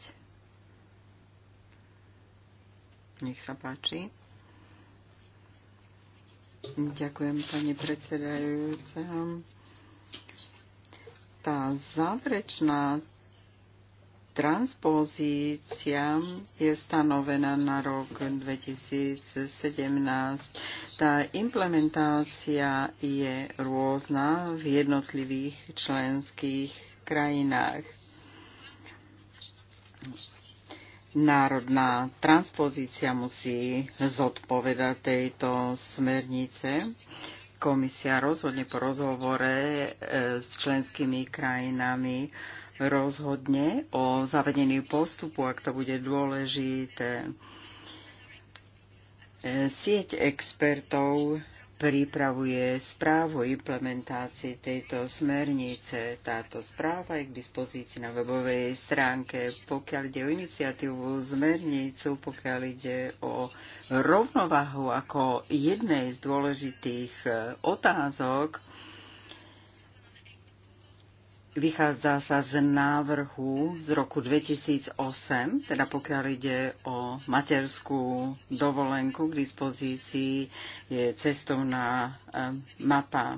Nech sa páči. Ďakujem, pani predsedajúceho. Tá záverečná transpozícia je stanovená na rok 2017. Tá implementácia je rôzna v jednotlivých členských krajinách. Národná transpozícia musí zodpovedať tejto smernice komisia rozhodne po rozhovore eh, s členskými krajinami rozhodne o zavedení postupu, ak to bude dôležité. Sieť expertov pripravuje správu implementácie implementácii tejto smernice. Táto správa je k dispozícii na webovej stránke. Pokiaľ ide o iniciatívu smernicu, pokiaľ ide o rovnovahu ako jednej z dôležitých eh, otázok, Vychádza sa z návrhu z roku 2008, teda pokiaľ ide o materskú dovolenku k dispozícii, je cestovná eh, mapa.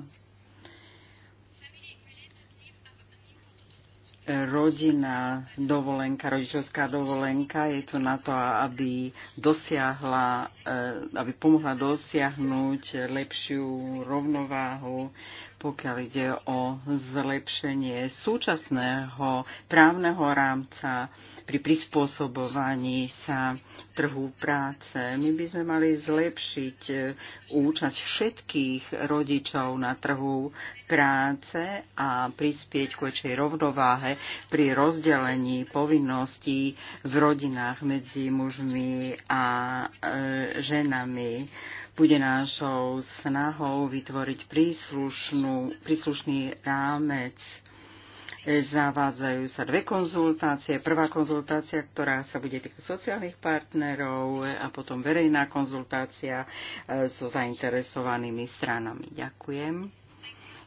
Rodina dovolenka, rodičovská dovolenka je to na to, aby dosiahla, eh, aby pomohla dosiahnuť lepšiu rovnováhu pokiaľ ide o zlepšenie súčasného právneho rámca pri prispôsobovaní sa trhu práce. My by sme mali zlepšiť e, účasť všetkých rodičov na trhu práce a prispieť k väčšej rovnováhe pri rozdelení povinností v rodinách medzi mužmi a e, ženami bude nášou snahou vytvoriť príslušnú, príslušný rámec. Zavádzajú sa dve konzultácie. Prvá konzultácia, ktorá sa bude týkať sociálnych partnerov a potom verejná konzultácia e, so zainteresovanými stranami. Ďakujem.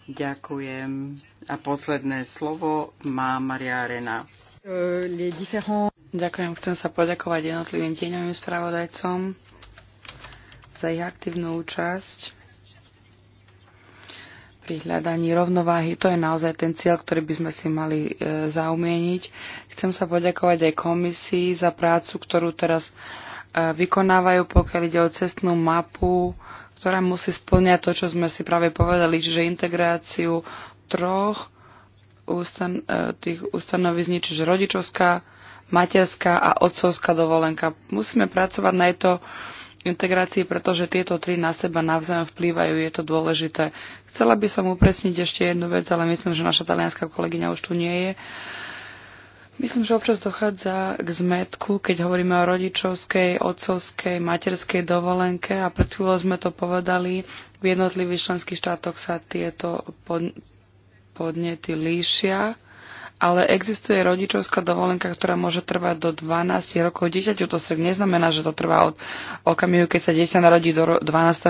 Ďakujem. A posledné slovo má Maria Arena. E, Ďakujem. Chcem sa poďakovať jednotlivým tieňovým spravodajcom za ich aktívnu účasť pri hľadaní rovnováhy. To je naozaj ten cieľ, ktorý by sme si mali e, zaumieniť. Chcem sa poďakovať aj komisii za prácu, ktorú teraz e, vykonávajú, pokiaľ ide o cestnú mapu, ktorá musí splňať to, čo sme si práve povedali, čiže integráciu troch ústan- e, tých ustanovizní, čiže rodičovská, materská a otcovská dovolenka. Musíme pracovať na to, integrácii, pretože tieto tri na seba navzájom vplývajú, je to dôležité. Chcela by som upresniť ešte jednu vec, ale myslím, že naša talianská kolegyňa už tu nie je. Myslím, že občas dochádza k zmetku, keď hovoríme o rodičovskej, otcovskej, materskej dovolenke a pred chvíľou sme to povedali, v jednotlivých členských štátoch sa tieto podnety líšia ale existuje rodičovská dovolenka, ktorá môže trvať do 12 rokov dieťaťu. To sa neznamená, že to trvá od okamihu, keď sa dieťa narodí do 12.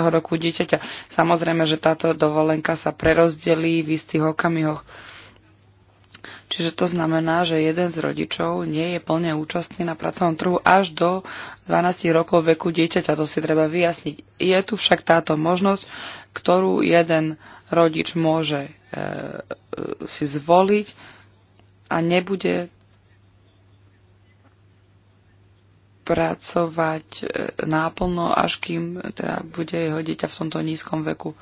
roku dieťaťa. Samozrejme, že táto dovolenka sa prerozdelí v istých okamihoch. Čiže to znamená, že jeden z rodičov nie je plne účastný na pracovnom trhu až do 12 rokov veku dieťaťa. To si treba vyjasniť. Je tu však táto možnosť, ktorú jeden rodič môže e, e si zvoliť a nebude pracovať e, náplno, až kým teda bude jeho dieťa v tomto nízkom veku.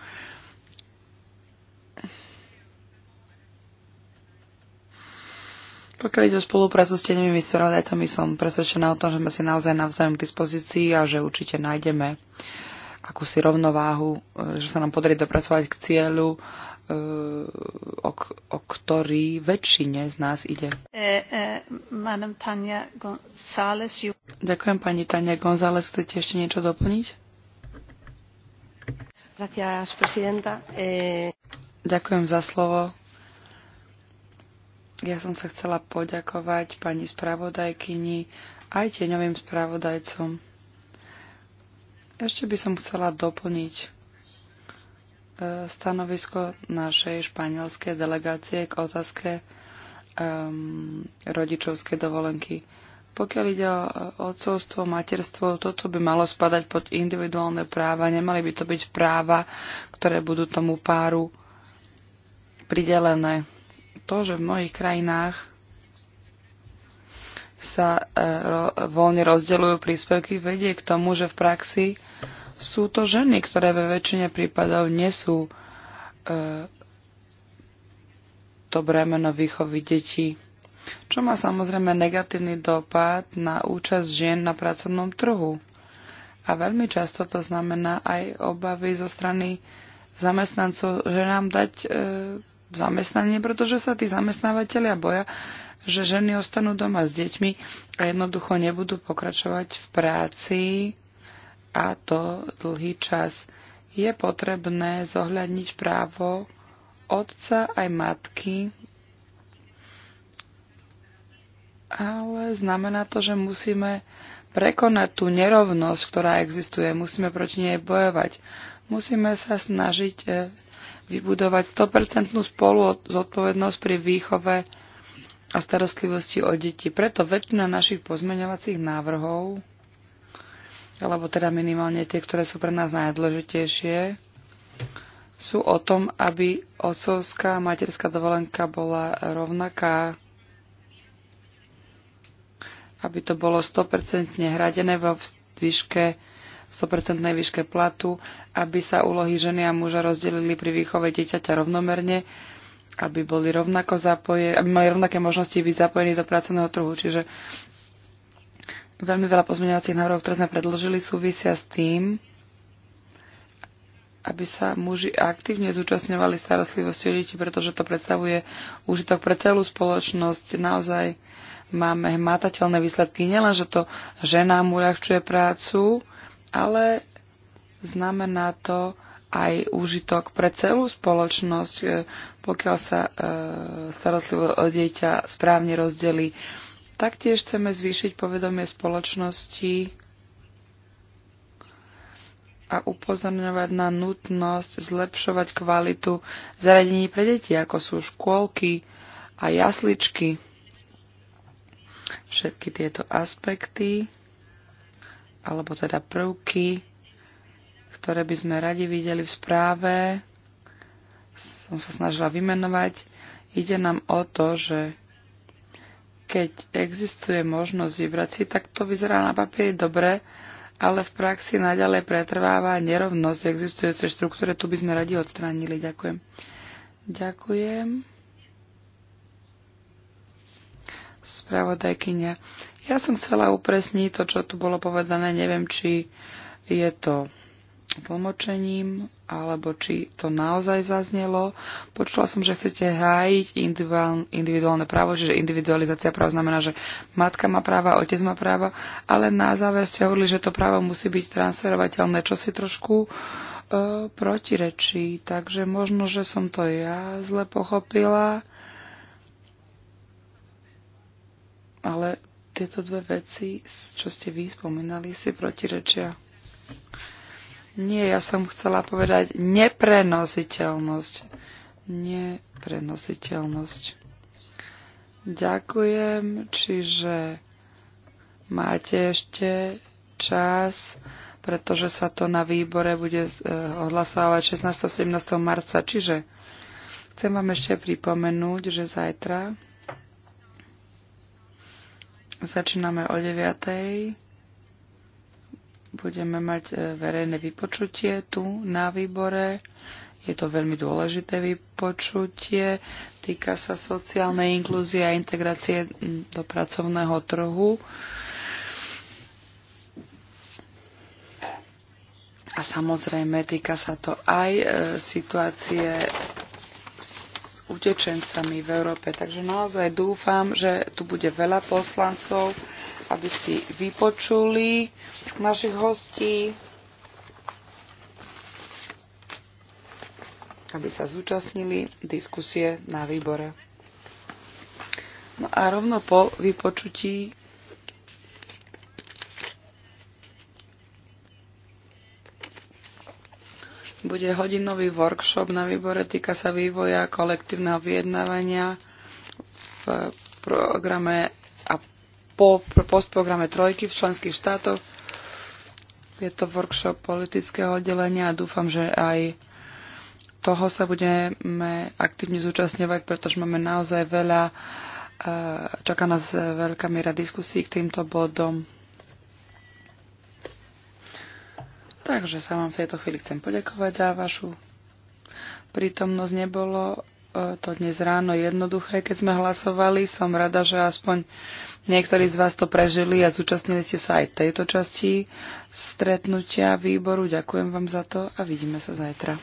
Pokiaľ ide o spoluprácu s tenými spravodajcami, som presvedčená o tom, že sme si naozaj navzájom k dispozícii a že určite nájdeme akúsi rovnováhu, e, že sa nám podarí dopracovať k cieľu o, o ktorý väčšine z nás ide. E, e, González, Ďakujem pani Tania González. Chcete ešte niečo doplniť? Gracias, e... Ďakujem za slovo. Ja som sa chcela poďakovať pani spravodajkyni aj tieňovým spravodajcom. Ešte by som chcela doplniť stanovisko našej španielskej delegácie k otázke um, rodičovskej dovolenky. Pokiaľ ide o odcovstvo, materstvo, toto by malo spadať pod individuálne práva, nemali by to byť práva, ktoré budú tomu páru pridelené. To, že v mnohých krajinách sa e, ro, voľne rozdeľujú príspevky, vedie k tomu, že v praxi e, sú to ženy, ktoré ve väčšine prípadov nesú e, to bremeno výchovy detí, čo má samozrejme negatívny dopad na účasť žien na pracovnom trhu. A veľmi často to znamená aj obavy zo strany zamestnancov, že nám dať e, zamestnanie, pretože sa tí zamestnávateľia boja, že ženy ostanú doma s deťmi a jednoducho nebudú pokračovať v práci, a to dlhý čas. Je potrebné zohľadniť právo otca aj matky, ale znamená to, že musíme prekonať tú nerovnosť, ktorá existuje. Musíme proti nej bojovať. Musíme sa snažiť eh, vybudovať 100% spolu zodpovednosť pri výchove a starostlivosti o deti. Preto väčšina našich pozmeňovacích návrhov alebo teda minimálne tie, ktoré sú pre nás najdôležitejšie, sú o tom, aby otcovská a materská dovolenka bola rovnaká, aby to bolo 100% hradené vo výške 100% výške platu, aby sa úlohy ženy a muža rozdelili pri výchove dieťaťa rovnomerne, aby, boli rovnako zapoje, aby mali rovnaké možnosti byť zapojení do pracovného trhu. Čiže Veľmi veľa pozmeňovacích návrhov, ktoré sme predložili, súvisia s tým, aby sa muži aktívne zúčastňovali starostlivosti o deti, pretože to predstavuje úžitok pre celú spoločnosť. Naozaj máme hmatateľné výsledky. Nielen, že to ženám uľahčuje prácu, ale znamená to aj úžitok pre celú spoločnosť, eh, pokiaľ sa eh, starostlivosť o dieťa správne rozdelí. Taktiež chceme zvýšiť povedomie spoločnosti a upozorňovať na nutnosť zlepšovať kvalitu zariadení pre deti, ako sú škôlky a jasličky. Všetky tieto aspekty, alebo teda prvky, ktoré by sme radi videli v správe, som sa snažila vymenovať. Ide nám o to, že keď existuje možnosť vybrať si, tak to vyzerá na papieri dobre, ale v praxi naďalej pretrváva nerovnosť existujúcej štruktúre. Tu by sme radi odstránili. Ďakujem. Ďakujem. Spravodajkynia. Ja som chcela upresniť to, čo tu bolo povedané. Neviem, či je to tlmočením, alebo či to naozaj zaznelo. Počula som, že chcete hájiť individuálne právo, čiže individualizácia práv znamená, že matka má práva, otec má práva, ale na záver ste hovorili, že to právo musí byť transferovateľné, čo si trošku e, protirečí. Takže možno, že som to ja zle pochopila, ale tieto dve veci, čo ste vy spomínali, si protirečia. Nie, ja som chcela povedať neprenositeľnosť. Neprenositeľnosť. Ďakujem, čiže máte ešte čas, pretože sa to na výbore bude eh, odhlasovať 16. 17. marca. Čiže chcem vám ešte pripomenúť, že zajtra začíname o 9 budeme mať e, verejné vypočutie tu na výbore. Je to veľmi dôležité vypočutie. Týka sa sociálnej inklúzie a integrácie do pracovného trhu. A samozrejme týka sa to aj e, situácie s utečencami v Európe. Takže naozaj dúfam, že tu bude veľa poslancov aby si vypočuli našich hostí, aby sa zúčastnili diskusie na výbore. No a rovno po vypočutí bude hodinový workshop na výbore, týka sa vývoja kolektívneho vyjednávania v programe po postprograme Trojky v členských štátoch. Je to workshop politického oddelenia a dúfam, že aj toho sa budeme aktívne zúčastňovať, pretože máme naozaj veľa, eh, čaká nás veľká miera diskusí k týmto bodom. Takže sa vám v tejto chvíli chcem poďakovať za vašu prítomnosť. Nebolo eh, to dnes ráno jednoduché, keď sme hlasovali. Som rada, že aspoň Niektorí z vás to prežili a zúčastnili ste sa aj tejto časti stretnutia výboru. Ďakujem vám za to a vidíme sa zajtra.